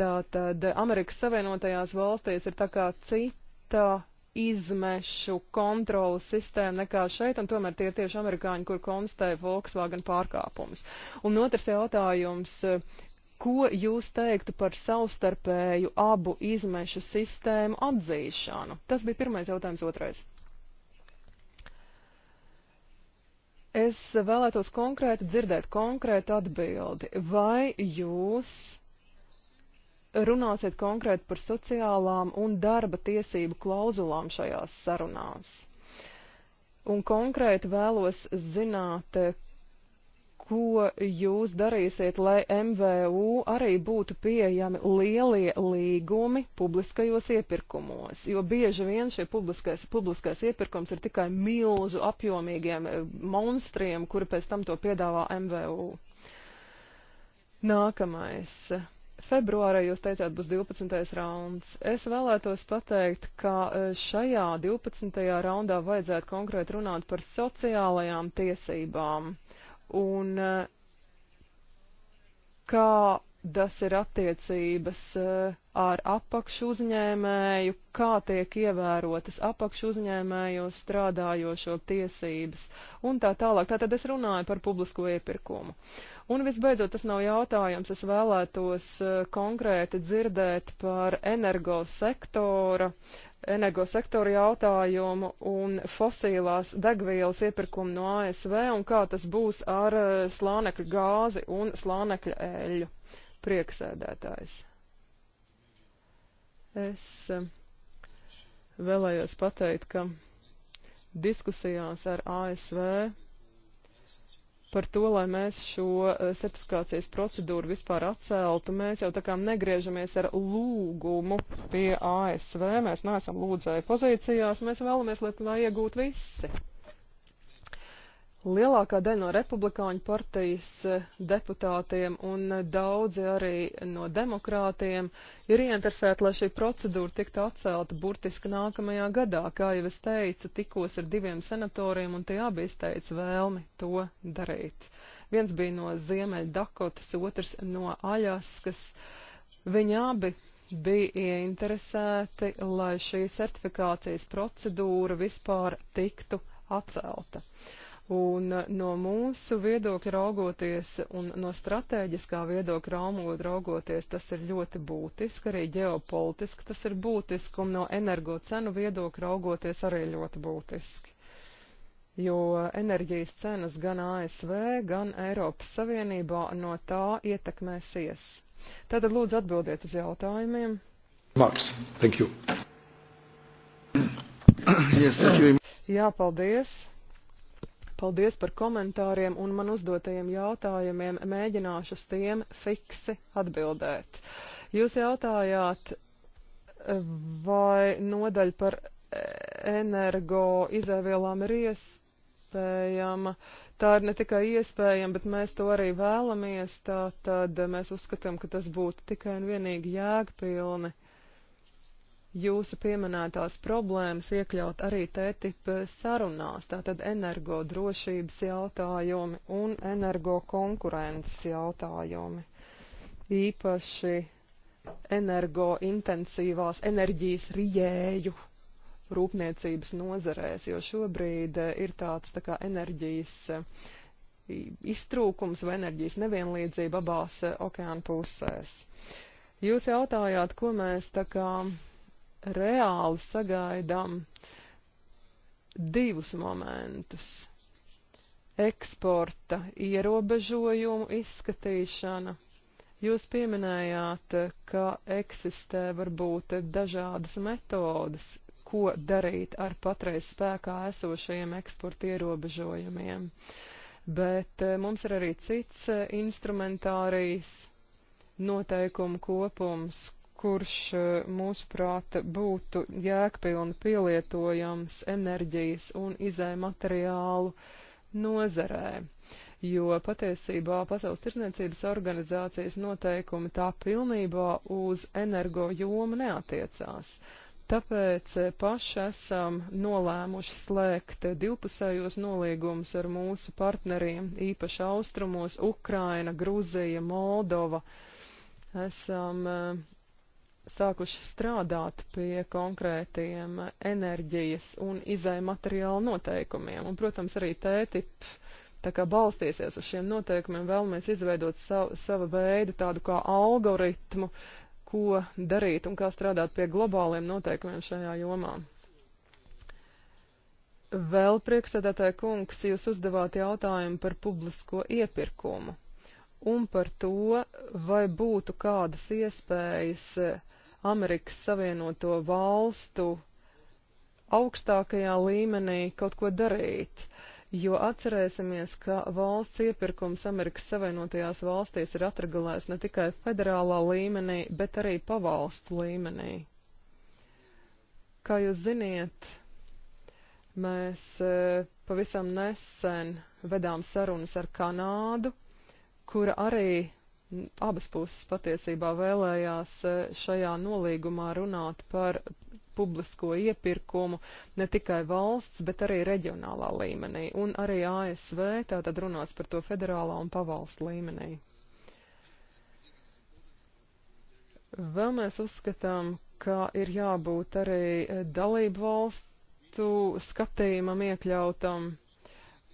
Tātad Amerikas Savienotajās valstīs ir tā kā cita izmešu kontrolas sistēma nekā šeit, un tomēr tie ir tieši amerikāņi, kur konstatēja Volkswagen pārkāpumus. Un otrs jautājums, ko jūs teiktu par savstarpēju abu izmešu sistēmu atzīšanu? Tas bija pirmais jautājums, otrais. Es vēlētos konkrēti dzirdēt konkrētu atbildi. Vai jūs runāsiet konkrēti par sociālām un darba tiesību klauzulām šajās sarunās? Un konkrēti vēlos zināt, ko jūs darīsiet, lai MVU arī būtu pieejami lielie līgumi publiskajos iepirkumos, jo bieži vien šie publiskais, publiskais iepirkums ir tikai milzu apjomīgiem eh, monstriem, kuri pēc tam to piedāvā MVU. Nākamais. Februārā jūs teicāt, būs 12. rauns. Es vēlētos pateikt, ka eh, šajā 12. raundā vajadzētu konkrēt runāt par sociālajām tiesībām un eh, kā tas ir attiecības eh, ar apakšu uzņēmēju, kā tiek ievērotas apakšu uzņēmēju strādājošo tiesības un tā tālāk. Tātad es runāju par publisko iepirkumu. Un visbeidzot, tas nav jautājums, es vēlētos eh, konkrēti dzirdēt par energosektora, energosektora jautājumu un fosīlās degvielas iepirkumu no ASV un kā tas būs ar eh, slānekļa gāzi un slānekļa eļļu. Prieksēdētājs. Es eh, vēlējos pateikt, ka diskusijās ar ASV par to, lai mēs šo eh, certifikācijas procedūru vispār atceltu, mēs jau tā kā negriežamies ar lūgumu pie ASV, mēs neesam lūdzēju pozīcijās, mēs vēlamies, lai, lai iegūtu visi lielākā daļa no republikāņu partijas eh, deputātiem un eh, daudzi arī no demokrātiem ir ieinteresēti, lai šī procedūra tiktu atcelta burtiski nākamajā gadā. Kā jau es teicu, tikos ar diviem senatoriem un tie abi izteica vēlmi to darīt. Viens bija no Ziemeļa Dakotas, otrs no Aļaskas. Viņi abi bija ieinteresēti, lai šī certifikācijas procedūra vispār tiktu atcelta. Uh, Un uh, no mūsu viedokļa raugoties un no strateģiskā viedokļa raugoties, tas ir ļoti būtiski, arī ģeopolitiski tas ir būtiski, un no energo cenu viedokļa raugoties arī ļoti būtiski. Jo enerģijas cenas gan ASV, gan Eiropas Savienībā no tā ietekmēsies. Tātad lūdzu atbildiet uz jautājumiem. Marks, thank you. yes, thank you. Jā, paldies. Paldies par komentāriem un man uzdotajiem jautājumiem. Mēģināšu uz tiem fiksi atbildēt. Jūs jautājāt, eh, vai nodaļa par eh, energo izēvielām ir iespējama. Tā ir ne tikai iespējama, bet mēs to arī vēlamies. Tā tad mēs uzskatām, ka tas būtu tikai un vienīgi jēgpilni jūsu pieminētās problēmas iekļaut arī TTIP sarunās, tātad energo drošības jautājumi un energo konkurences jautājumi. Īpaši energointensīvās enerģijas rijēju rūpniecības nozarēs, jo šobrīd eh, ir tāds tā kā enerģijas eh, iztrūkums vai enerģijas nevienlīdzība abās eh, okeāna pusēs. Jūs jautājāt, ko mēs tā kā reāli sagaidām divus momentus - eksporta ierobežojumu izskatīšana. Jūs pieminējāt, ka eksistē varbūt dažādas metodas, ko darīt ar patreiz spēkā esošajiem eksporta ierobežojumiem, bet eh, mums ir arī cits eh, instrumentārijs noteikumu kopums, kurš eh, mūsuprāt būtu jēgpilni pielietojams enerģijas un izējumateriālu nozarē. Jo patiesībā Pasaules tirsniecības organizācijas noteikumi tā pilnībā uz energo jomu neatiecās. Tāpēc eh, paši esam nolēmuši slēgt divpusējos noliegumus ar mūsu partneriem, īpaši austrumos - Ukraina, Gruzija, Moldova. Esam eh, sākuši strādāt pie konkrētiem enerģijas un izēja materiāla noteikumiem. Un, protams, arī tētip tā kā balstīsies uz šiem noteikumiem, vēlamies izveidot savu, savu veidu tādu kā algoritmu, ko darīt un kā strādāt pie globāliem noteikumiem šajā jomā. Vēl priekšsēdētāja kungs, jūs uzdevāt jautājumu par publisko iepirkumu un par to, vai būtu kādas iespējas uh, Amerikas Savienoto valstu augstākajā līmenī kaut ko darīt. Jo atcerēsimies, ka valsts iepirkums Amerikas Savienotajās valstīs ir atregulēts ne tikai federālā līmenī, bet arī pavalstu līmenī. Kā jūs ziniet, mēs e, pavisam nesen vedām sarunas ar Kanādu, kura arī abas puses patiesībā vēlējās e, šajā nolīgumā runāt par publisko iepirkumu ne tikai valsts, bet arī reģionālā līmenī, un arī ASV tātad runās par to federālā un pavalstu līmenī. Vēl mēs uzskatām, ka ir jābūt arī e, dalību valstu skatījumam iekļautam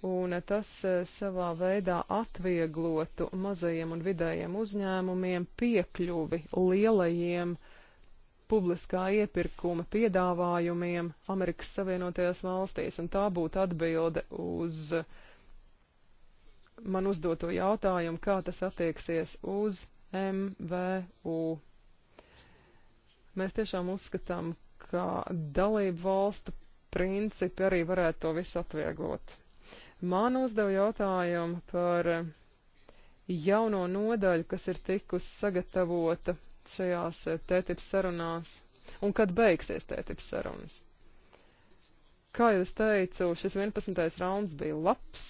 un tas eh, savā veidā atvieglotu mazajiem un vidējiem uzņēmumiem piekļuvi lielajiem publiskā iepirkuma piedāvājumiem Amerikas Savienotajās valstīs, un tā būtu atbilde uz man uzdoto jautājumu, kā tas attieksies uz MVU. Mēs tiešām uzskatām, ka dalību valstu principi arī varētu to visu atvieglot. Man uzdev jautājumu par eh, jauno nodaļu, kas ir tikusi sagatavota šajās eh, tētips sarunās, un kad beigsies tētips sarunas. Kā jūs teicu, šis 11. rauns bija labs,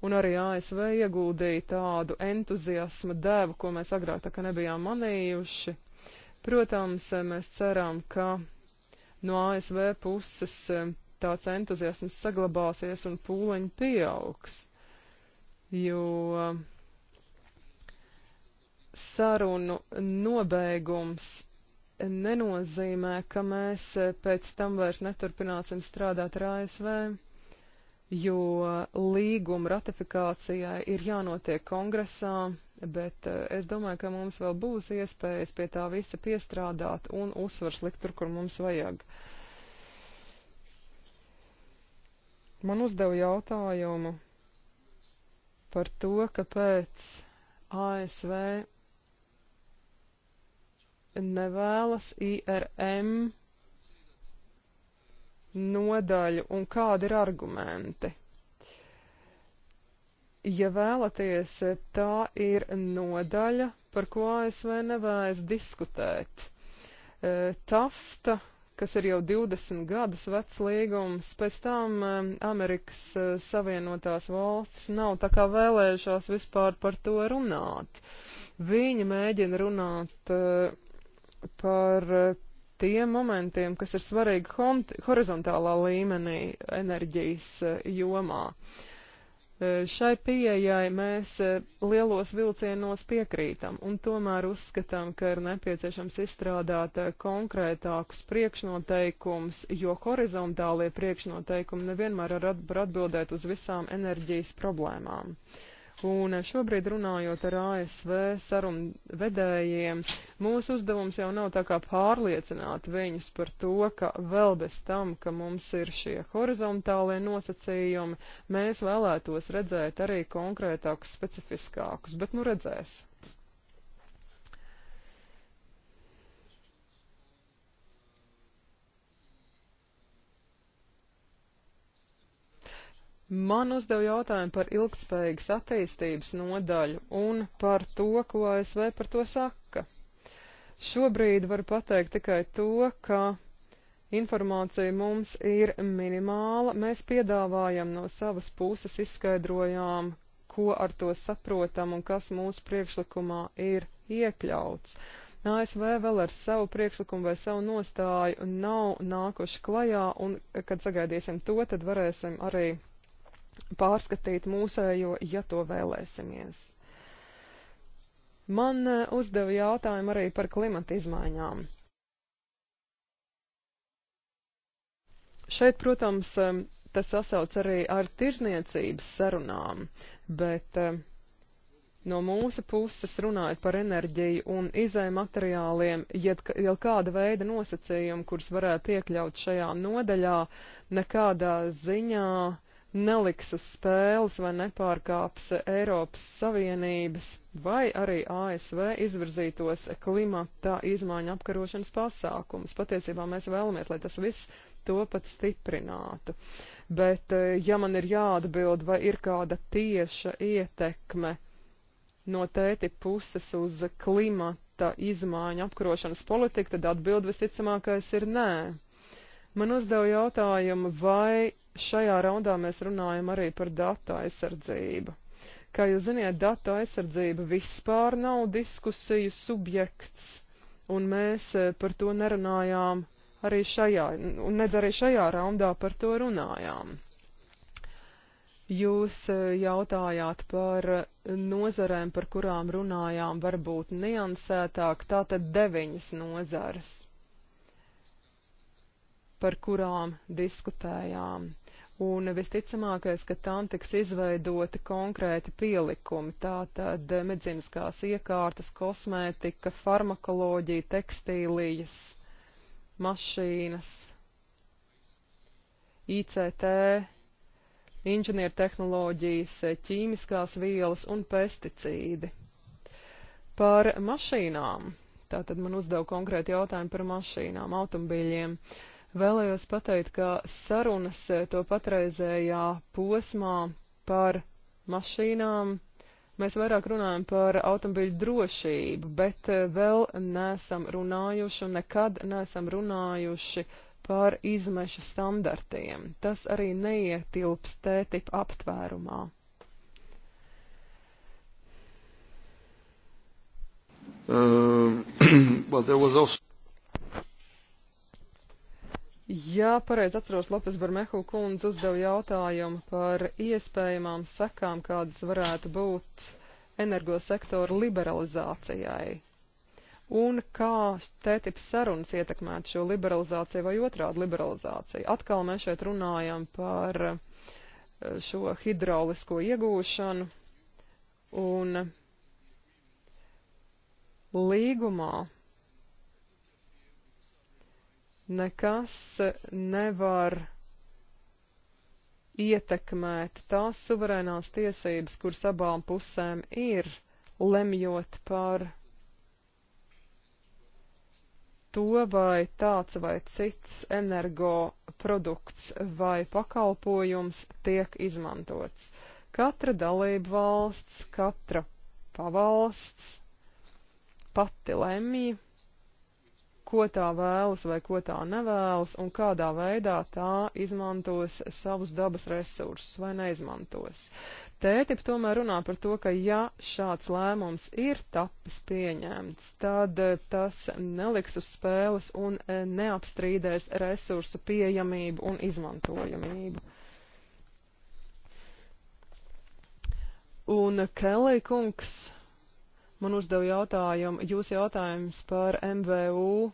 un arī ASV ieguldīja tādu entuziasma dēvu, ko mēs agrāk tā kā nebijām manījuši. Protams, eh, mēs ceram, ka no ASV puses tāds entuziasms saglabāsies un pūliņi pieaugs. Jo sarunu nobeigums nenozīmē, ka mēs pēc tam vairs neturpināsim strādāt ar ASV, jo līguma ratifikācijai ir jānotiek kongresā, bet eh, es domāju, ka mums vēl būs iespējas pie tā visa piestrādāt un uzsvars likt tur, kur mums vajag. Uh, Man uzdeva jautājumu par to, kāpēc ASV nevēlas IRM nodaļu un kādi ir argumenti. Ja vēlaties, tā ir nodaļa, par ko ASV nevēlas diskutēt. Eh, Tafta kas ir jau 20 gadus vecs līgums. Pēc tam eh, Amerikas eh, Savienotās valstis nav tā kā vēlējušās vispār par to runāt. Viņi mēģina runāt eh, par tiem momentiem, kas ir svarīgi horizontālā līmenī enerģijas jomā. Uh, E, šai pieejai mēs e, lielos vilcienos piekrītam un tomēr uzskatām, ka ir nepieciešams izstrādāt e, konkrētākus priekšnoteikumus, jo horizontālie priekšnoteikumi nevienmēr var atbildēt uz visām enerģijas problēmām. Uh, Un šobrīd runājot ar ASV sarunu vedējiem, mūsu uzdevums jau nav tā kā pārliecināt viņus par to, ka vēl bez tam, ka mums ir šie horizontālie nosacījumi, mēs vēlētos redzēt arī konkrētākus, specifiskākus, bet nu redzēsim. Man uzdev jautājumu par ilgtspējīgas attīstības nodaļu un par to, ko ASV par to saka. Šobrīd var pateikt tikai to, ka informācija mums ir minimāla. Mēs piedāvājam no savas puses izskaidrojām, ko ar to saprotam un kas mūsu priekšlikumā ir iekļauts. ASV vēl ar savu priekšlikumu vai savu nostāju nav nākuši klajā, un kad sagaidīsim to, tad varēsim arī pārskatīt mūsējo, ja to vēlēsimies. Man e, uzdeva jautājumu arī par klimata izmaiņām. Šeit, protams, e, tas sasauc arī ar tirzniecības sarunām, bet e, no mūsu puses runājot par enerģiju un izējumateriāliem, jau kāda veida nosacījumi, kurus varētu iekļaut šajā nodaļā, nekādā ziņā uh, neliks uz spēles vai nepārkāps Eiropas Savienības vai arī ASV izvirzītos klimata izmaiņu apkarošanas pasākumus. Patiesībā mēs vēlamies, lai tas viss to pat stiprinātu. Bet, e, ja man ir jāatbild, vai ir kāda tieša ietekme no tēti puses uz klimata izmaiņu apkarošanas politiku, tad atbild visticamākais ir nē. Man uzdeva jautājumu, vai šajā raundā mēs runājam arī par datu aizsardzību. Kā jūs ziniet, datu aizsardzība vispār nav diskusiju subjekts, un mēs eh, par to nerunājām arī šajā, un nedz arī šajā raundā par to runājām. Jūs eh, jautājāt par nozarēm, par kurām runājām varbūt niansētāk, tātad deviņas nozares par kurām diskutējām. Un visticamākais, ka tam tiks izveidoti konkrēti pielikumi, tātad medicīniskās iekārtas, kosmētika, farmakoloģija, tekstīlijas, mašīnas, ICT, inženiertehnoloģijas, ķīmiskās vielas un pesticīdi. Par mašīnām. Tātad man uzdeva konkrēti jautājumi par mašīnām, automobīļiem. Uh, Vēlējos pateikt, ka sarunas e, to patreizējā posmā par mašīnām mēs vairāk runājam par automobīļu drošību, bet e, vēl nesam runājuši un nekad nesam runājuši par izmešu standartiem. Tas arī neietilps tētip aptvērumā. Uh, well, also... Jā, pareizi atceros, Lopes Barmehu kundze uzdev jautājumu par iespējamām sekām, kādas varētu būt energosektora liberalizācijai. Un kā tētips sarunas ietekmētu šo liberalizāciju vai otrādi liberalizāciju? Atkal mēs šeit runājam par eh, šo hidraulisko iegūšanu un līgumā nekas nevar ietekmēt tās suverēnās tiesības, kuras abām pusēm ir, lemjot par to, vai tāds vai cits energoprodukts vai pakalpojums tiek izmantots. Katra dalība valsts, katra pavalsts pati lemj ko tā vēlas vai ko tā nevēlas un kādā veidā tā izmantos savus dabas resursus vai neizmantos. Tētip tomēr runā par to, ka ja šāds lēmums ir tapis pieņemts, tad eh, tas neliks uz spēles un eh, neapstrīdēs resursu pieejamību un izmantojamību. Un eh, Kelly kungs man uzdeva jautājumu, jūs jautājums par MVU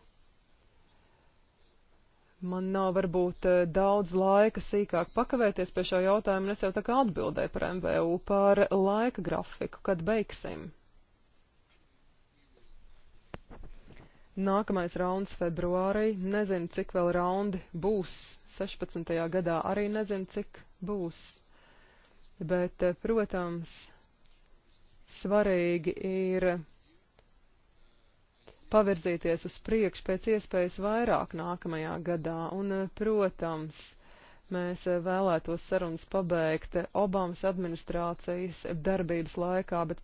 Man nav varbūt eh, daudz laika sīkāk pakavēties pie šā jautājuma, un es jau tā kā atbildēju par MVU, par laika grafiku, kad beigsim. Nākamais rauns februārī, nezinu, cik vēl raundi būs, 16. gadā arī nezinu, cik būs, bet, eh, protams, svarīgi ir pavirzīties uz priekšu pēc iespējas vairāk nākamajā gadā, un, eh, protams, mēs eh, vēlētos sarunas pabeigt Obamas administrācijas darbības laikā, bet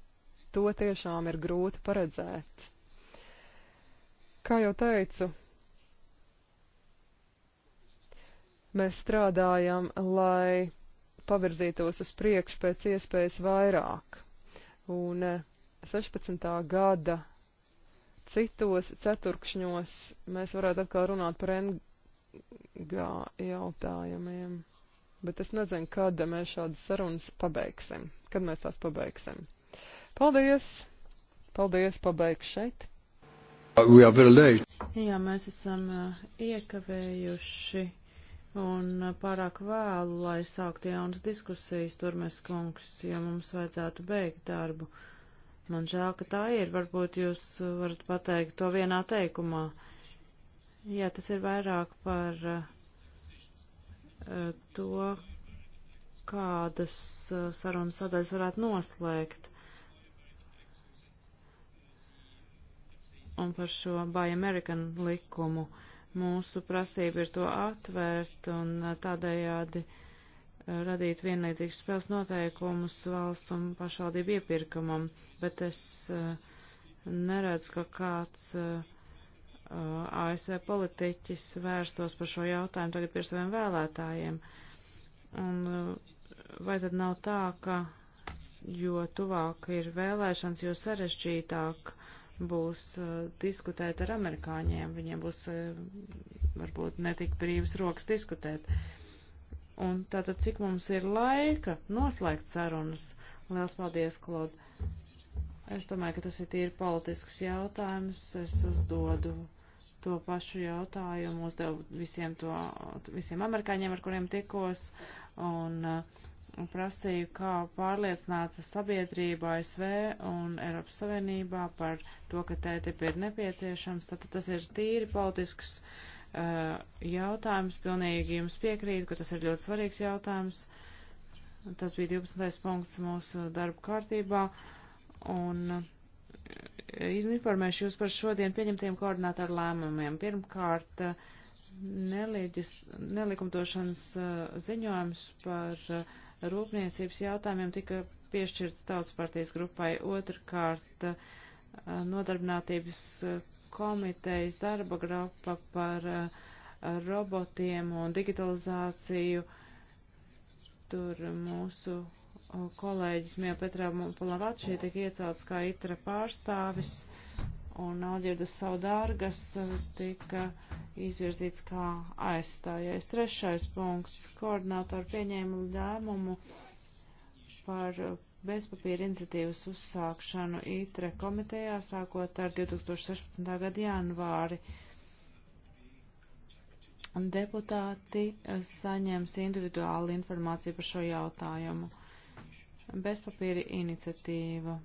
to tiešām ir grūti paredzēt. Kā jau teicu, mēs strādājam, lai pavirzītos uz priekšu pēc iespējas vairāk. Un 16. Eh, gada citos ceturkšņos mēs varētu atkal runāt par NGA jautājumiem. Bet es nezinu, kad mēs šādas sarunas pabeigsim. Kad mēs tās pabeigsim. Paldies! Paldies, pabeigšu šeit! Jā, mēs esam uh, iekavējuši un uh, pārāk vēlu, lai sāktu jaunas diskusijas, Turmes kungs, jo mums vajadzētu beigt darbu. Man žēl, ka tā ir. Varbūt jūs uh, varat pateikt to vienā teikumā. Jā, tas ir vairāk par uh, uh, to, kādas uh, sarunas sadaļas varētu noslēgt. Un par šo Buy American likumu. Mūsu prasība ir to atvērt un uh, tādējādi uh, radīt vienlīdzīgus spēles noteikumus valsts un pašvaldību iepirkumam, bet es eh, neredzu, ka kāds eh, ASV politiķis vērstos par šo jautājumu tagad pie saviem vēlētājiem. Un eh, vai tad nav tā, ka jo tuvāk ir vēlēšanas, jo sarežģītāk būs uh, diskutēt ar amerikāņiem. Viņiem būs uh, varbūt netik brīvas rokas diskutēt. Uh, Un tātad, cik mums ir laika noslēgt sarunas? Liels paldies, Klod. Es domāju, ka tas ir tīri politisks jautājums. Es uzdodu to pašu jautājumu, uzdevu visiem, to, visiem amerikāņiem, ar kuriem tikos. Un, uh, un prasīju, kā pārliecināt sabiedrību ASV un Eiropas Savienībā par to, ka TTIP ir nepieciešams, tad tas ir tīri politisks Eh, jautājums. Pilnīgi jums piekrītu, ka tas ir ļoti svarīgs jautājums. Tas bija 12. punkts mūsu darba kārtībā. Un eh, informēšu jūs par šodien pieņemtiem koordinātoru lēmumiem. Pirmkārt, nelīģis, nelikumdošanas eh, ziņojums par rūpniecības jautājumiem tika piešķirts Tautas partijas grupai. Otrkārt, nodarbinātības komitejas darba grupa par eh, robotiem un digitalizāciju. Tur mūsu kolēģis Mija Petrā Palavats šeit tiek iecelts kā itra pārstāvis un Alģirdas Saudārgas eh, tika izvirzīts kā aizstājais. Trešais punkts - koordinātori pieņēma lēmumu par eh, bezpapīra iniciatīvas uzsākšanu ITRE komitejā sākot ar 2016. gada janvāri. Deputāti eh, saņems individuāli informāciju par šo jautājumu. Bezpapīra iniciatīva.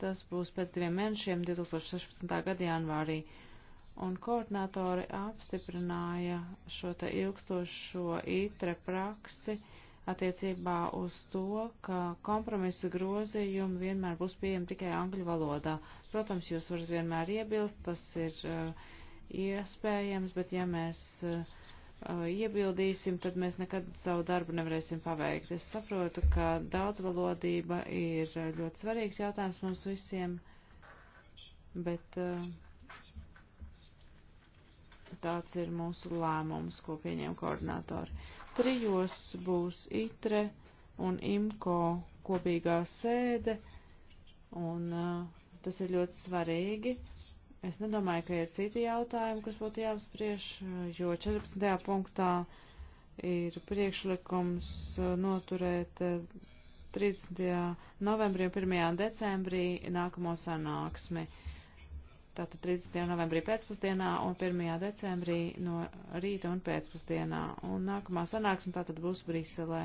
Tas būs pēc diviem mēnešiem 2016. gada janvārī. Un koordinātori apstiprināja šo te ilgstošo ITRE praksi attiecībā uz to, ka kompromisa grozījumi vienmēr būs pieejami tikai angļu valodā. Protams, jūs varat vienmēr iebilst, tas ir uh, iespējams, bet ja mēs uh, uh iebildīsim, tad mēs nekad savu darbu nevarēsim paveikt. Es saprotu, ka daudzvalodība ir uh, ļoti svarīgs jautājums mums visiem, bet uh, tāds ir mūsu lēmums, ko pieņem koordinātori. Trijos būs ITRE un IMKO kopīgā sēde, un uh, tas ir ļoti svarīgi. Es nedomāju, ka ir citi jautājumi, kas būtu jāapspriež, uh, jo 14. punktā ir priekšlikums uh, noturēt 30. Uh, novembrī un 1. decembrī nākamo sanāksmi. Uh, tātad 30. novembrī pēcpusdienā un 1. decembrī no rīta un pēcpusdienā. Un nākamā sanāksme tātad būs Briselē.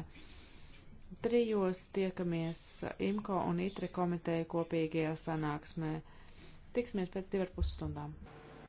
Trijos tiekamies IMKO un ITRE komiteja kopīgajā sanāksmē. Tiksimies pēc divar pusstundām.